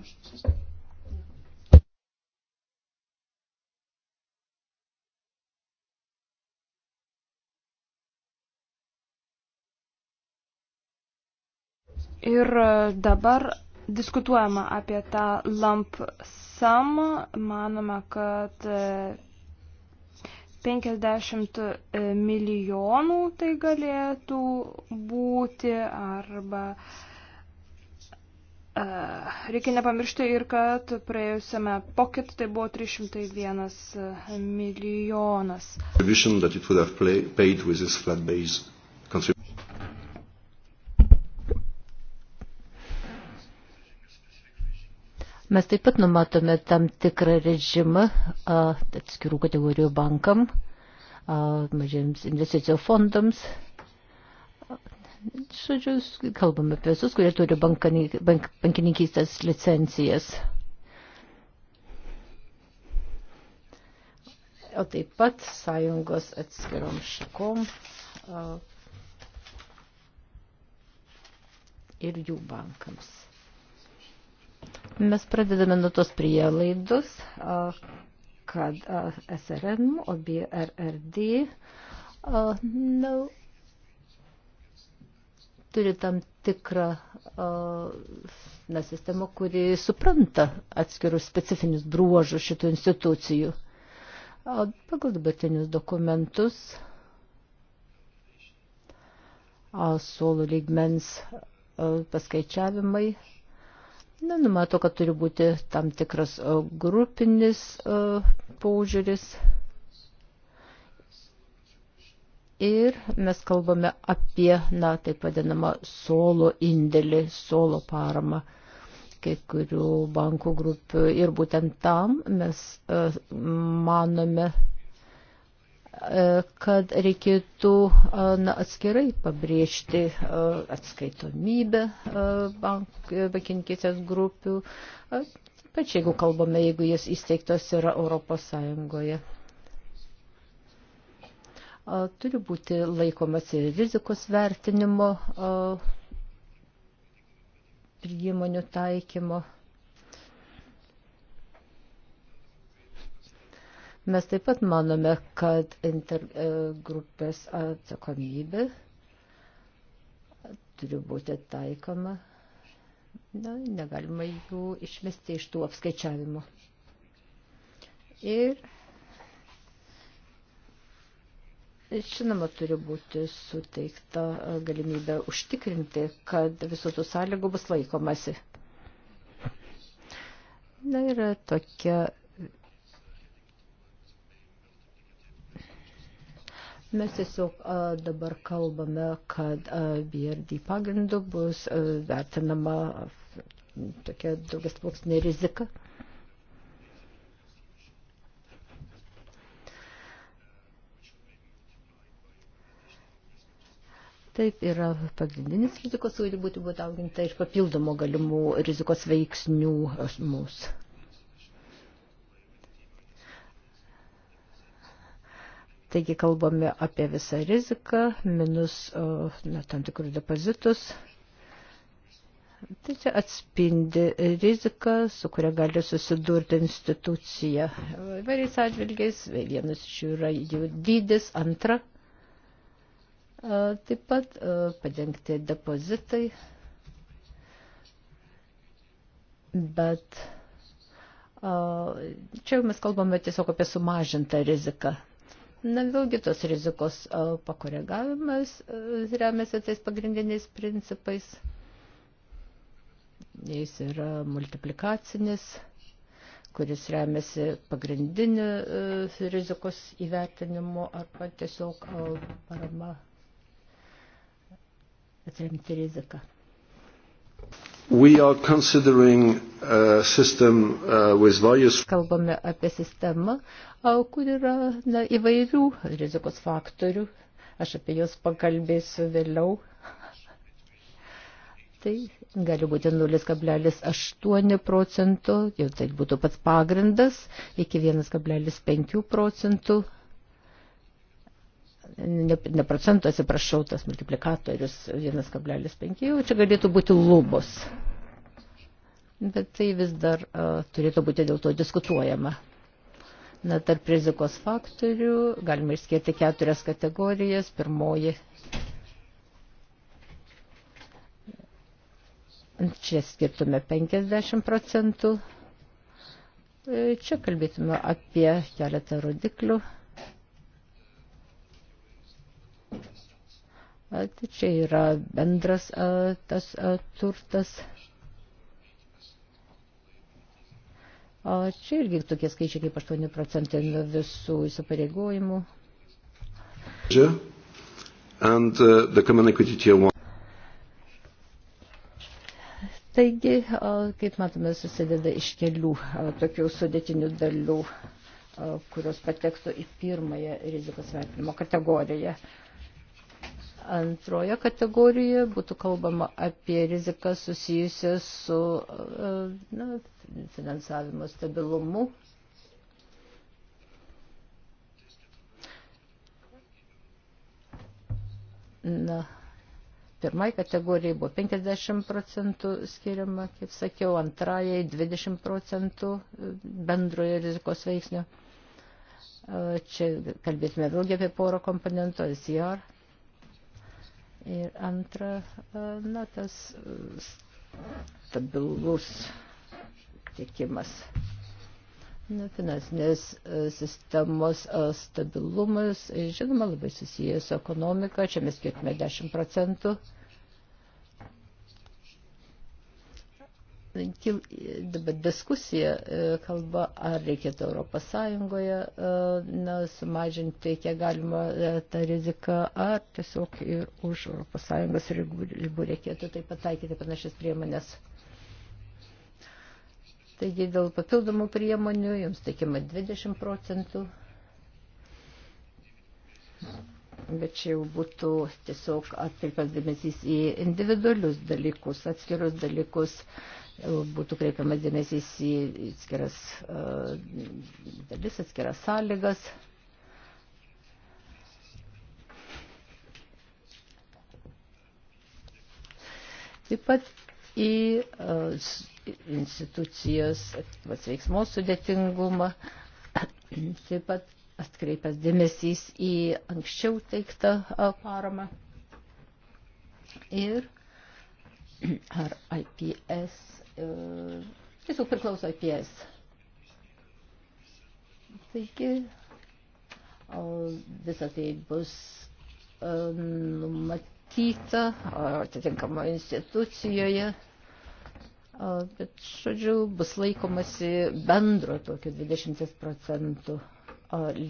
Ir dabar diskutuojama apie tą lamp sum. Manome, kad 50 e, e, milijonų tai galėtų būti arba e, Reikia nepamiršti ir, kad praėjusiame pocket tai buvo 301 milijonas. Vision that it would have play, paid with this flat base Mes taip pat numatome tam tikrą režimą atskirų kategorijų bankam, mažiems investicijų fondams. Žodžiu, kalbame apie visus, kurie turi bankininkystės licencijas. o taip pat sąjungos atskirom šakom ir jų bankams. Mes pradedame nuo tos prielaidos, kad SRM, OBRRD na, turi tam tikrą na, sistemą, kuri supranta atskirus specifinius bruožus šitų institucijų. Pagal dabartinius dokumentus solų lygmens paskaičiavimai Na, numato, kad turi būti tam tikras e, grupinis e, paužiūris. Ir mes kalbame apie, na, taip vadinamą solo indėlį, solo paramą kai kurių bankų grupių. Ir būtent tam mes e, manome, E, kad reikėtų e, na, atskirai pabrėžti e, atskaitomybę bankininkėsės grupių, ypač jeigu kalbame, jeigu jis įsteigtos yra Europos Sąjungoje. Turi būti laikomasi rizikos vertinimo priemonių taikymo Mes taip pat manome, kad intergrupės e, atsakomybė turi būti taikoma. Na, negalima jų išmesti iš tų apskaičiavimų. Ir Žinoma, turi būti suteikta galimybė užtikrinti, kad visų tų sąlygų bus laikomasi. Na, yra tokia Mes tiesiog a, dabar kalbame, kad BRD pagrindu bus a, vertinama a, tokia daugias plūksnė rizika. Taip, yra pagrindinis rizikos, turi būti būtų auginta iš papildomo galimų rizikos veiksnių mūsų. Taigi kalbame apie visą riziką, minus na, tam tikrus depozitus. Tai čia atspindi riziką, su kuria gali susidurti institucija. Vairiais atžvilgiais, vienas iš jų yra jų dydis, antra. Taip pat padengti depozitai. Bet čia mes kalbame tiesiog apie sumažintą riziką. Na vėlgi tos rizikos pakoregavimas remiasi tais pagrindiniais principais. Jis yra multiplikacinis, kuris remiasi pagrindiniu rizikos įvertinimu arba tiesiog parama atremti riziką. We are considering a system uh, with various... Kalbame apie sistemą, kur yra na, įvairių rizikos faktorių. Aš apie juos pakalbėsiu vėliau. Tai gali būti 0,8 procento, jau tai būtų pats pagrindas, iki 1,5 procentų ne, ne procentų, atsiprašau, tas multiplikatorius 1,5, jau čia galėtų būti lubos. Bet tai vis dar uh, turėtų būti dėl to diskutuojama. Na, tarp rizikos faktorių galima išskirti keturias kategorijas. Pirmoji. Čia skirtume 50 procentų. E, čia kalbėtume apie keletą rodiklių. Uh, Tai čia yra bendras tas turtas. Čia irgi tokie skaičiai kaip 8 procentai nuo visų įsipareigojimų. And, uh, the common equity tier one. Taigi, kaip matome, susideda iš kelių tokių sudėtinių dalių, kurios patektų į pirmąją rizikos vertinimo kategoriją. Antroje kategorijoje būtų kalbama apie riziką susijusią su e, na, finansavimo stabilumu. Na, pirmai kategorijai buvo 50 procentų skiriama, kaip sakiau, antrajai 20 procentų e, bendrojo rizikos veiksnio. E, čia kalbėtume vėlgi apie porą komponentų, SCR Ir antra, e, na, tas e, stabilus tiekimas. Na, finansinės e, sistemos stabilumas, žinoma, labai susijęs su ekonomika, čia mes skirtume 10 procentų. dabar diskusija e, kalba, ar reikėtų Europos Sąjungoje e, na, sumažinti, kiek galima e, tą riziką, ar tiesiog ir už Europos Sąjungos ribų reikėtų taip pataikyti panašias priemonės. Taigi dėl papildomų priemonių jums teikima 20 procentų, bet čia jau būtų tiesiog atkreipęs dėmesys į individualius dalykus, atskirus dalykus. Uh, būtų kreipiamas dėmesys į atskiras e, dalis, atskiras sąlygas. Taip pat į e, institucijos veiksmos sudėtingumą, taip pat atkreipęs dėmesys į anksčiau teiktą e, paramą ir ar IPS E, tiesiog priklauso IPS. Taigi visą tai bus e, numatyta atitinkamo institucijoje, bet, žodžiu, bus laikomasi bendro tokio 20 procentų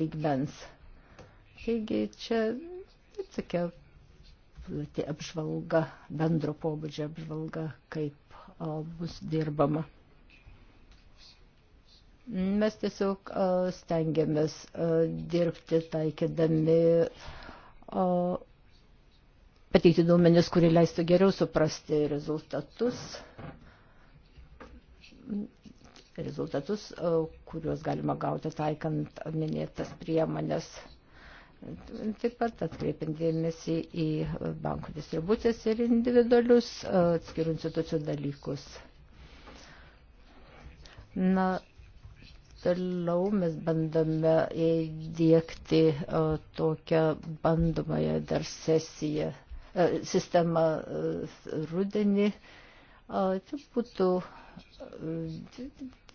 lygmens. Taigi čia tokia plati apžvalga, bendro pobūdžio apžvalga, kaip bus dirbama. Mes tiesiog stengiamės dirbti taikydami, pateikti duomenis, kurie leistų geriau suprasti rezultatus rezultatus, kuriuos galima gauti taikant minėtas priemonės. Taip pat atkreipiant dėmesį į bankų distribucijas ir individualius e, atskirų institucijų dalykus. Na, toliau mes bandome įdėkti e, tokią bandomąją dar sesiją, e, sistemą rudenį. Čia būtų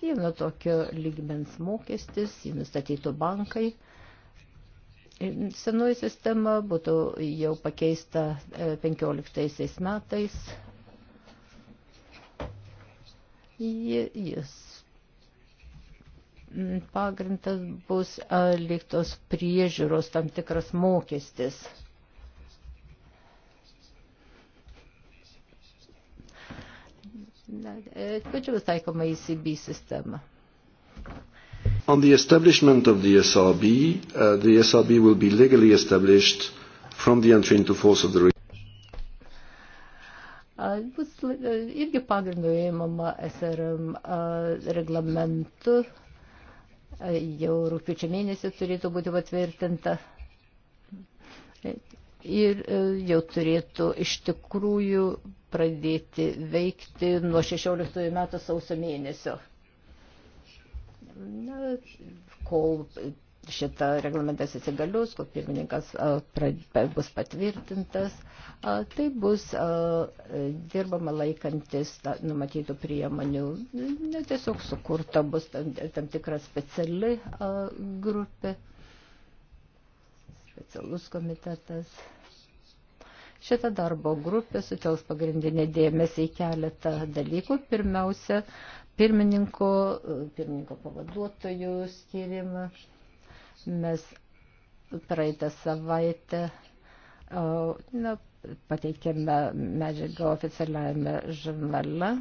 vieno tokio lygmens mokestis, jį nustatytų bankai. Senoji sistema būtų jau pakeista 15 e, metais. Jis pagrindas bus liktos priežiūros tam tikras mokestis. Tačiau e, taikoma ECB sistema. On the establishment of the SRB, uh, the SRB will be legally established from the entry into force of the Bus uh, irgi pagrindu įmama SRM reglamentu, jau rūpiučio mėnesį turėtų būti patvirtinta ir e, jau turėtų iš tikrųjų pradėti veikti nuo 16 metų sausio mėnesio na, kol šitą reglamentas įsigalius, kol pirmininkas bus patvirtintas, tai bus dirbama laikantis numatytų priemonių. Ne, tiesiog sukurta bus tam, tam tikra speciali grupė, specialus komitetas. Šita darbo grupė sutels pagrindinę dėmesį į keletą dalykų. Pirmiausia, pirmininko, pirmininko pavaduotojų skirimą. Mes praeitą savaitę na, pateikėme medžiagą oficialiajame žurnale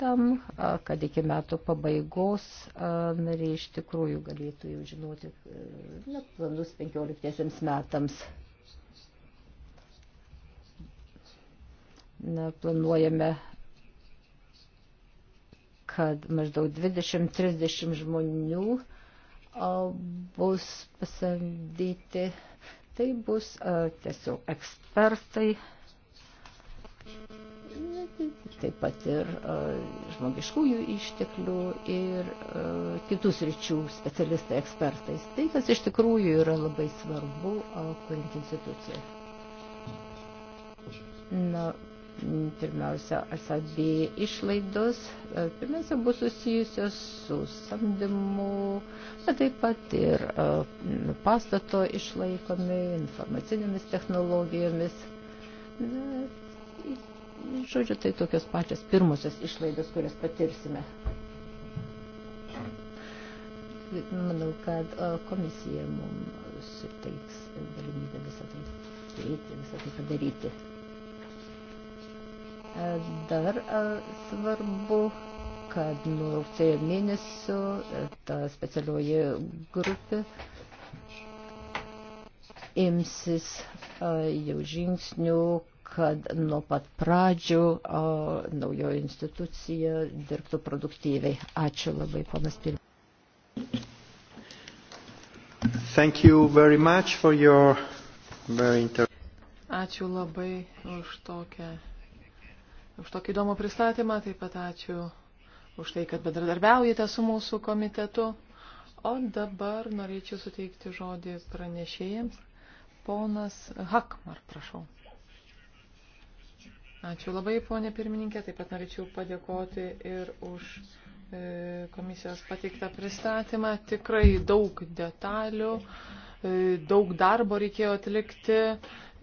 tam, kad iki metų pabaigos nariai iš tikrųjų galėtų jau žinoti na, planus 15 metams. Na, planuojame kad maždaug 20-30 žmonių bus pasamdyti. Tai bus tiesiog ekspertai, taip pat ir žmogiškųjų išteklių ir kitus ryčių specialistai, ekspertai. Tai, kas iš tikrųjų yra labai svarbu, kuriant instituciją. Na, Pirmiausia, asadbėjai išlaidos, e, pirmiausia, bus susijusios su samdymu, bet taip pat ir e, pastato išlaikomi, informacinėmis technologijomis. Na, žodžiu, tai tokios pačios pirmosios išlaidos, kurias patirsime. Manau, kad e, komisija mums suteiks galimybę visą tai daryti, visą tai padaryti. Dar e, svarbu, kad nuo rugsėjo mėnesio e, ta specialioji grupė imsis e, jau žingsnių, kad nuo pat pradžių naujoji institucija dirbtų produktyviai. Ačiū labai, panas Pirmininkas. Thank you very much for your very interesting. Ačiū labai už tokią už tokį įdomų pristatymą, taip pat ačiū už tai, kad bedradarbiaujate su mūsų komitetu. O dabar norėčiau suteikti žodį pranešėjams. Ponas Hakmar, prašau. Ačiū labai, ponė pirmininkė. Taip pat norėčiau padėkoti ir už e, komisijos pateiktą pristatymą. Tikrai daug detalių, e, daug darbo reikėjo atlikti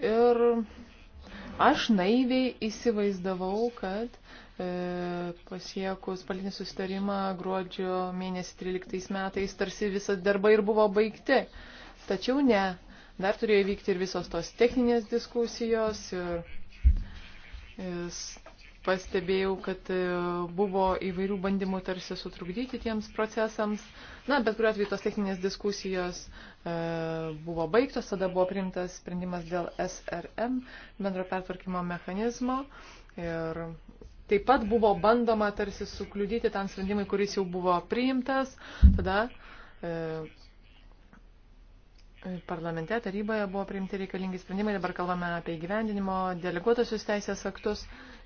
ir Aš naiviai įsivaizdavau, kad e, pasiekus politinį susitarimą gruodžio mėnesį 13 metais tarsi visas darbai ir buvo baigti. Tačiau ne, dar turėjo vykti ir visos tos techninės diskusijos ir, ir pastebėjau, kad e, buvo įvairių bandymų tarsi sutrukdyti tiems procesams. Na, bet kuriuo atveju tos techninės diskusijos e, buvo baigtos, tada buvo priimtas sprendimas dėl SRM, bendro pertvarkymo mechanizmo. Ir taip pat buvo bandoma tarsi sukliudyti tam sprendimui, kuris jau buvo priimtas. Tada e, Parlamente taryboje buvo priimti reikalingi sprendimai, dabar kalbame apie įgyvendinimo deleguotosius teisės aktus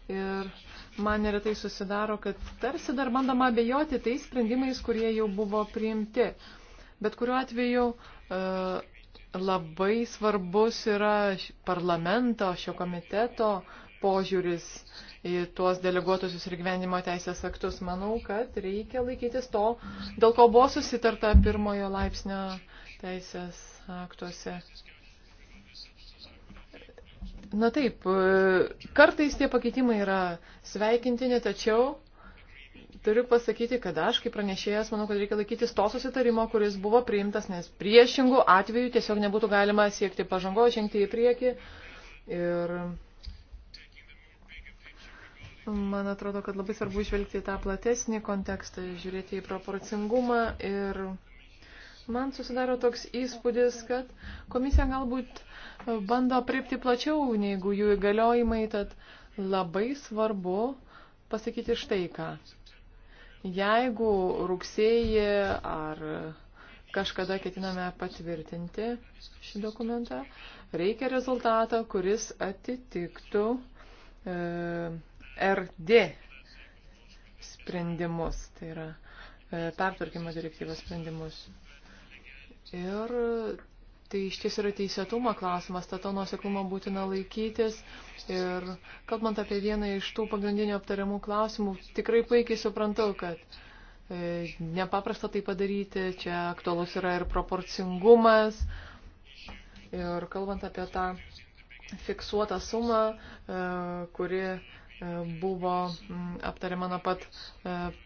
ir man neretai susidaro, kad tarsi dar bandoma abejoti tais sprendimais, kurie jau buvo priimti. Bet kuriuo atveju e, labai svarbus yra parlamento, šio komiteto požiūris į tuos deleguotusius ir gyvenimo teisės aktus. Manau, kad reikia laikytis to, dėl ko buvo susitarta pirmojo laipsnio teisės aktuose. Na taip, e, kartais tie pakeitimai yra sveikintini, tačiau turiu pasakyti, kad aš kaip pranešėjas manau, kad reikia laikytis to susitarimo, kuris buvo priimtas, nes priešingų atveju tiesiog nebūtų galima siekti pažango, žengti į priekį. Ir man atrodo, kad labai svarbu išvelgti tą platesnį kontekstą, žiūrėti į proporcingumą ir. Man susidaro toks įspūdis, kad komisija galbūt e, bando priepti plačiau negu jų įgaliojimai, tad labai svarbu pasakyti štai ką. Jeigu rugsėjį ar kažkada ketiname patvirtinti šį dokumentą, reikia rezultatą, kuris atitiktų e, RD sprendimus, tai yra e, pertvarkymo direktyvos sprendimus. Ir tai iš ties yra teisėtumo klausimas, tad to nuoseklumo būtina laikytis. Ir kalbant apie vieną iš tų pagrindinių aptariamų klausimų, tikrai puikiai suprantu, kad e, nepaprasta tai padaryti, čia aktualus yra ir proporcingumas. Ir kalbant apie tą fiksuotą sumą, e, kuri E, buvo aptariama nuo pat e,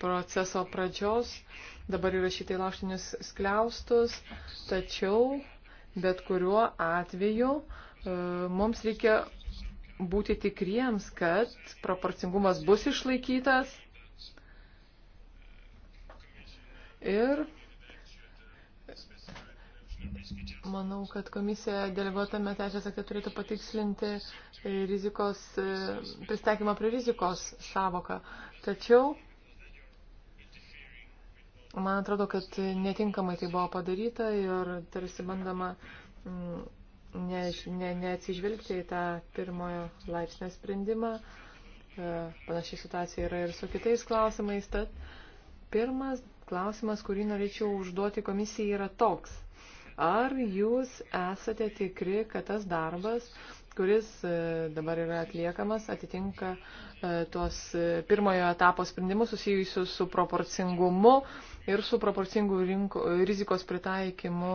proceso pradžios. Dabar įrašyta į laštinius skliaustus, tačiau bet kuriuo atveju e, mums reikia būti tikriems, kad proporcingumas bus išlaikytas ir Manau, kad komisija deleguotame teisės akte turėtų patikslinti rizikos, pristaikymą prie rizikos savoką. Tačiau, man atrodo, kad netinkamai tai buvo padaryta ir tarsi bandama mm, ne, ne, neatsižvelgti į tą pirmojo laipsnio sprendimą. E, Panašiai situacija yra ir su kitais klausimais. Tad pirmas klausimas, kurį norėčiau užduoti komisijai, yra toks – Ar jūs esate tikri, kad tas darbas, kuris e, dabar yra atliekamas, atitinka e, tuos e, pirmojo etapo sprendimus susijusius su proporcingumu ir su proporcingu rinko, rizikos pritaikymu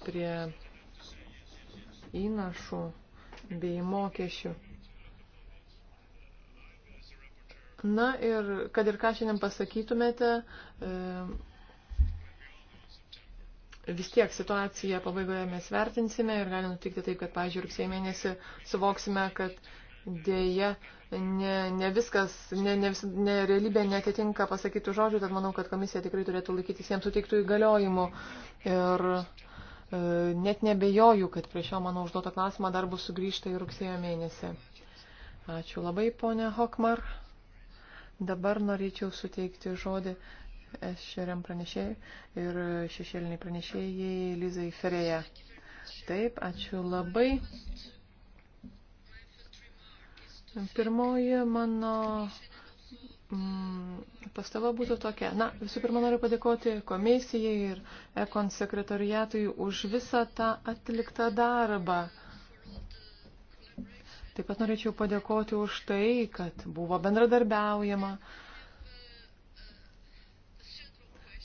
prie įnašų bei mokesčių. Na ir kad ir ką šiandien pasakytumėte, e, vis tiek situaciją pabaigoje mes vertinsime ir gali nutikti taip, kad, pažiūrėjau, rugsėjai mėnesį suvoksime, kad dėja ne, ne viskas, ne, ne, vis, ne realybė netitinka pasakytų žodžių, tad manau, kad komisija tikrai turėtų laikytis jiems suteiktų įgaliojimų. Ir e, net nebejoju, kad prie šio mano užduoto klausimą dar bus sugrįžta į rugsėjo mėnesį. Ačiū labai, ponė Hokmar. Dabar norėčiau suteikti žodį Ešeriam pranešėjai ir šešėliniai pranešėjai Lizai Ferėja. Taip, ačiū labai. Pirmoji mano mm, pastaba būtų tokia. Na, visų pirma, noriu padėkoti komisijai ir ekon sekretariatui už visą tą atliktą darbą. Taip pat norėčiau padėkoti už tai, kad buvo bendradarbiaujama, uh,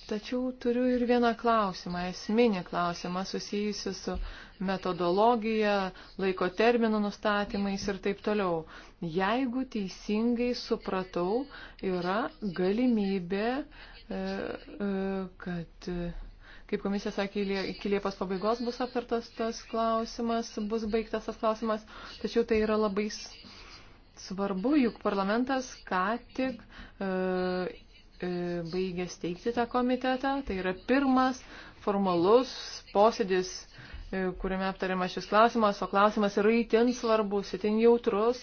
Tačiau turiu ir vieną klausimą, esminį klausimą susijusi su metodologija, laiko terminų nustatymais ir taip toliau. Jeigu teisingai supratau, yra galimybė, e, e, kad, kaip komisija sakė, iki Liepos pabaigos bus aptartas tas klausimas, bus baigtas tas klausimas, tačiau tai yra labai svarbu, juk parlamentas ką tik e, E, baigė steigti tą komitetą. Tai yra pirmas formalus posėdis, e, kuriame aptariama šis klausimas, o klausimas yra įtin svarbus, įtin jautrus.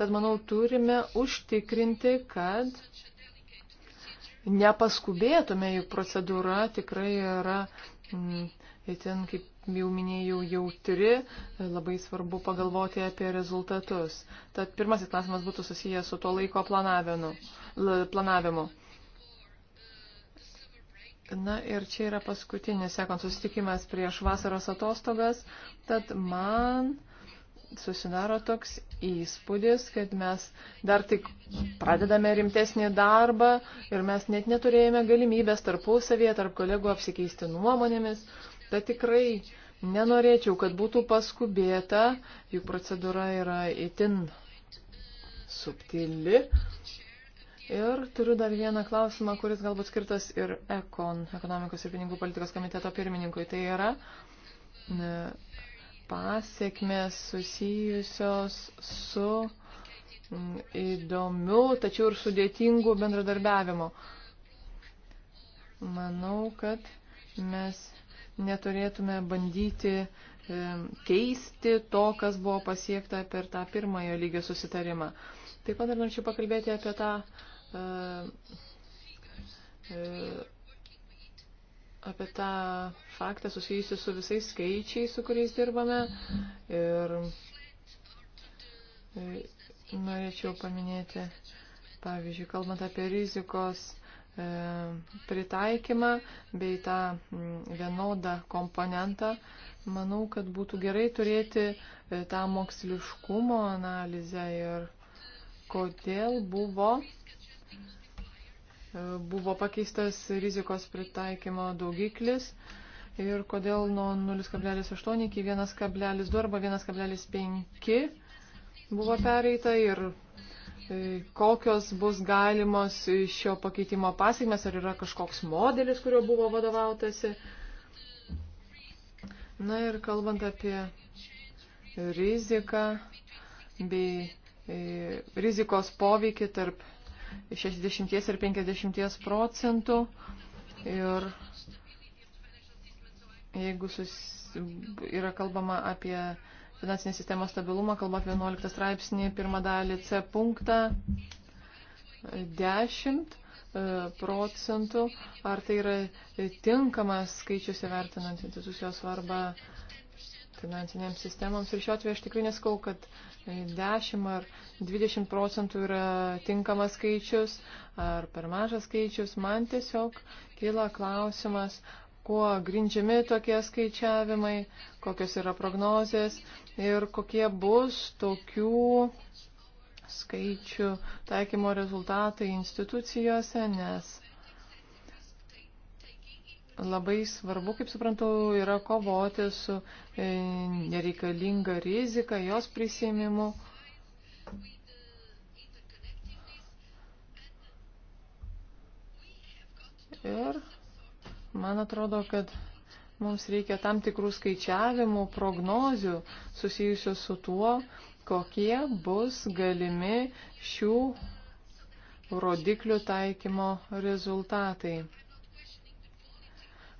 Tad, manau, turime užtikrinti, kad nepaskubėtume, juk procedūra tikrai yra mm, Įtin, kaip jau minėjau, jautri, labai svarbu pagalvoti apie rezultatus. Tad pirmasis klausimas būtų susijęs su to laiko planavimu. Na ir čia yra paskutinis sekant susitikimas prieš vasaros atostogas, tad man susidaro toks įspūdis, kad mes dar tik pradedame rimtesnį darbą ir mes net neturėjome galimybės tarpusavėje, tarp kolegų apsikeisti nuomonėmis. Tai tikrai nenorėčiau, kad būtų paskubėta, jų procedūra yra itin subtili Ir turiu dar vieną klausimą, kuris galbūt skirtas ir ECON, ekonomikos ir pinigų politikos komiteto pirmininkui. Tai yra e, pasiekmes susijusios su įdomiu, tačiau ir sudėtingu bendradarbiavimu. Manau, kad mes neturėtume bandyti e, keisti to, kas buvo pasiekta per tą pirmojo lygio susitarimą. Taip pat dar norėčiau pakalbėti apie tą uh, E, e, apie tą faktą susijusiu su visais skaičiais, su kuriais dirbame. Ir e, norėčiau paminėti, pavyzdžiui, kalbant apie rizikos pritaikymą bei tą vienodą komponentą, manau, kad būtų gerai turėti tą moksliškumo analizę ir kodėl buvo buvo pakeistas rizikos pritaikymo daugiklis ir kodėl nuo 0,8 iki 1,2 arba 1,5 buvo pereita ir e, kokios bus galimos šio pakeitimo pasiekmes, ar yra kažkoks modelis, kurio buvo vadovautasi. Na ir kalbant apie riziką bei e, rizikos poveikį tarp 60 ir 50 procentų. Ir jeigu sus, yra kalbama apie finansinės sistemos stabilumą, kalba apie 11 straipsnį, pirmą dalį C punktą, 10 e, procentų, ar tai yra tinkamas skaičius įvertinant institucijos svarbą finansinėms sistemams. Ir šiuo atveju aš tikrai neskau, kad 10 ar 20 procentų yra tinkamas skaičius ar per mažas skaičius. Man tiesiog kyla klausimas, kuo grindžiami tokie skaičiavimai, kokios yra prognozės ir kokie bus tokių skaičių taikymo rezultatai institucijose, nes labai svarbu, kaip suprantu, yra kovoti su e, nereikalinga rizika, jos prisėmimu. Ir man atrodo, kad mums reikia tam tikrų skaičiavimų, prognozių susijusių su tuo, kokie bus galimi šių rodiklių taikymo rezultatai.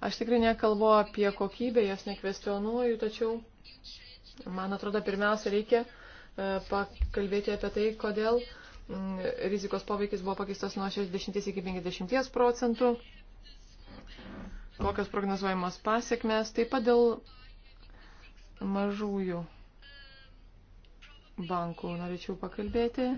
Aš tikrai nekalbu apie kokybę, jas nekvestionuoju, tačiau, man atrodo, pirmiausia reikia e, pakalbėti apie tai, kodėl mm, rizikos poveikis buvo pakeistas nuo 60 iki 50 procentų, kokios prognozuojamos pasiekmes, taip pat dėl mažųjų bankų norėčiau pakalbėti.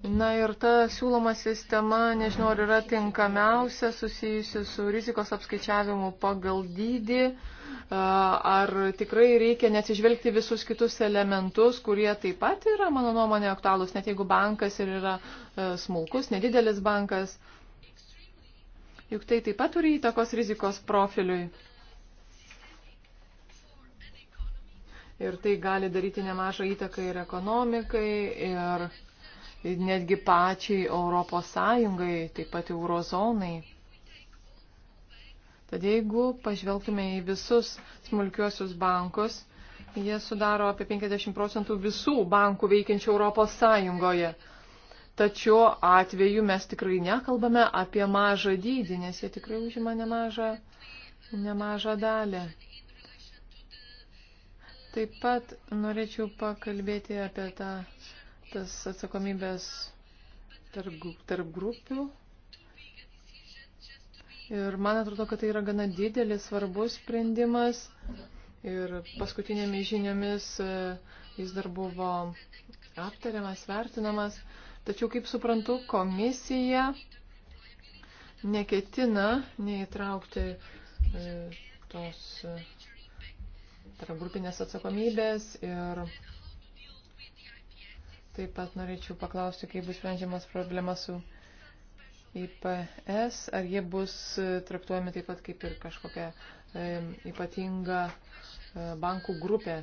Na ir ta siūloma sistema, nežinau, ar yra tinkamiausia susijusi su rizikos apskaičiavimu pagal dydį, ar tikrai reikia neatsižvelgti visus kitus elementus, kurie taip pat yra, mano nuomonė, aktualūs, net jeigu bankas ir yra e, smulkus, nedidelis bankas, juk tai taip pat turi įtakos rizikos profiliui. Ir tai gali daryti nemažą įtaką ir ekonomikai, ir netgi pačiai Europos Sąjungai, taip pat eurozonai. Tad jeigu pažvelgtume į visus smulkiuosius bankus, jie sudaro apie 50 procentų visų bankų veikiančių Europos Sąjungoje. Tačiau atveju mes tikrai nekalbame apie mažą dydį, nes jie tikrai užima nemažą, nemažą dalį. Taip pat norėčiau pakalbėti apie tą tas atsakomybės tarp, tarp grupių. Ir man atrodo, kad tai yra gana didelis, svarbus sprendimas. Ir paskutinėmis žiniomis e, jis dar buvo aptariamas, vertinamas. Tačiau, kaip suprantu, komisija neketina neįtraukti e, tos e, tarp grupinės atsakomybės ir Taip pat norėčiau paklausti, kaip bus sprendžiamas problema su IPS, ar jie bus e, traktuojami taip pat kaip ir kažkokia e, ypatinga e, bankų grupė.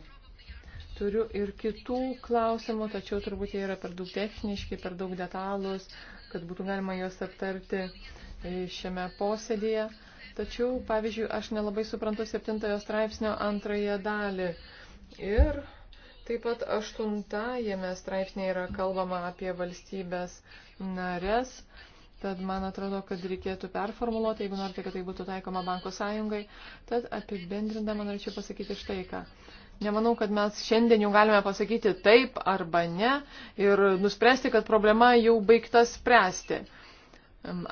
Turiu ir kitų klausimų, tačiau turbūt jie yra per daug techniški, per daug detalus, kad būtų galima juos aptarti e, šiame posėdėje. Tačiau, pavyzdžiui, aš nelabai suprantu septintojo straipsnio antrąją dalį. Ir Taip pat aštuntajame straipsnėje yra kalbama apie valstybės narės. Tad man atrodo, kad reikėtų performuluoti, jeigu norite, kad tai būtų taikoma bankų sąjungai. Tad apibendrindama norėčiau pasakyti štai ką. Nemanau, kad mes šiandien jau galime pasakyti taip arba ne ir nuspręsti, kad problema jau baigta spręsti.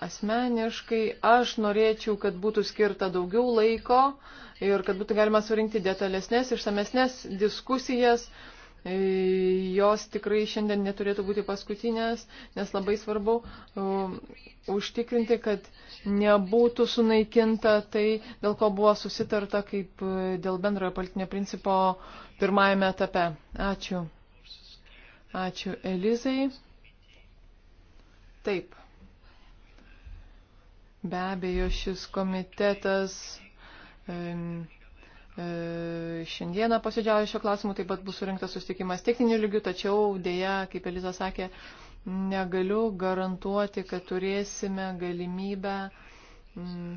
Asmeniškai aš norėčiau, kad būtų skirta daugiau laiko ir kad būtų galima surinkti detalesnės, išsamesnės diskusijas. E, jos tikrai šiandien neturėtų būti paskutinės, nes labai svarbu e, užtikrinti, kad nebūtų sunaikinta tai, dėl ko buvo susitarta kaip e, dėl bendrojo politinio principo pirmajame etape. Ačiū. Ačiū Elizai. Taip. Be abejo, šis komitetas e, e, šiandieną posėdžiauja šio klausimu, taip pat bus surinktas susitikimas techniniu lygiu, tačiau dėja, kaip Eliza sakė, negaliu garantuoti, kad turėsime galimybę mm,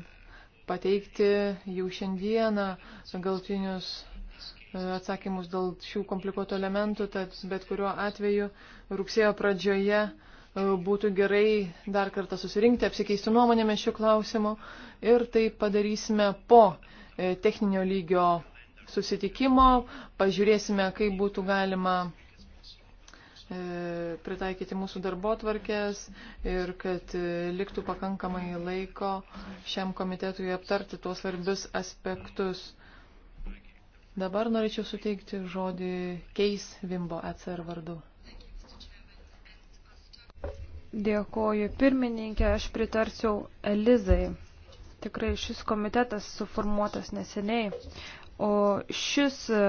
pateikti jau šiandieną galtinius e, atsakymus dėl šių komplikuotų elementų, tad bet kuriuo atveju rugsėjo pradžioje E, būtų gerai dar kartą susirinkti, apsikeisti nuomonėme šiuo klausimu ir tai padarysime po e, techninio lygio susitikimo, pažiūrėsime, kaip būtų galima e, pritaikyti mūsų darbo tvarkės ir kad liktų pakankamai laiko šiam komitetui aptarti tuos svarbius aspektus. Dabar norėčiau suteikti žodį Keis Vimbo ECR vardu. Dėkoju pirmininkė, aš pritarsiu Elizai. Tikrai šis komitetas suformuotas neseniai, o šis e,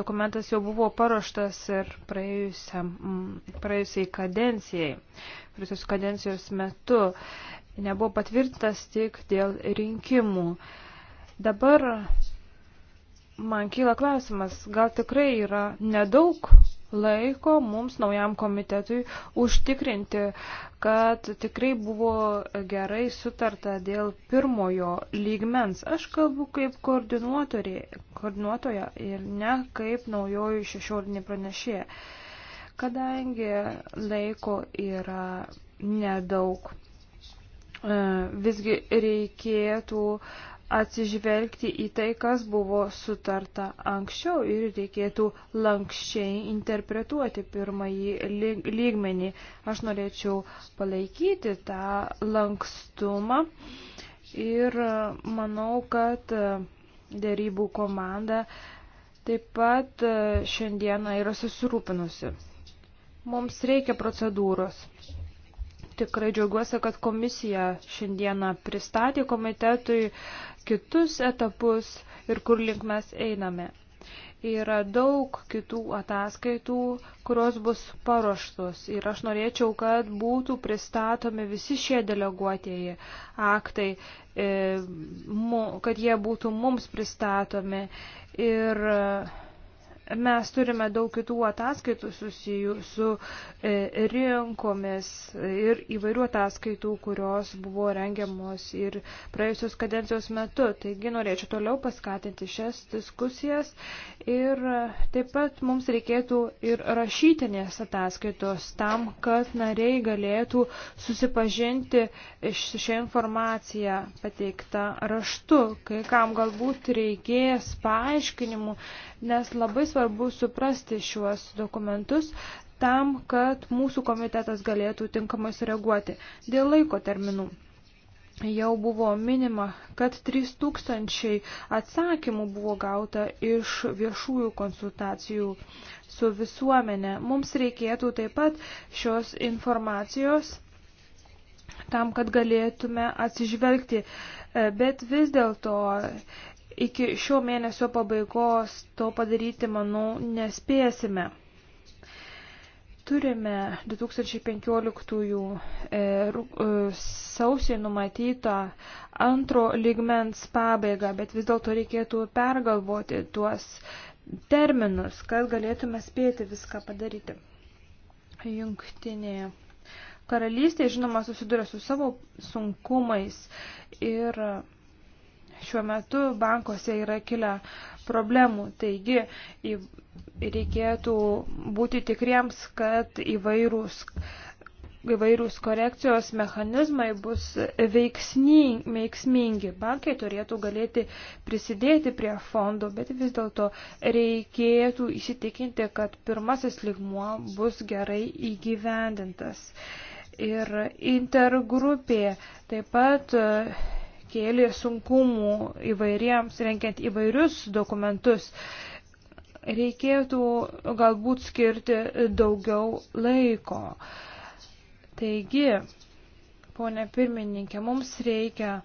dokumentas jau buvo paruoštas ir praėjusiai kadencijai, praėjusios kadencijos metu nebuvo patvirtintas tik dėl rinkimų. Dabar man kyla klausimas, gal tikrai yra nedaug laiko mums naujam komitetui užtikrinti, kad tikrai buvo gerai sutarta dėl pirmojo lygmens. Aš kalbu kaip koordinuotoja ir ne kaip naujoji šešiolinė pranešėja, kadangi laiko yra nedaug e, visgi reikėtų uh, atsižvelgti į tai, kas buvo sutarta anksčiau ir reikėtų lankščiai interpretuoti pirmąjį lygmenį. Aš norėčiau palaikyti tą lankstumą ir manau, kad dėrybų komanda taip pat šiandieną yra susirūpinusi. Mums reikia procedūros tikrai džiaugiuosi, kad komisija šiandieną pristatė komitetui kitus etapus ir kur link mes einame. Yra daug kitų ataskaitų, kurios bus paruoštos ir aš norėčiau, kad būtų pristatomi visi šie deleguotieji aktai, e, kad jie būtų mums pristatomi ir Mes turime daug kitų ataskaitų susijų su e, rinkomis ir įvairių ataskaitų, kurios buvo rengiamos ir praėjusios kadencijos metu. Taigi norėčiau toliau paskatinti šias diskusijas ir taip pat mums reikėtų ir rašytinės ataskaitos tam, kad nariai galėtų susipažinti su šia informacija pateikta raštu. Kai kam galbūt reikės paaiškinimų nes labai svarbu suprasti šiuos dokumentus tam, kad mūsų komitetas galėtų tinkamai sureaguoti dėl laiko terminų jau buvo minima, kad 3000 atsakymų buvo gauta iš viešųjų konsultacijų su visuomenė. Mums reikėtų taip pat šios informacijos tam, kad galėtume atsižvelgti, e, bet vis dėlto iki šio mėnesio pabaigos to padaryti, manau, nespėsime. Turime 2015 e, e, sausiai numatytą antro ligmens pabaigą, bet vis dėlto reikėtų pergalvoti tuos terminus, kad galėtume spėti viską padaryti. Jungtinėje karalystėje, žinoma, susiduria su savo sunkumais ir šiuo metu bankuose yra kilę problemų. Taigi reikėtų būti tikriems, kad įvairūs įvairūs korekcijos mechanizmai bus veiksmingi. Bankai turėtų galėti prisidėti prie fondo, bet vis dėlto reikėtų įsitikinti, kad pirmasis ligmuo bus gerai įgyvendintas. Ir intergrupė taip pat kėlė sunkumų įvairiems, renkiant įvairius dokumentus. Reikėtų galbūt skirti daugiau laiko. Taigi, ponė pirmininkė, mums reikia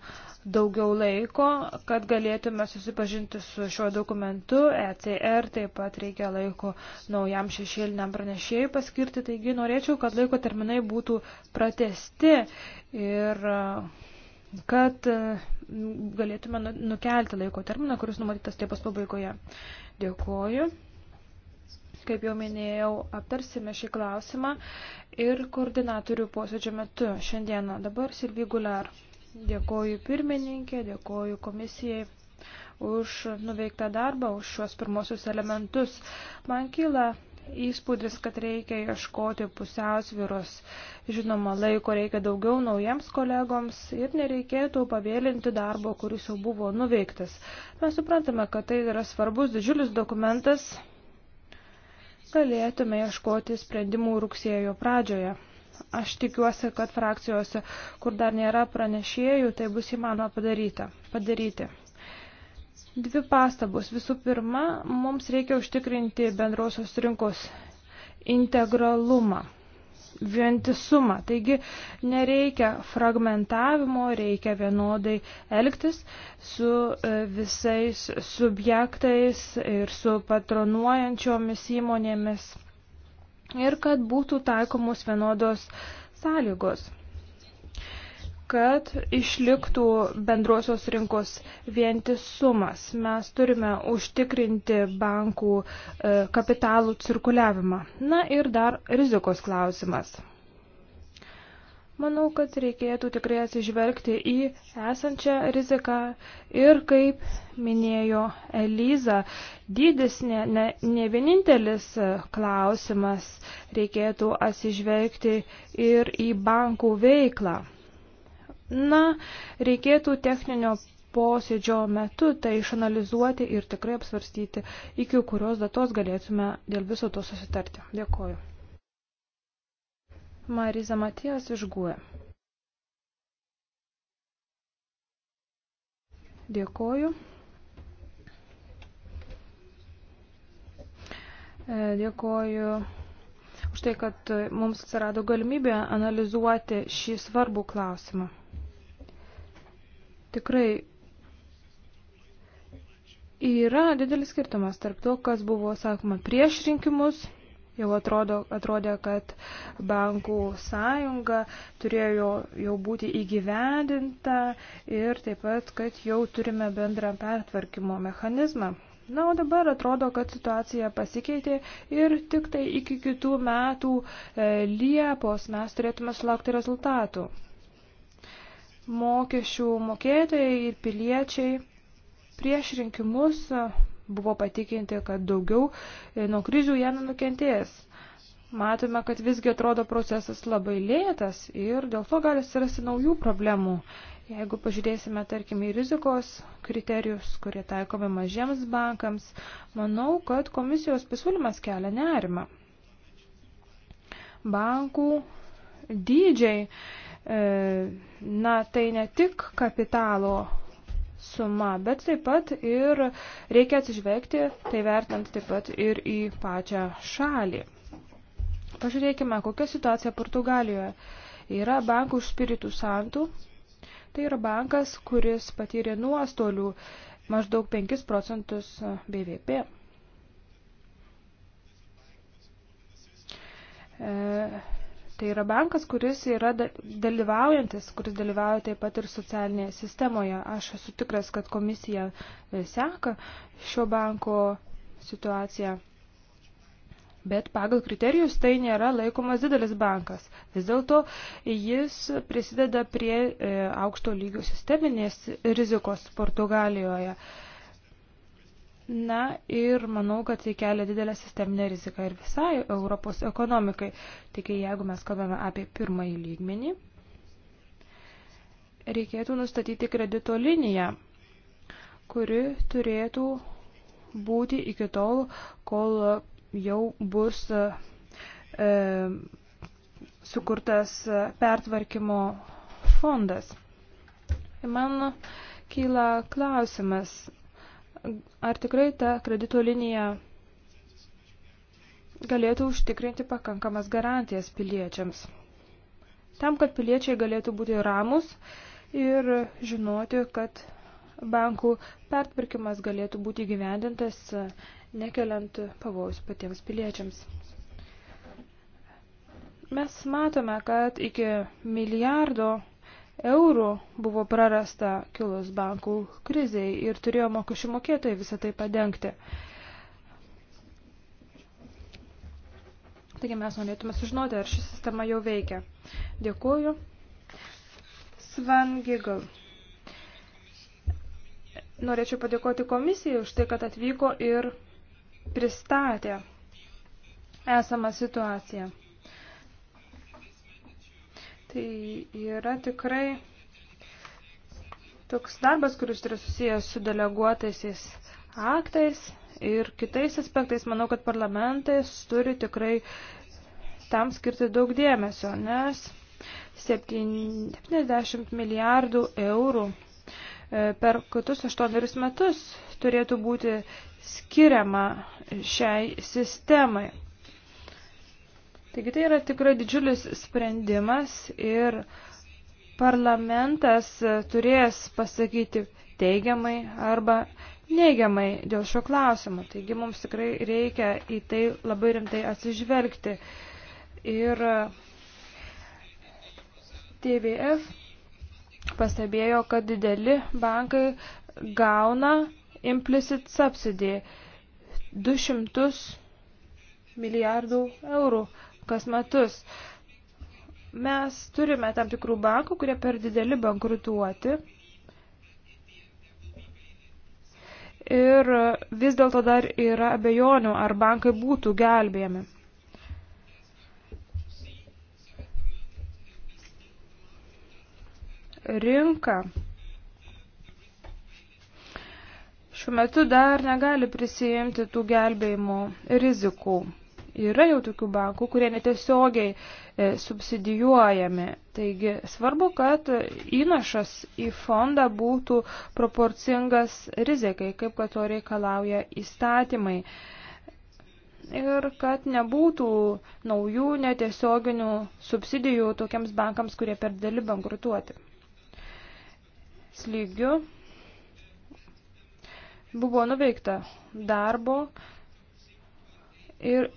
daugiau laiko, kad galėtume susipažinti su šiuo dokumentu. ECR taip pat reikia laiko naujam šešėliniam pranešėjui paskirti, taigi norėčiau, kad laiko terminai būtų pratesti ir uh, kad e, galėtume nu, nukelti laiko terminą, kuris numatytas Liepos pabaigoje. Dėkuoju. Kaip jau minėjau, aptarsime šį klausimą ir koordinatorių posėdžio metu šiandieną. Dabar Silvi Gular. Dėkuoju pirmininkė, dėkuoju komisijai už nuveiktą darbą, už šios pirmosius elementus. Man kyla įspūdis, kad reikia ieškoti pusiausvyros. Žinoma, laiko reikia daugiau naujiems kolegoms ir nereikėtų pavėlinti darbo, kuris jau buvo nuveiktas. Mes suprantame, kad tai yra svarbus didžiulis dokumentas. Galėtume ieškoti sprendimų rugsėjo pradžioje. Aš tikiuosi, kad frakcijose, kur dar nėra pranešėjų, tai bus įmanoma padaryta, padaryti. Dvi pastabos. Visų pirma, mums reikia užtikrinti bendrosios rinkos integralumą, vientisumą. Taigi nereikia fragmentavimo, reikia vienodai elgtis su e, visais subjektais ir su patronuojančiomis įmonėmis ir kad būtų taikomos vienodos sąlygos kad išliktų bendrosios rinkos vientisumas. Mes turime užtikrinti bankų e, kapitalų cirkuliavimą. Na ir dar rizikos klausimas. Manau, kad reikėtų tikrai atsižvelgti į esančią riziką ir, kaip minėjo Eliza, dydis ne, ne, ne vienintelis e, klausimas, reikėtų atsižvelgti ir į bankų veiklą. Na, reikėtų techninio posėdžio metu tai išanalizuoti ir tikrai apsvarstyti, iki kurios datos galėtume dėl viso to susitarti. Dėkoju. Mariza Matijas iš Guė. Dėkoju. E, dėkoju už tai, kad mums atsirado galimybė analizuoti šį svarbų klausimą. Tikrai yra didelis skirtumas tarp to, kas buvo sakoma prieš rinkimus. Jau atrodo, atrodė, kad bankų sąjunga turėjo jau būti įgyvendinta ir taip pat, kad jau turime bendrą pertvarkymo mechanizmą. Na, o dabar atrodo, kad situacija pasikeitė ir tik tai iki kitų metų e, Liepos mes turėtume sulaukti rezultatų mokesčių mokėtojai ir piliečiai prieš rinkimus buvo patikinti, kad daugiau e, nuo krizių jie nenukentės. Matome, kad visgi atrodo procesas labai lėtas ir dėl to gali atsirasti naujų problemų. Jeigu pažiūrėsime, tarkim, į rizikos kriterijus, kurie taikomi mažiems bankams, manau, kad komisijos pasiūlymas kelia nerimą. Bankų dydžiai E, na, tai ne tik kapitalo suma, bet taip pat ir reikia atsižvelgti, tai vertinant taip pat ir į pačią šalį. Pažiūrėkime, kokia situacija Portugalijoje. Yra bankų už spiritų santų. Tai yra bankas, kuris patyrė nuostolių maždaug 5 procentus BVP. E, Tai yra bankas, kuris yra dalyvaujantis, kuris dalyvauja taip pat ir socialinėje sistemoje. Aš esu tikras, kad komisija e, seka šio banko situaciją. Bet pagal kriterijus tai nėra laikomas didelis bankas. Vis dėlto jis prisideda prie e, aukšto lygio sisteminės rizikos Portugalijoje. E, Na ir manau, kad tai kelia didelę sisteminę riziką ir visai Europos ekonomikai. Tik jeigu mes kalbame apie pirmąjį lygmenį, reikėtų nustatyti kredito liniją, kuri turėtų būti iki tol, kol jau bus e, sukurtas pertvarkymo fondas. Man kyla klausimas, ar tikrai ta kredito linija galėtų užtikrinti pakankamas garantijas piliečiams. Tam, kad piliečiai galėtų būti ramus ir žinoti, kad bankų pertvarkymas galėtų būti gyvendintas, nekeliant pavojus patiems piliečiams. Mes matome, kad iki milijardo eurų buvo prarasta kilus bankų kriziai ir turėjo mokesčių mokėtojai visą tai padengti. Taigi mes norėtume sužinoti, ar ši sistema jau veikia. Dėkuoju. Sven Giggle. Norėčiau padėkoti komisijai už tai, kad atvyko ir pristatė esamą situaciją. Tai yra tikrai toks darbas, kuris yra susijęs su deleguotaisiais aktais ir kitais aspektais. Manau, kad parlamentais turi tikrai tam skirti daug dėmesio, nes 70 milijardų eurų e, per kitus 8 metus turėtų būti skiriama šiai sistemai. Taigi tai yra tikrai didžiulis sprendimas ir parlamentas turės pasakyti teigiamai arba neigiamai dėl šio klausimo. Taigi mums tikrai reikia į tai labai rimtai atsižvelgti. Ir TVF pastebėjo, kad dideli bankai gauna implicit subsidy 200 milijardų eurų kas metus. Mes turime tam tikrų bankų, kurie per dideli bankrutuoti. Ir vis dėlto dar yra abejonių, ar bankai būtų gelbėjami. Rinka šiuo metu dar negali prisijimti tų gelbėjimo rizikų. Yra jau tokių bankų, kurie netiesiogiai e, subsidijuojami. Taigi svarbu, kad įnašas į fondą būtų proporcingas rizikai, kaip kad to reikalauja įstatymai. Ir kad nebūtų naujų netiesioginių subsidijų tokiems bankams, kurie per dėlį bankrutuoti. Slygiu buvo nuveikta darbo ir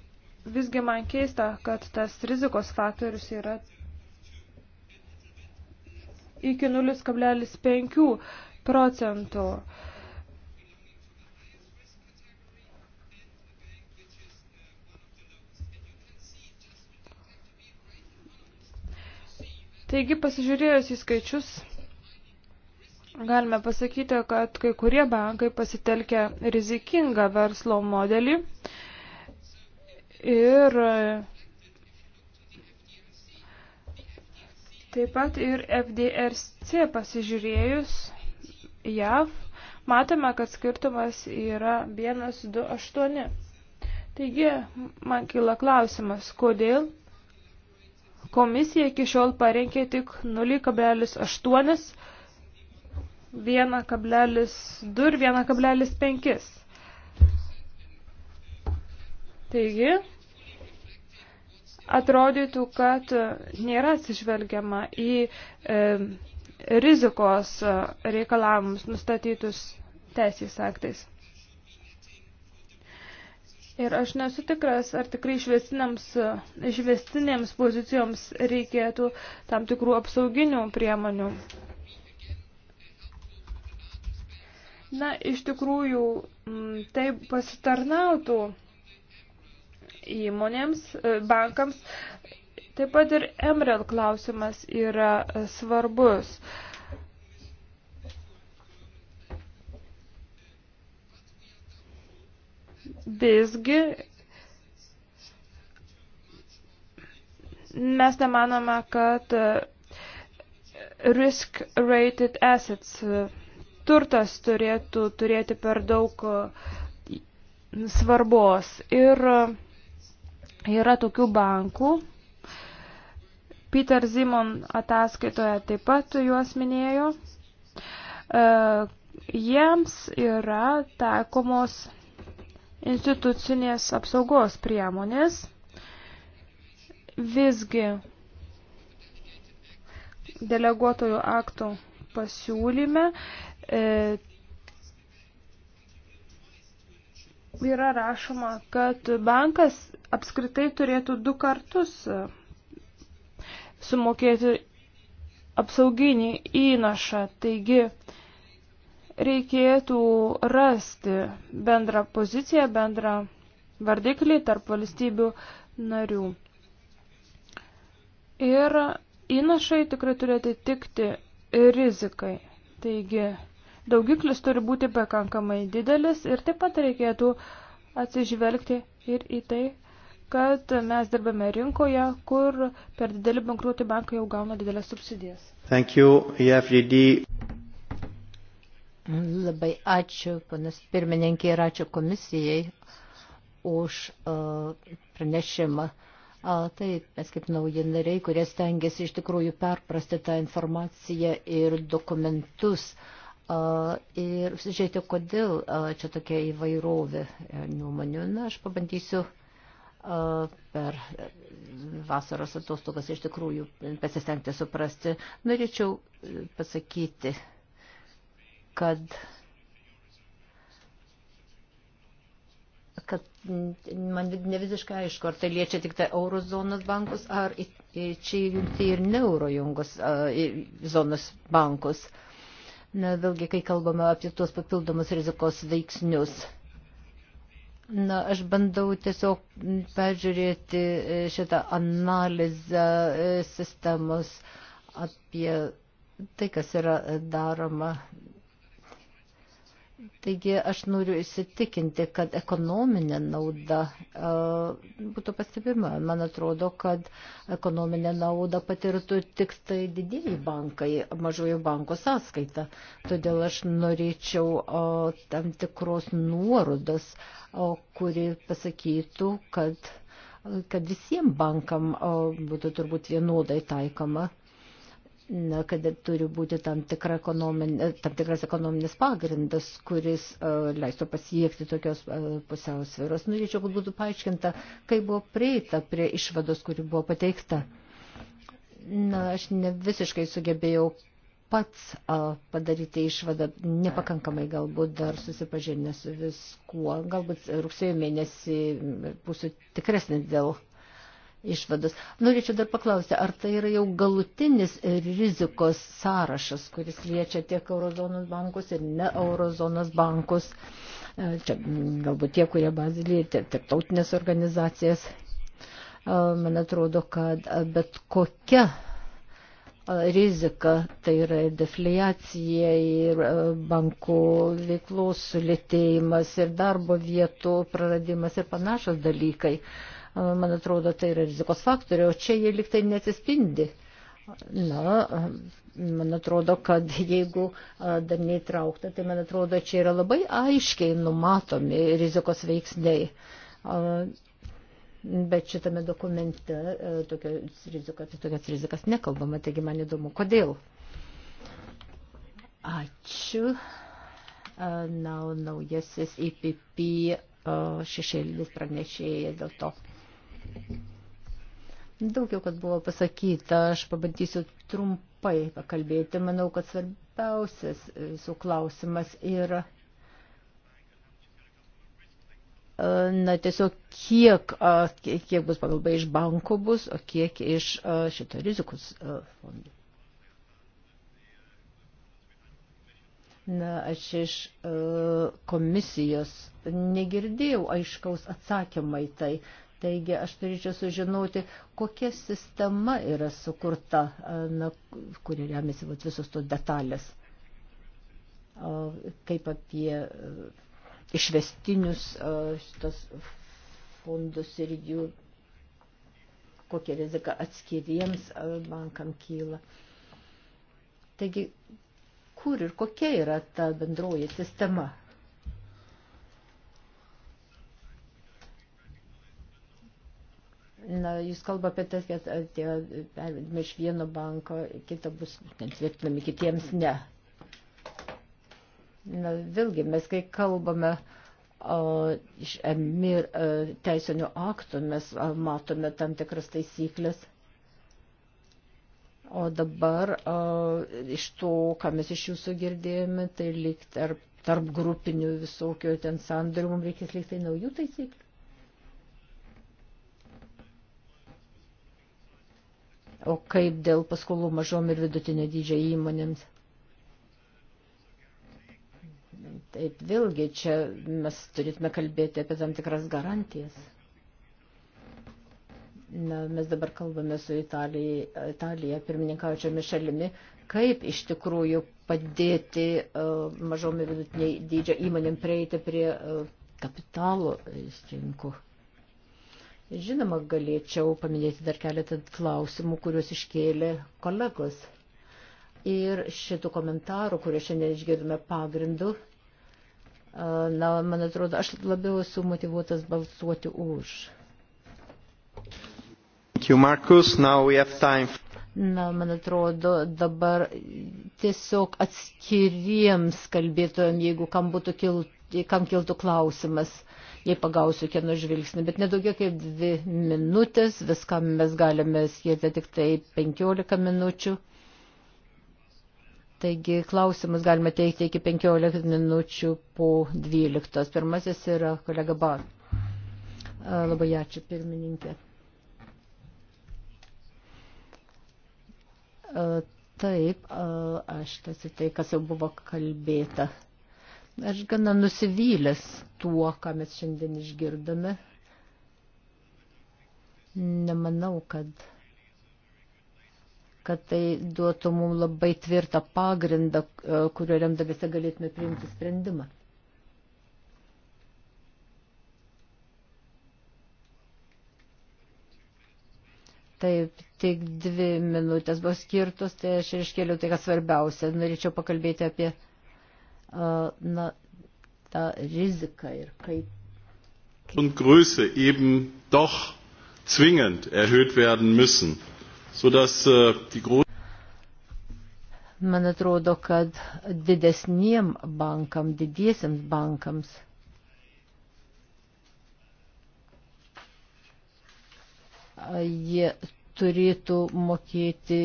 Visgi man keista, kad tas rizikos faktorius yra iki 0,5 procentų. Taigi, pasižiūrėjus į skaičius, galime pasakyti, kad kai kurie bankai pasitelkia rizikingą verslo modelį, uh, ir taip pat ir FDRC pasižiūrėjus JAV, matome, kad skirtumas yra 128. Taigi, man kyla klausimas, kodėl komisija iki šiol parengė tik 0,8, 1,2 ir 1,5. Taigi, atrodytų, kad nėra atsižvelgiama į e, rizikos reikalavimus nustatytus teisės aktais. Ir aš nesu tikras, ar tikrai išvestinėms pozicijoms reikėtų tam tikrų apsauginių priemonių. Na, iš tikrųjų, tai pasitarnautų įmonėms, e, bankams. Taip pat ir MREL klausimas yra e, svarbus. Visgi mes nemanome, kad e, risk-rated assets turtas turėtų turėti per daug svarbos. Ir Yra tokių bankų. Peter Zimon ataskaitoje taip pat juos minėjo. E, jiems yra taikomos institucinės apsaugos priemonės. Visgi deleguotojų aktų pasiūlyme e, yra rašoma, kad bankas apskritai turėtų du kartus e, sumokėti apsauginį įnašą. Taigi reikėtų rasti bendrą poziciją, bendrą vardiklį tarp valstybių narių. Ir įnašai tikrai turėtų tikti rizikai. Taigi daugiklis turi būti pakankamai didelis ir taip pat reikėtų atsižvelgti ir į tai, kad mes dirbame rinkoje, kur per didelį bankruotį bankai jau gauna didelės subsidijas. Thank you, EFGD. Labai ačiū, panas pirmininkė, ir ačiū komisijai už uh, pranešimą. A, taip, mes kaip nauji nariai, kurie stengiasi iš tikrųjų perprasti tą informaciją ir dokumentus. Uh, ir žiūrėti, kodėl čia tokia įvairovė e, nuomonių. Na, aš pabandysiu per vasaros atostogas iš tikrųjų pasistengti suprasti. Norėčiau e, pasakyti, kad kad man ne visiškai aišku, ar tai liečia tik tai eurozonos bankus, ar čia įjungti ir neurojungos zonos bankus. Uh, Na, vėlgi, kai kalbame apie tuos papildomus rizikos veiksnius. Na, aš bandau tiesiog peržiūrėti e, šitą analizę e, sistemos apie tai, kas yra daroma Taigi aš noriu įsitikinti, kad ekonominė nauda uh, būtų pastebima. Man atrodo, kad ekonominė nauda patirtų tik tai didieji bankai, mažųjų bankų sąskaita. Todėl aš norėčiau uh, tam tikros nuorodos, uh, kuri pasakytų, kad, uh, kad visiems bankam uh, būtų turbūt vienodai taikoma. Uh, na, kad turi būti tam, tikra ekonominė, tam tikras ekonominis pagrindas, kuris uh, leistų pasiekti tokios uh, e, pusiausvėros. Norėčiau, kad būtų paaiškinta, kaip buvo prieita prie išvados, kuri buvo pateikta. Na, aš ne visiškai sugebėjau pats a, e, padaryti išvadą, nepakankamai galbūt dar susipažinęs su viskuo, galbūt rugsėjo mėnesį būsiu tikresnis dėl išvadas. Norėčiau dar paklausti, ar tai yra jau galutinis rizikos sąrašas, kuris liečia tiek eurozonos bankus ir ne eurozonos bankus, e, čia galbūt tie, kurie bazilėje, tarptautinės organizacijas. E, man atrodo, kad bet kokia e, rizika, tai yra ir defliacija, ir bankų veiklos sulėtėjimas, ir darbo vietų praradimas ir panašus dalykai. Uh, Man atrodo, tai yra rizikos faktoriai, o čia jie liktai nesispindi. Na, man atrodo, kad jeigu dar neįtraukta, tai man atrodo, čia yra labai aiškiai numatomi rizikos veiksniai. Bet šitame dokumente tokias rizikas, tokias rizikas nekalbama, taigi man įdomu, kodėl. Ačiū. Na, naujasis IPP e šešėlis pranešėjas dėl to. Daugiau, kad buvo pasakyta, aš pabandysiu trumpai pakalbėti. Manau, kad svarbiausias e, visų klausimas yra, e, na, tiesiog kiek, kiek bus pagalba iš banko bus, o kiek iš šito rizikos fondų. Na, aš iš e, komisijos negirdėjau aiškaus atsakymai tai. Taigi aš turėčiau sužinoti, kokia sistema yra sukurta, na, kuri remiasi vat, visos to detalės, kaip apie išvestinius šitos fondus ir jų, kokia rizika atskiriems bankam kyla. Taigi, kur ir kokia yra ta bendroji sistema? Na, jūs kalba apie tas, kad atėjo pervedimai iš vieno banko, kita bus ten tvirtinami, kitiems ne. Na, vėlgi, mes kai kalbame o, iš emir e, teisinių aktų, mes o, matome tam tikras taisyklės. O dabar o, iš to, ką mes iš jūsų girdėjome, tai lyg tarp, tarp grupinių visokių ten sandorių mums reikės lyg tai naujų taisyklių. O kaip dėl paskolų mažom ir vidutinio dydžio įmonėms? Taip, vėlgi čia mes turėtume kalbėti apie tam tikras garantijas. Na, mes dabar kalbame su Italija, Italija pirmininkaučiomis šalimi, kaip iš tikrųjų padėti uh, mažom ir vidutiniai dydžio įmonėm prieiti prie uh, kapitalo rinkų. Uh, Žinoma, galėčiau paminėti dar keletą klausimų, kuriuos iškėlė kolegos. Ir šitų komentarų, kurie šiandien išgirdome pagrindu, na, man atrodo, aš labiau esu motivuotas balsuoti už. You, Marcus. Now we have time. Na, man atrodo, dabar tiesiog atskiriems kalbėtojams, jeigu kam būtų kiltų, kam kiltų klausimas. Uh, jei pagausiu kieno žvilgsnį, bet nedaugiau kaip dvi minutės, viskam mes galime skirti tik tai 15 minučių. Taigi klausimus galime teikti iki 15 minučių po 12. Pirmasis yra kolega Bar. Labai ačiū pirmininkė. Taip, aš tiesiog tai, kas jau buvo kalbėta. Aš gana nusivylęs tuo, ką mes šiandien išgirdome. Nemanau, kad, kad tai duotų mums labai tvirtą pagrindą, e, kuriuo remdavėsi galėtume priimti sprendimą. Taip, tik dvi minutės buvo skirtos, tai aš ir iškėliau tai, kas svarbiausia. Norėčiau pakalbėti apie na, tą riziką ir kaip. Und Größe eben doch zwingend erhöht werden müssen, sodass äh, die großen man atrodo, kad didesniem bankam, didiesiams bankams. Jie turėtų mokėti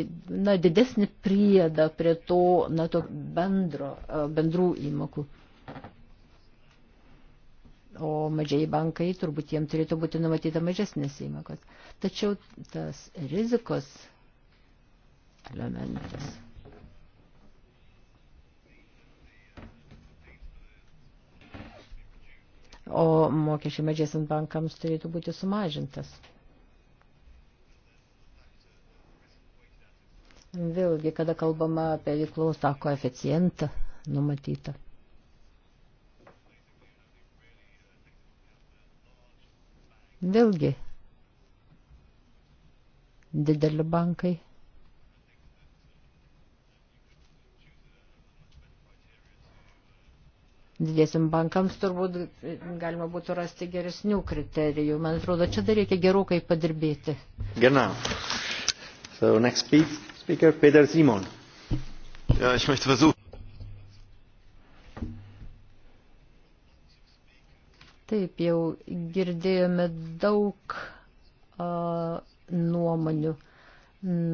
na, didesnį priedą prie to, na, to bendro, bendrų įmokų. O mažiai bankai turbūt jiems turėtų būti numatyta mažesnės įmokos. Tačiau tas rizikos elementas. O mokesčiai mažesnės bankams turėtų būti sumažintas. Vėlgi, kada kalbama apie veiklos tą koeficientą numatytą. Vėlgi, dideli bankai. Didiesim bankams turbūt galima būtų rasti geresnių kriterijų. Man atrodo, čia dar reikia gerokai padirbėti. Genau. So next piece. Speaker Peter Simon. Ja, ich möchte versuchen. Taip, jau girdėjome daug a, nuomonių.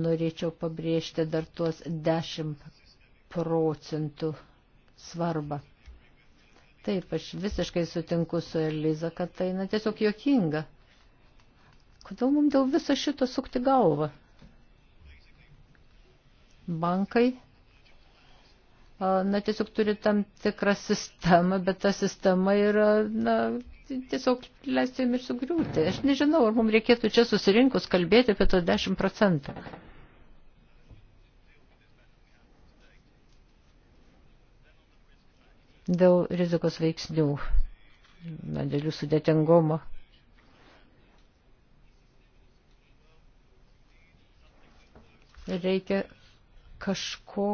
Norėčiau pabrėžti dar tuos 10 procentų svarbą. Taip, aš visiškai sutinku su Eliza, kad tai na, tiesiog jokinga. Kodėl mums dėl viso šito sukti galvą? bankai na, tiesiog turi tam tikrą sistemą, bet ta sistema yra, na, tiesiog leisti jam ir sugriūti. Aš nežinau, ar mums reikėtų čia susirinkus kalbėti apie to 10 procentų. Dėl rizikos veiksnių, na, dėl jų sudėtingumo. Reikia kažko,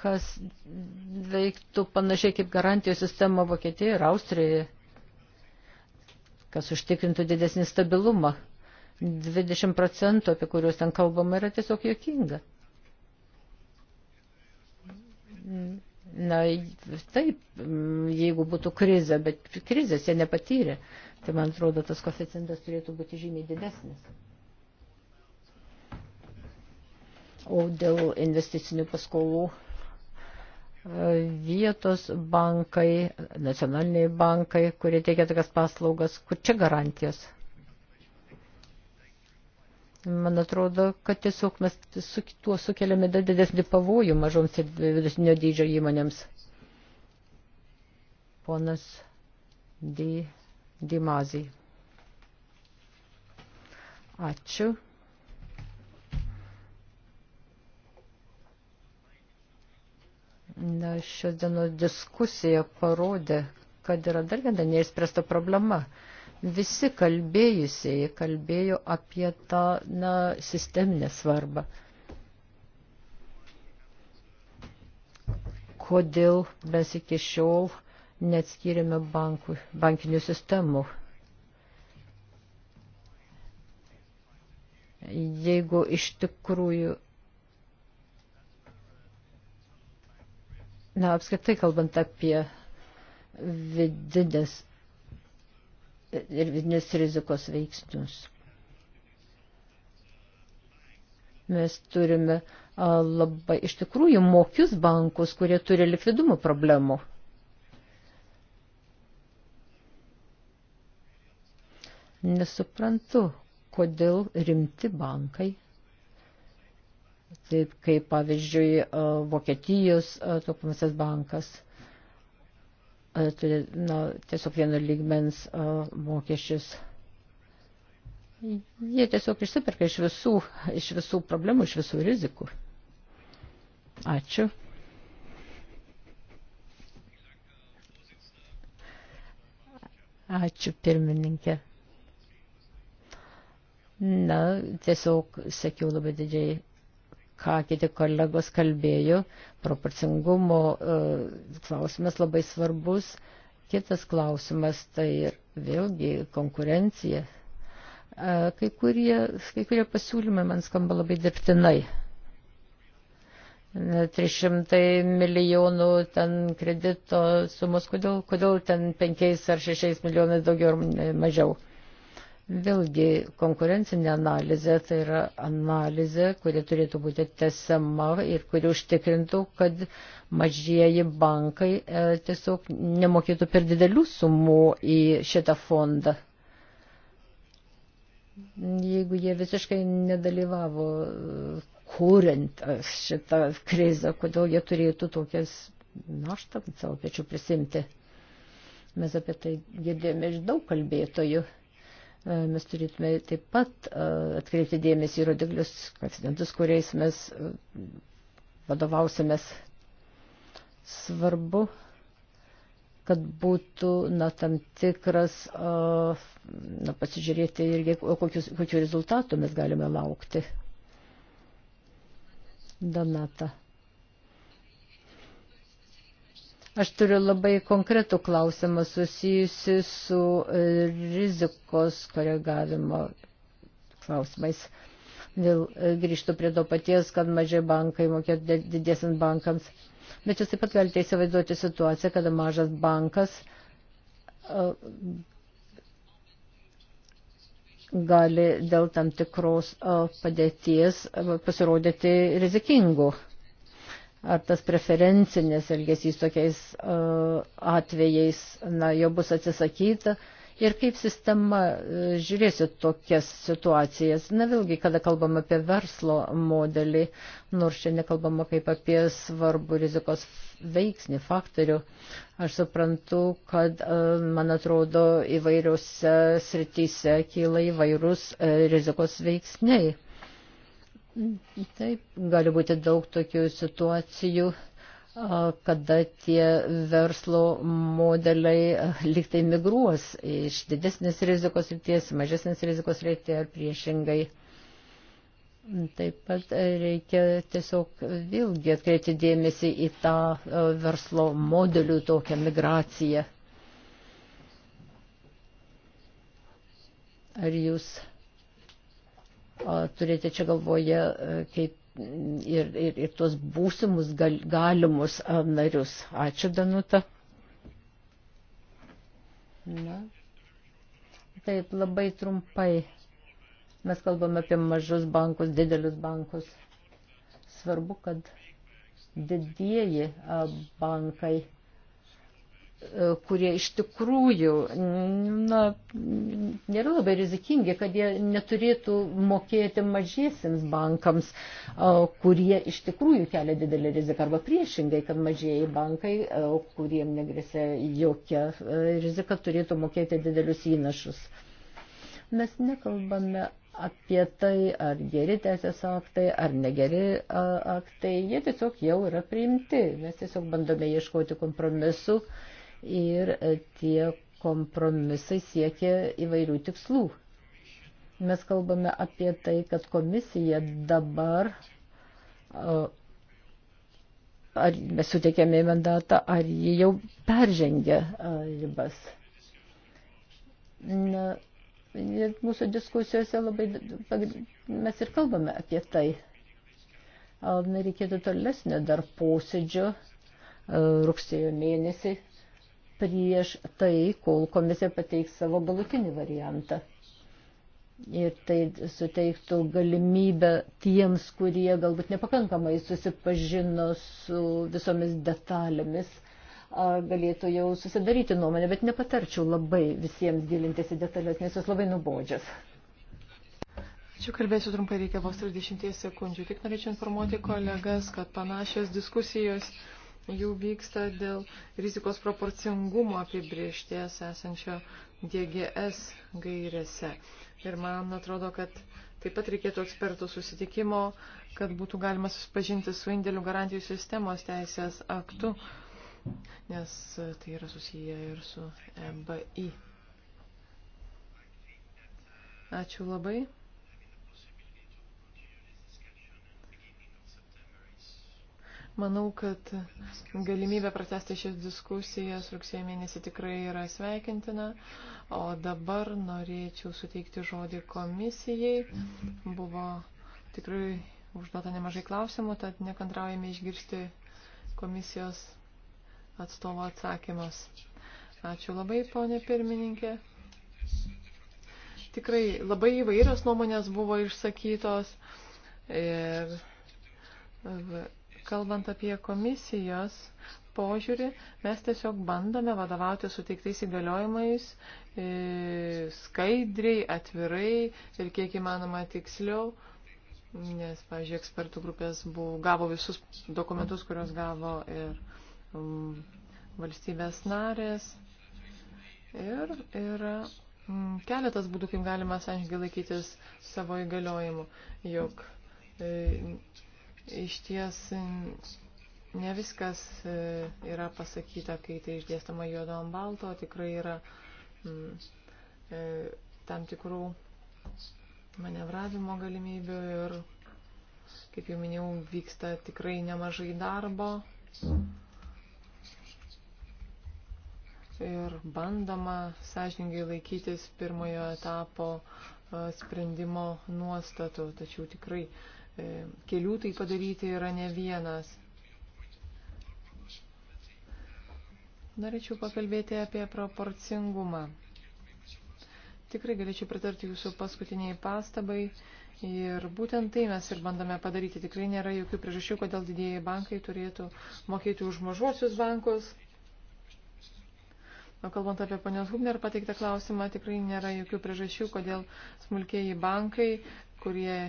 kas veiktų panašiai kaip garantijos sistema Vokietijoje ir Austrijoje, kas užtikrintų didesnį stabilumą. 20 procentų, apie kuriuos ten kalbama, yra tiesiog jokinga. Na, taip, jeigu būtų krizė, bet krizės jie nepatyrė, tai man atrodo, tas koeficientas turėtų būti žymiai didesnis. O dėl investicinių paskolų e, vietos bankai, nacionaliniai bankai, kurie teikia tokias paslaugas, kur čia garantijos? Man atrodo, kad tiesiog mes su tuo sukeliame dar didesnį pavojų mažoms ir vidutinio dydžio įmonėms. Ponas D. Dimazijai. Ačiū. Na, šios dienos diskusija parodė, kad yra dar viena neįspręsta problema. Visi kalbėjusieji kalbėjo apie tą na, sisteminę svarbą. Kodėl mes iki šiol neatskyrėme bankų, bankinių sistemų? Jeigu iš tikrųjų Na, apskritai kalbant apie vidinės ir vidinės rizikos veiksnius. Mes turime labai iš tikrųjų mokius bankus, kurie turi likvidumo problemų. Nesuprantu, kodėl rimti bankai taip kaip pavyzdžiui e, Vokietijos e, taupamasis bankas. E, na, tiesiog vieno lygmens mokesčius. Jie tiesiog išsiperka iš visų, iš visų problemų, iš visų rizikų. Ačiū. Ačiū pirmininkė. Na, tiesiog sekiau labai didžiai ką kiti kolegos kalbėjo, proporcingumo e, klausimas labai svarbus. Kitas klausimas tai vėlgi konkurencija. E, kai kurie, kai kurie pasiūlymai man skamba labai dirbtinai. 300 e, milijonų ten kredito sumos, kodėl, kodėl ten 5 ar 6 milijonai daugiau ar mažiau. Vėlgi konkurencinė analizė tai yra analizė, kuri turėtų būti tesama ir kuri užtikrintų, kad mažieji bankai e, tiesiog nemokėtų per didelių sumų į šitą fondą. Jeigu jie visiškai nedalyvavo e, kūrent e, šitą krizę, kodėl jie turėtų tokias naštą savo pečių prisimti. Mes apie tai girdėjome iš daug kalbėtojų. E, mes turėtume taip pat e, atkreipti dėmesį į rodiklius, koeficientus, kuriais mes e, vadovausimės. Svarbu, kad būtų na, tam tikras, na, pasižiūrėti irgi, kokius, kokių rezultatų mes galime laukti. Donata. Aš turiu labai konkretų klausimą susijusi su e, rizikos koregavimo klausimais. Vėl e, grįžtu prie to paties, kad mažai bankai mokėtų didiesiant bankams. Bet jūs taip pat galite įsivaizduoti situaciją, kada mažas bankas e, gali dėl tam tikros padėties pasirodyti rizikingu ar tas preferencinis elgesys tokiais uh, atvejais, na, jo bus atsisakyta ir kaip sistema uh, žiūrėsi tokias situacijas. Na, vėlgi, kada kalbam apie verslo modelį, nors čia nekalbama kaip apie svarbų rizikos veiksnį, faktorių, aš suprantu, kad, uh, man atrodo, įvairiose srityse kyla įvairūs e, rizikos veiksniai. Taip, gali būti daug tokių situacijų, kada tie verslo modeliai liktai migruos iš didesnės rizikos ryties, mažesnės rizikos ryties ar priešingai. Taip pat reikia tiesiog vėlgi atkreipti dėmesį į tą verslo modelių tokią migraciją. Ar jūs turėti čia galvoje e, kaip ir, ir, ir tuos būsimus gal, galimus narius. Ačiū, Danuta. Na. Taip, labai trumpai. Mes kalbame apie mažus bankus, didelius bankus. Svarbu, kad didieji bankai kurie iš tikrųjų na, nėra labai rizikingi, kad jie neturėtų mokėti mažiesiems bankams, kurie iš tikrųjų kelia didelį riziką, arba priešingai, kad mažieji bankai, kuriem negrėsia jokia rizika, turėtų mokėti didelius įnašus. Mes nekalbame apie tai, ar geri teisės aktai, ar negeri aktai, jie tiesiog jau yra priimti. Mes tiesiog bandome ieškoti kompromisu. Uh, ir e, tie kompromisai siekia įvairių tikslų. Mes kalbame apie tai, kad komisija dabar e, ar mes suteikėme mandatą, ar jį jau peržengė e, ribas. Na, ir mūsų diskusijose labai mes ir kalbame apie tai. Al, na, reikėtų tolesnio dar posėdžio rugsėjo mėnesį prieš tai, kol komisija pateiks savo galutinį variantą. Ir tai suteiktų galimybę tiems, kurie galbūt nepakankamai susipažino su visomis detalėmis, galėtų jau susidaryti nuomonę, bet nepatarčiau labai visiems gilintis į detalės, nes jos labai nubodžias. Ačiū, kalbėsiu trumpai, reikia vos 30 sekundžių. Tik norėčiau informuoti kolegas, kad panašios diskusijos jau vyksta dėl rizikos proporcingumo apibriešties esančio DGS gairėse. Ir man atrodo, kad taip pat reikėtų ekspertų susitikimo, kad būtų galima susipažinti su indėlių garantijų sistemos teisės aktu, nes tai yra susiję ir su MBI. E Ačiū labai. Manau, kad galimybė pratesti šias diskusijas rugsėjo mėnesį tikrai yra sveikintina, o dabar norėčiau suteikti žodį komisijai. Buvo tikrai užduota nemažai klausimų, tad nekantraujame išgirsti komisijos atstovo atsakymus. Ačiū labai, ponė pirmininkė. Tikrai labai įvairios nuomonės buvo išsakytos ir Kalbant apie komisijos požiūrį, mes tiesiog bandome vadovauti suteiktais įgaliojimais e, skaidriai, atvirai ir kiek įmanoma tiksliau, nes, pažiūrėjau, ekspertų grupės buvo, gavo visus dokumentus, kuriuos gavo ir um, valstybės narės. Ir yra mm, keletas būdų, kaip galima sąžininkai laikytis savo įgaliojimų, jog e, Iš ties ne viskas e, yra pasakyta, kai tai išdėstama juodo ant balto, tikrai yra mm, e, tam tikrų manevravimo galimybių ir, kaip jau minėjau, vyksta tikrai nemažai darbo ir bandoma sąžiningai laikytis pirmojo etapo e, sprendimo nuostatų, tačiau tikrai uh, E, kelių tai padaryti yra ne vienas. Norėčiau pakalbėti apie proporcingumą. Tikrai galėčiau pritarti jūsų paskutiniai pastabai. Ir būtent tai mes ir bandome padaryti. Tikrai nėra jokių priežasčių, kodėl didėjai bankai turėtų mokėti už mažuosius bankus. O kalbant apie ponios Hubner pateiktą klausimą, tikrai nėra jokių priežasčių, kodėl smulkėjai bankai, kurie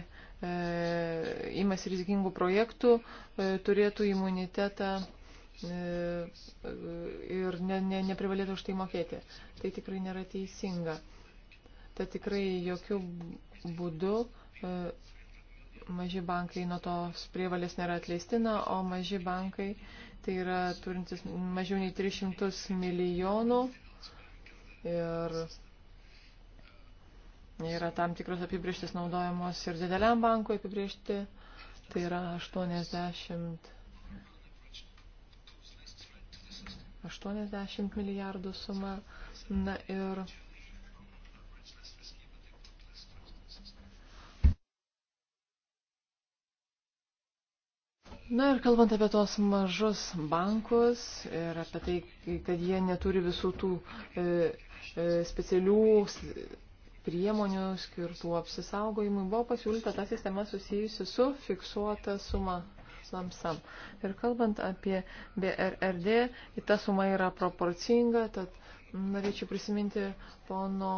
įmas e, rizikingų projektų, e, turėtų imunitetą e, ir ne, ne, neprivalėtų už tai mokėti. Tai tikrai nėra teisinga. Tai tikrai jokių būdų maži bankai nuo tos prievalės nėra atleistina, o maži bankai tai yra turintis mažiau nei 300 milijonų ir Yra tam tikros apibrieštis naudojamos ir dideliam bankui apibriešti. Tai yra 80, 80 milijardų suma. Na ir Na ir kalbant apie tos mažus bankus ir apie tai, kad jie neturi visų tų e, e, specialių priemonių skirtų apsisaugojimui buvo pasiūlyta ta sistema susijusi su fiksuota suma lamsam. Ir kalbant apie BRRD, ta suma yra proporcinga, tad norėčiau prisiminti pono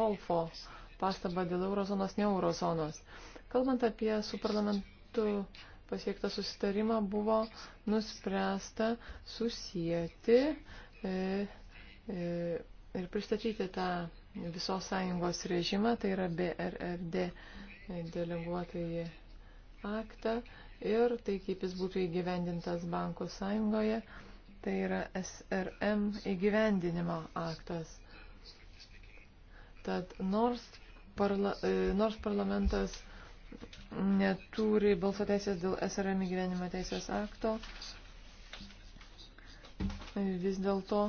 Volfo pastabą dėl eurozonos, ne eurozonos. Kalbant apie su parlamentu pasiektą susitarimą, buvo nuspręsta susijęti e, e, ir pristatyti tą visos sąjungos režimą, tai yra BRRD deleguotąjį aktą ir tai, kaip jis būtų įgyvendintas bankų sąjungoje, tai yra SRM įgyvendinimo aktas. Tad nors, parla, e, nors parlamentas neturi balso teisės dėl SRM įgyvenimo teisės akto, vis dėlto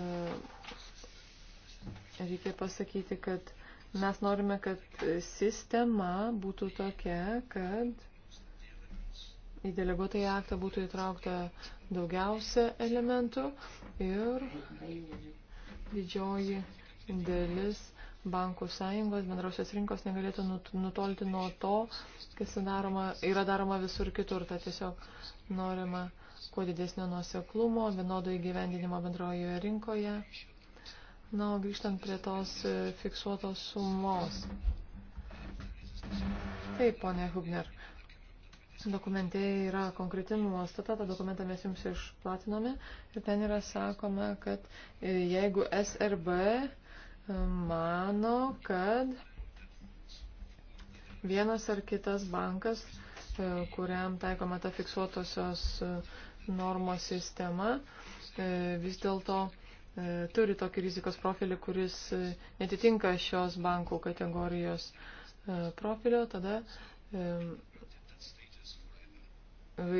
e, Reikia pasakyti, kad mes norime, kad sistema būtų tokia, kad į deleguotąjį aktą būtų įtraukta daugiausia elementų ir didžioji dalis bankų sąjungos bendrausios rinkos negalėtų nutolti nuo to, kas daroma, yra daroma visur kitur. Ta tiesiog norima kuo didesnio nuoseklumo, vienodo įgyvendinimo bendrojoje rinkoje. Na, o grįžtant prie tos e, fiksuotos sumos. Taip, ponė Hubner. Dokumente yra konkreti nuostata, tą dokumentą mes jums išplatinome ir ten yra sakoma, kad e, jeigu SRB e, mano, kad vienas ar kitas bankas, kuriam taikoma ta fiksuotosios normos sistema, vis dėlto to E, turi tokį rizikos profilį, kuris e, netitinka šios bankų kategorijos e, profilio, tada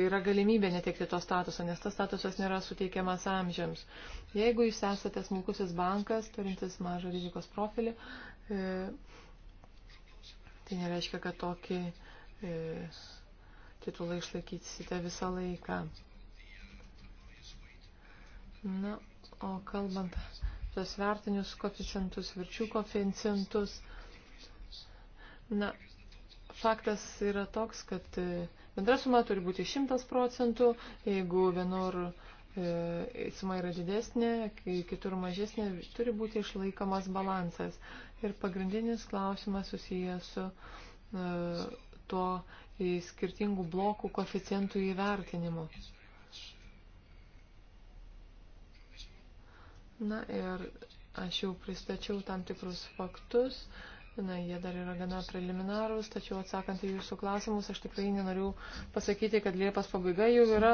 yra galimybė netekti to statuso, nes tas statusas nėra suteikiamas amžiams. Jeigu jūs esate smulkusis bankas, turintis mažą rizikos profilį, tai nereiškia, kad tokį titulą išlaikysite visą laiką. Na, O kalbant tos vertinius koficijantus, virčių koficijantus, na, faktas yra toks, kad e, bendra suma turi būti 100 procentų, jeigu vienur e, suma yra didesnė, kitur mažesnė, turi būti išlaikomas balansas. Ir pagrindinis klausimas susijęs su e, tuo skirtingų blokų koficijantų įvertinimu. Na ir aš jau pristačiau tam tikrus faktus, na, jie dar yra gana preliminarūs, tačiau atsakant į jūsų klausimus, aš tikrai nenoriu pasakyti, kad Liepos pabaiga jau yra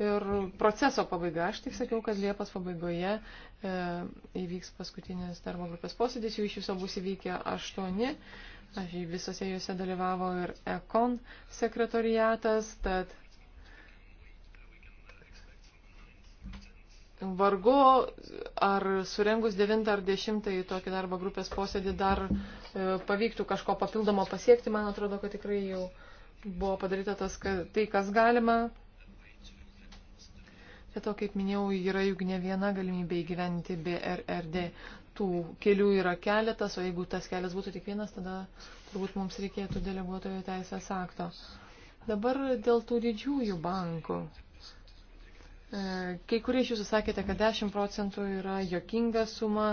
ir proceso pabaiga. Aš tik sakiau, kad Liepos pabaigoje e, įvyks paskutinis darbo grupės posėdis, jų iš viso bus įvykę aštuoni. Aš visose juose dalyvavo ir ekon sekretoriatas, tad vargu ar surengus 9 ar 10 į tokį darbo grupės posėdį dar e, pavyktų kažko papildomo pasiekti. Man atrodo, kad tikrai jau buvo padaryta tas, tai, kas galima. Be to, kaip minėjau, yra juk ne viena galimybė įgyventi BRRD. Tų kelių yra keletas, o jeigu tas kelias būtų tik vienas, tada turbūt mums reikėtų deleguotojo teisės akto. Dabar dėl tų didžiųjų bankų. E, kai kurie iš jūsų sakėte, kad 10 procentų yra jokinga suma,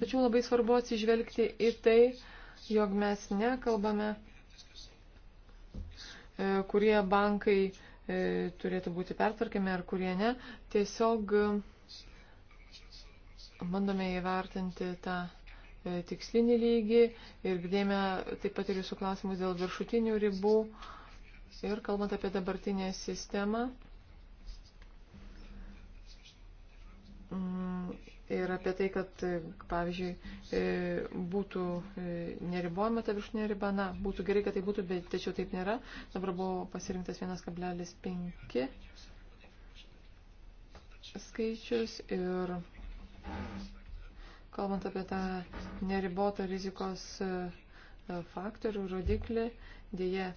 tačiau labai svarbu atsižvelgti į tai, jog mes nekalbame, e, kurie bankai e, turėtų būti pertvarkiami ar kurie ne. Tiesiog bandome įvertinti tą tikslinį lygį ir girdėjome taip pat ir jūsų klausimus dėl viršutinių ribų. Ir kalbant apie dabartinę sistemą, ir apie tai, kad, pavyzdžiui, e, būtų e, neribojama ta viršutinė riba, na, būtų gerai, kad tai būtų, bet tačiau taip nėra. Dabar buvo pasirinktas 1,5 skaičius ir kalbant apie tą neribotą rizikos e, faktorių, rodiklį, dėje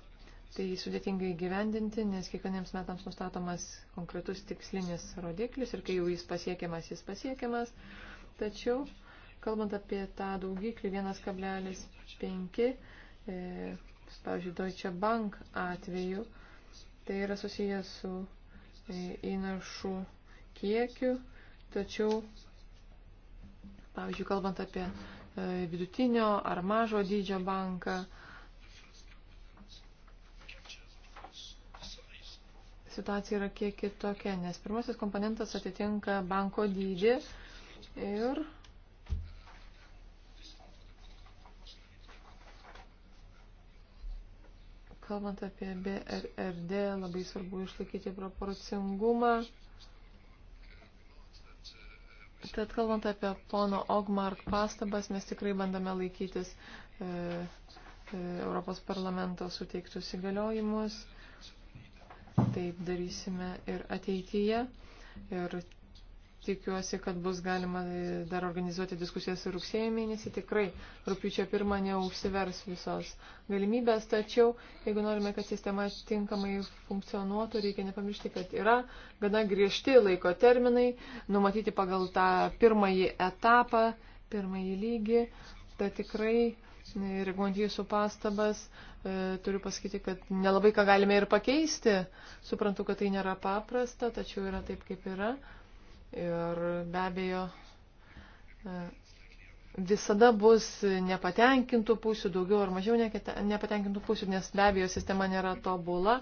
Tai sudėtingai gyvendinti, nes kiekvieniems metams nustatomas konkretus tikslinis rodiklis ir kai jau jis pasiekiamas, jis pasiekiamas. Tačiau, kalbant apie tą daugiklį 1,5, e, pavyzdžiui, Deutsche Bank atveju, tai yra susijęs su e, įnašų kiekiu, tačiau, pavyzdžiui, kalbant apie e, vidutinio ar mažo dydžio banką, e, situacija yra kiek kitokia, nes pirmasis komponentas atitinka banko dydį ir kalbant apie BRRD, labai svarbu išlaikyti proporcingumą. Tad kalbant apie pono Ogmark pastabas, mes tikrai bandame laikytis e, e, Europos parlamento suteiktus įgaliojimus Taip darysime ir ateityje. Ir tikiuosi, kad bus galima dar organizuoti diskusijas ir rugsėjo mėnesį. Tikrai rūpiučio pirmą neužsivers visos galimybės, tačiau jeigu norime, kad sistema tinkamai funkcionuotų, reikia nepamiršti, kad yra gana griežti laiko terminai, numatyti pagal tą pirmąjį etapą, pirmąjį lygį. Tai tikrai reaguojant jūsų pastabas, e, turiu pasakyti, kad nelabai ką galime ir pakeisti. Suprantu, kad tai nėra paprasta, tačiau yra taip, kaip yra. Ir be abejo, e, visada bus nepatenkintų pusių, daugiau ar mažiau nepatenkintų pusių, nes be abejo sistema nėra tobula.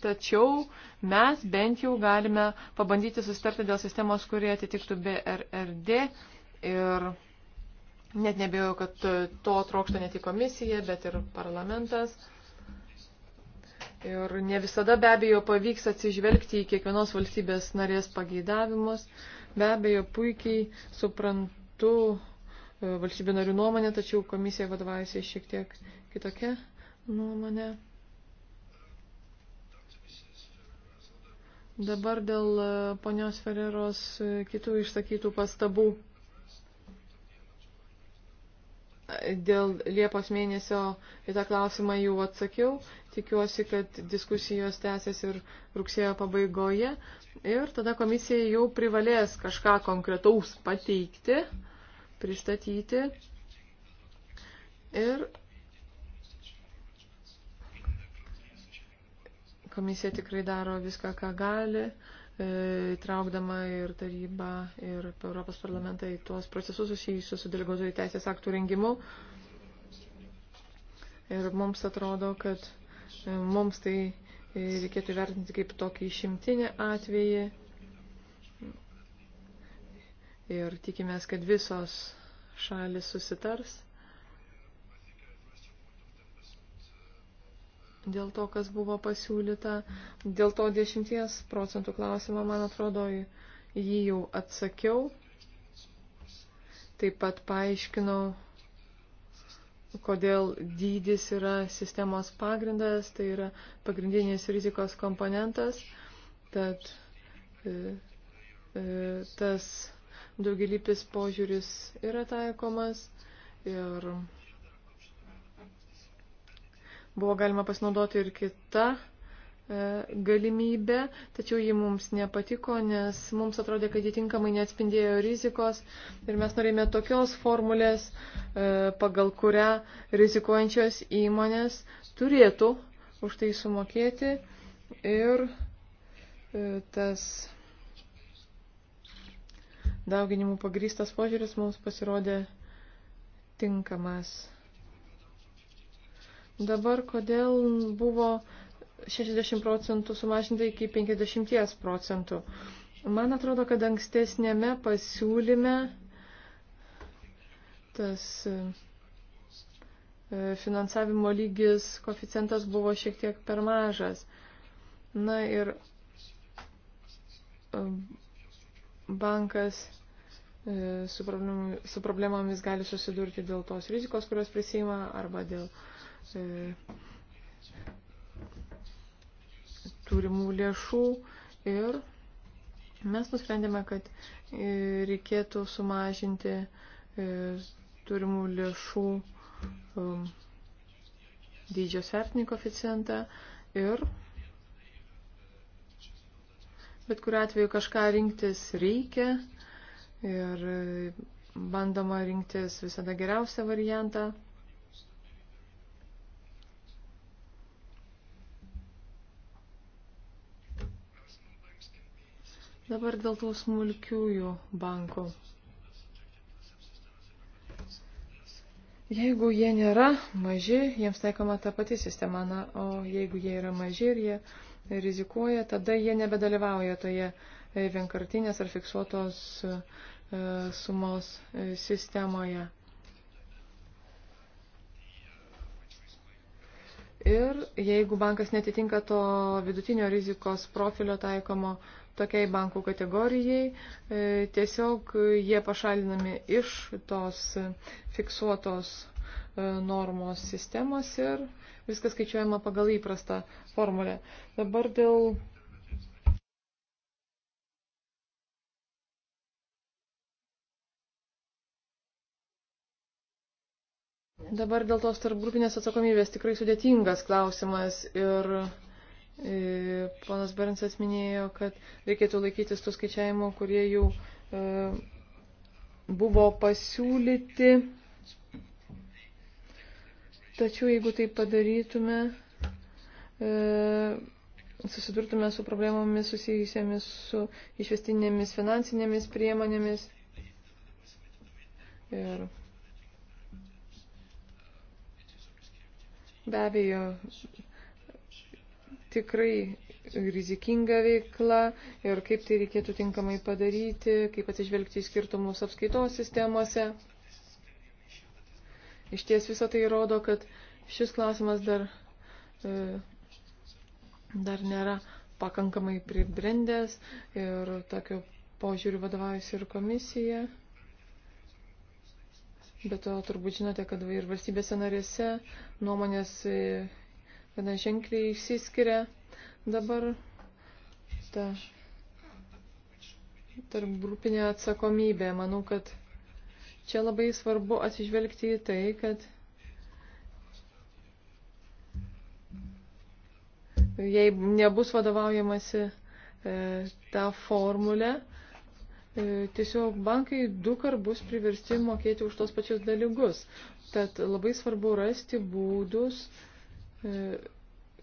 Tačiau mes bent jau galime pabandyti susitarti dėl sistemos, kurie atitiktų BRRD. Ir Net nebėjau, kad to trokšta ne tik komisija, bet ir parlamentas. Ir ne visada be abejo pavyks atsižvelgti į kiekvienos valstybės narės pageidavimus. Be abejo, puikiai suprantu e, valstybių narių nuomonę, tačiau komisija vadovaujasi šiek tiek kitokia nuomonė. Dabar dėl e, ponios Ferreros e, kitų išsakytų pastabų dėl Liepos mėnesio į tą klausimą jau atsakiau. Tikiuosi, kad diskusijos tęsės ir rugsėjo pabaigoje. Ir tada komisija jau privalės kažką konkretaus pateikti, pristatyti. Ir komisija tikrai daro viską, ką gali. Uh, E, įtraukdama ir tarybą, ir Europos parlamentą į tuos procesus susijusius su deleguotojų teisės aktų rengimu. Ir mums atrodo, kad e, mums tai e, reikėtų vertinti kaip tokį išimtinį atvejį. Ir tikimės, kad visos šalis susitars. dėl to, kas buvo pasiūlyta. Dėl to 10 procentų klausimą, man atrodo, jį jau atsakiau. Taip pat paaiškinau, kodėl dydis yra sistemos pagrindas, tai yra pagrindinis rizikos komponentas. Tad e, e, tas daugelypis požiūris yra taikomas ir e, Buvo galima pasinaudoti ir kita e, galimybė, tačiau ji mums nepatiko, nes mums atrodė, kad ji tinkamai neatspindėjo rizikos ir mes norėjome tokios formulės, e, pagal kurią rizikuojančios įmonės turėtų už tai sumokėti ir e, tas dauginimų pagrystas požiūris mums pasirodė tinkamas. Dabar kodėl buvo 60 procentų sumažinta iki 50 procentų? Man atrodo, kad ankstesnėme pasiūlyme tas e, finansavimo lygis, koficientas buvo šiek tiek per mažas. Na ir e, bankas e, su problemomis gali susidurti dėl tos rizikos, kurios prisima, arba dėl uh, E, turimų lėšų ir mes nusprendėme, kad e, reikėtų sumažinti e, turimų lėšų dydžio svertinį koficijantą ir bet kuriu atveju kažką rinktis reikia ir bandoma rinktis visada geriausią variantą. Dabar dėl tų smulkiųjų bankų. Jeigu jie nėra maži, jiems taikoma ta pati sistema, na, o jeigu jie yra maži ir jie rizikuoja, tada jie nebedalyvauja toje e, vienkartinės ar fiksuotos e, sumos e, sistemoje. Ir jeigu bankas netitinka to vidutinio rizikos profilio taikomo uh, tokiai bankų kategorijai, e, tiesiog jie pašalinami iš tos fiksuotos e, normos sistemos ir viskas skaičiuojama pagal įprastą formulę. Dabar dėl Dabar dėl tos tarpgrupinės atsakomybės tikrai sudėtingas klausimas ir E, ponas Bernsas minėjo, kad reikėtų laikytis tų skaičiavimų, kurie jau e, buvo pasiūlyti. Tačiau jeigu tai padarytume, e, susidurtume su problemomis susijusiamis su išvestinėmis finansinėmis priemonėmis. Ir be abejo, tikrai rizikinga veikla ir kaip tai reikėtų tinkamai padaryti, kaip atsižvelgti į skirtumus apskaitos sistemose. Iš ties visą tai rodo, kad šis klausimas dar, e, dar nėra pakankamai pribrendęs ir tokio požiūrių vadovaujasi ir komisija. Bet to turbūt žinote, kad ir valstybėse narėse nuomonės e, gana ženkliai išsiskiria dabar ta tarp grupinė atsakomybė. Manau, kad čia labai svarbu atsižvelgti į tai, kad jei nebus vadovaujamasi e, tą formulę, e, tiesiog bankai du kart bus priversti mokėti už tos pačius dalykus. Tad labai svarbu rasti būdus, e, E,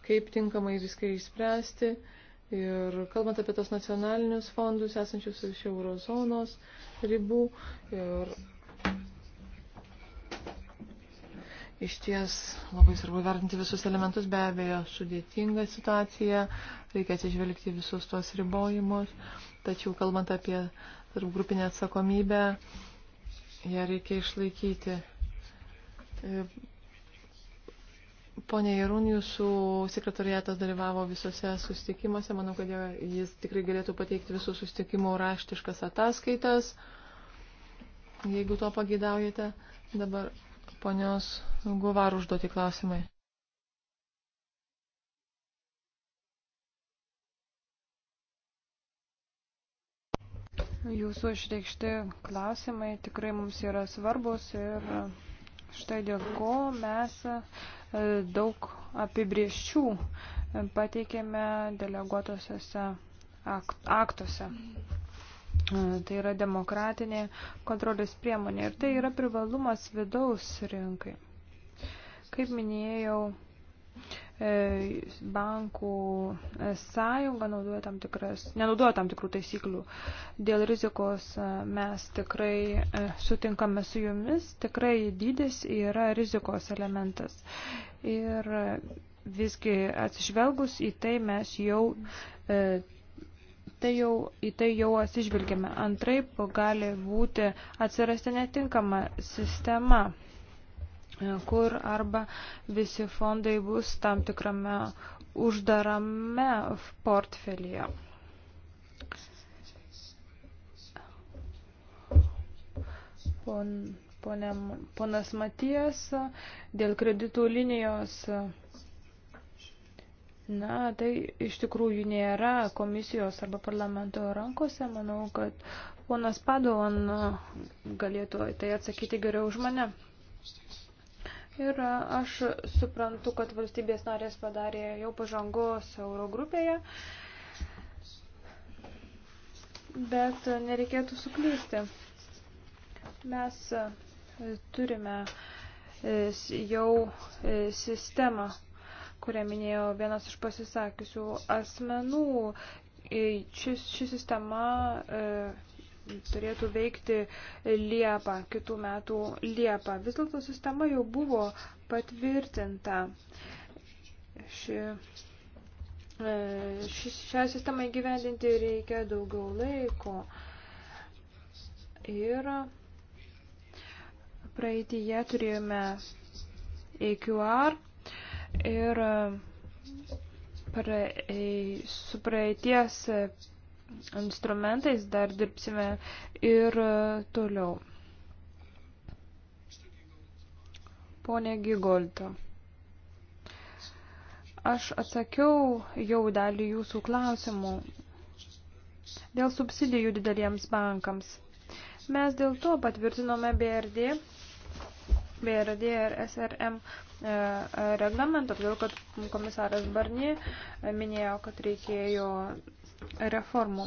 kaip tinkamai viską išspręsti. Ir kalbant apie tos nacionalinius fondus, esančius iš eurozonos ribų. Ir iš ties labai svarbu vertinti visus elementus, be abejo, sudėtinga situacija, reikia atsižvelgti visus tuos ribojimus. Tačiau kalbant apie tarp grupinę atsakomybę, ją reikia išlaikyti. Ir e, Pone Jarūn, jūsų sekretariatas dalyvavo visose susitikimuose. Manau, kad jis tikrai galėtų pateikti visų susitikimų raštiškas ataskaitas, jeigu to pagidaujate. Dabar ponios Guvar užduoti klausimai. Jūsų išreikšti klausimai tikrai mums yra svarbus ir štai dėl ko mes E, daug apibrieščių e, pateikėme deleguotosiuose aktuose. E, tai yra demokratinė kontrolės priemonė ir tai yra privalumas vidaus rinkai. Kaip minėjau, E, bankų e, sąjunga naudoja tam tikras, nenaudoja tam tikrų taisyklių. Dėl rizikos e, mes tikrai sutinkame su jumis, tikrai dydis yra rizikos elementas. Ir visgi atsižvelgus į tai mes jau, tai jau į tai jau atsižvelgiame. Antraip gali būti atsirasti netinkama sistema kur arba visi fondai bus tam tikrame uždarame portfelyje. Pon, ponė, ponas Matijas dėl kreditų linijos. Na, tai iš tikrųjų nėra komisijos arba parlamento rankose. Manau, kad ponas Padovan galėtų tai atsakyti geriau už mane. Ir aš suprantu, kad valstybės narės padarė jau pažangos Eurogrupėje, bet nereikėtų suklysti. Mes turime e, jau e, sistemą, kurią minėjo vienas iš pasisakiusių asmenų. E, ši, ši sistema turėtų veikti Liepą, kitų metų Liepą. Vis dėlto sistema jau buvo patvirtinta. Ši, e, ši, šią sistemą įgyvendinti reikia daugiau laiko. Ir praeitįje turėjome AQR ir e, pra, e, su praeities instrumentais dar dirbsime ir e, toliau. Pone Gigolta. Aš atsakiau jau dalį jūsų klausimų dėl subsidijų dideliems bankams. Mes dėl to patvirtinome BRD, BRD ir SRM e, reglamentą, todėl kad komisaras Barni minėjo, kad reikėjo reformų.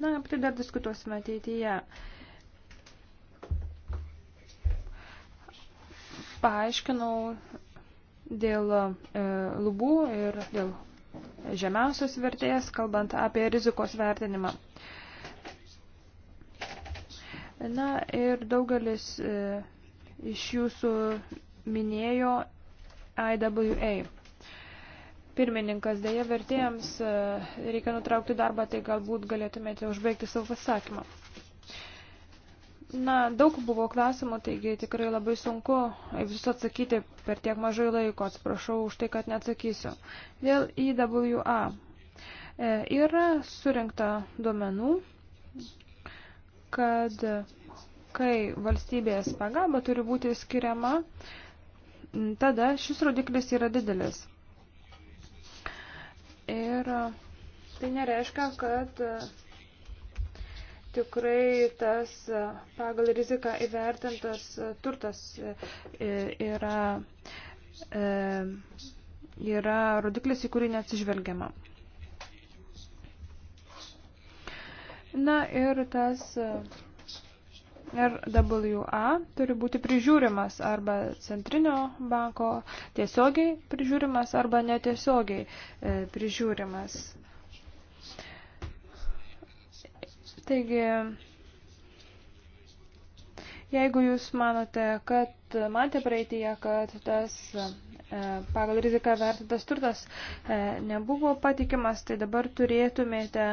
Na, apie tai dar diskutuosime ateityje. Paaiškinau dėl e, lubų ir dėl žemiausios vertės, kalbant apie rizikos vertinimą. Na ir daugelis e, iš jūsų minėjo IWA. Pirmininkas, dėja vertėjams e, reikia nutraukti darbą, tai galbūt galėtumėte užbaigti savo pasakymą. Na, daug buvo klausimų, taigi tikrai labai sunku visus atsakyti per tiek mažai laiko. Atsiprašau už tai, kad neatsakysiu. Dėl IWA. E, yra surinkta duomenų, kad kai valstybės pagalba turi būti skiriama, tada šis rodiklis yra didelis. Ir e, tai nereiškia, kad e, tikrai tas e, pagal riziką įvertintas turtas yra, yra rodiklis, į kurį neatsižvelgiama. Na ir tas RWA turi būti prižiūrimas arba centrinio banko tiesiogiai prižiūrimas arba netiesiogiai e, prižiūrimas. Taigi, jeigu jūs manote, kad matė praeitėje, kad tas e, pagal riziką vertintas turtas e, nebuvo patikimas, tai dabar turėtumėte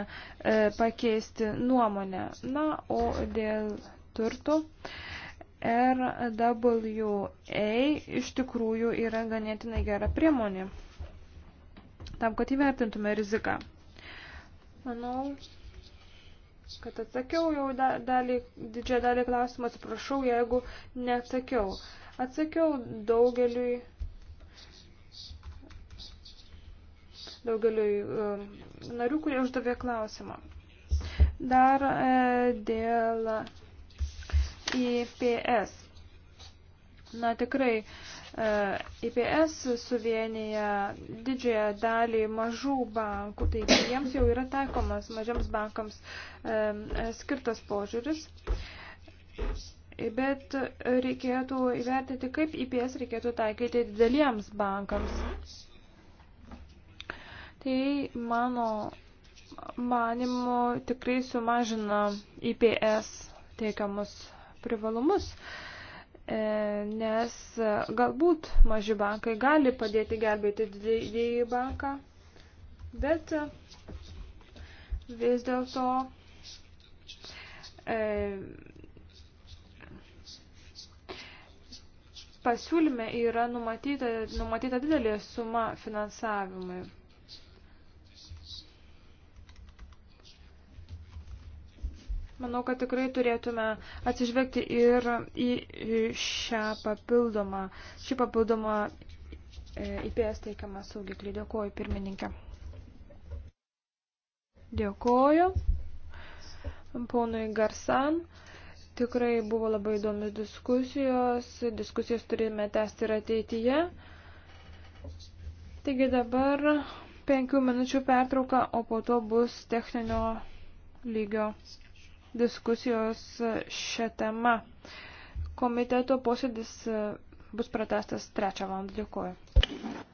pakeisti nuomonę. Na, o dėl turtų. RWA iš tikrųjų yra ganėtinai gera priemonė tam, kad įvertintume riziką. Manau, kad atsakiau jau dalį, didžiąją dalį klausimą, atsiprašau, jeigu neatsakiau. Atsakiau daugeliui, daugeliui um, narių, kurie uždavė klausimą. Dar e, dėl IPS. Na tikrai, IPS e, suvienyje didžiąją dalį mažų bankų, tai jiems jau yra taikomas mažiams bankams e, skirtas požiūris. Bet reikėtų įvertinti, kaip IPS reikėtų taikyti dideliems bankams. Tai mano manimu tikrai sumažina IPS teikiamus privalumus, e, nes galbūt maži bankai gali padėti gelbėti didįjį banką, bet vis dėlto e, pasiūlyme yra numatyta, numatyta didelė suma finansavimui. Manau, kad tikrai turėtume atsižvelgti ir į šią papildomą, šį papildomą e, IPS teikiamą saugiklį. Dėkuoju, pirmininkė. Dėkuoju. Ponui Garsan. Tikrai buvo labai įdomios diskusijos. Diskusijos turime tęsti ir ateityje. Taigi dabar penkių minučių pertrauka, o po to bus techninio lygio diskusijos šią temą. Komiteto posėdis bus pratestas trečią valandą. Dėkuoju.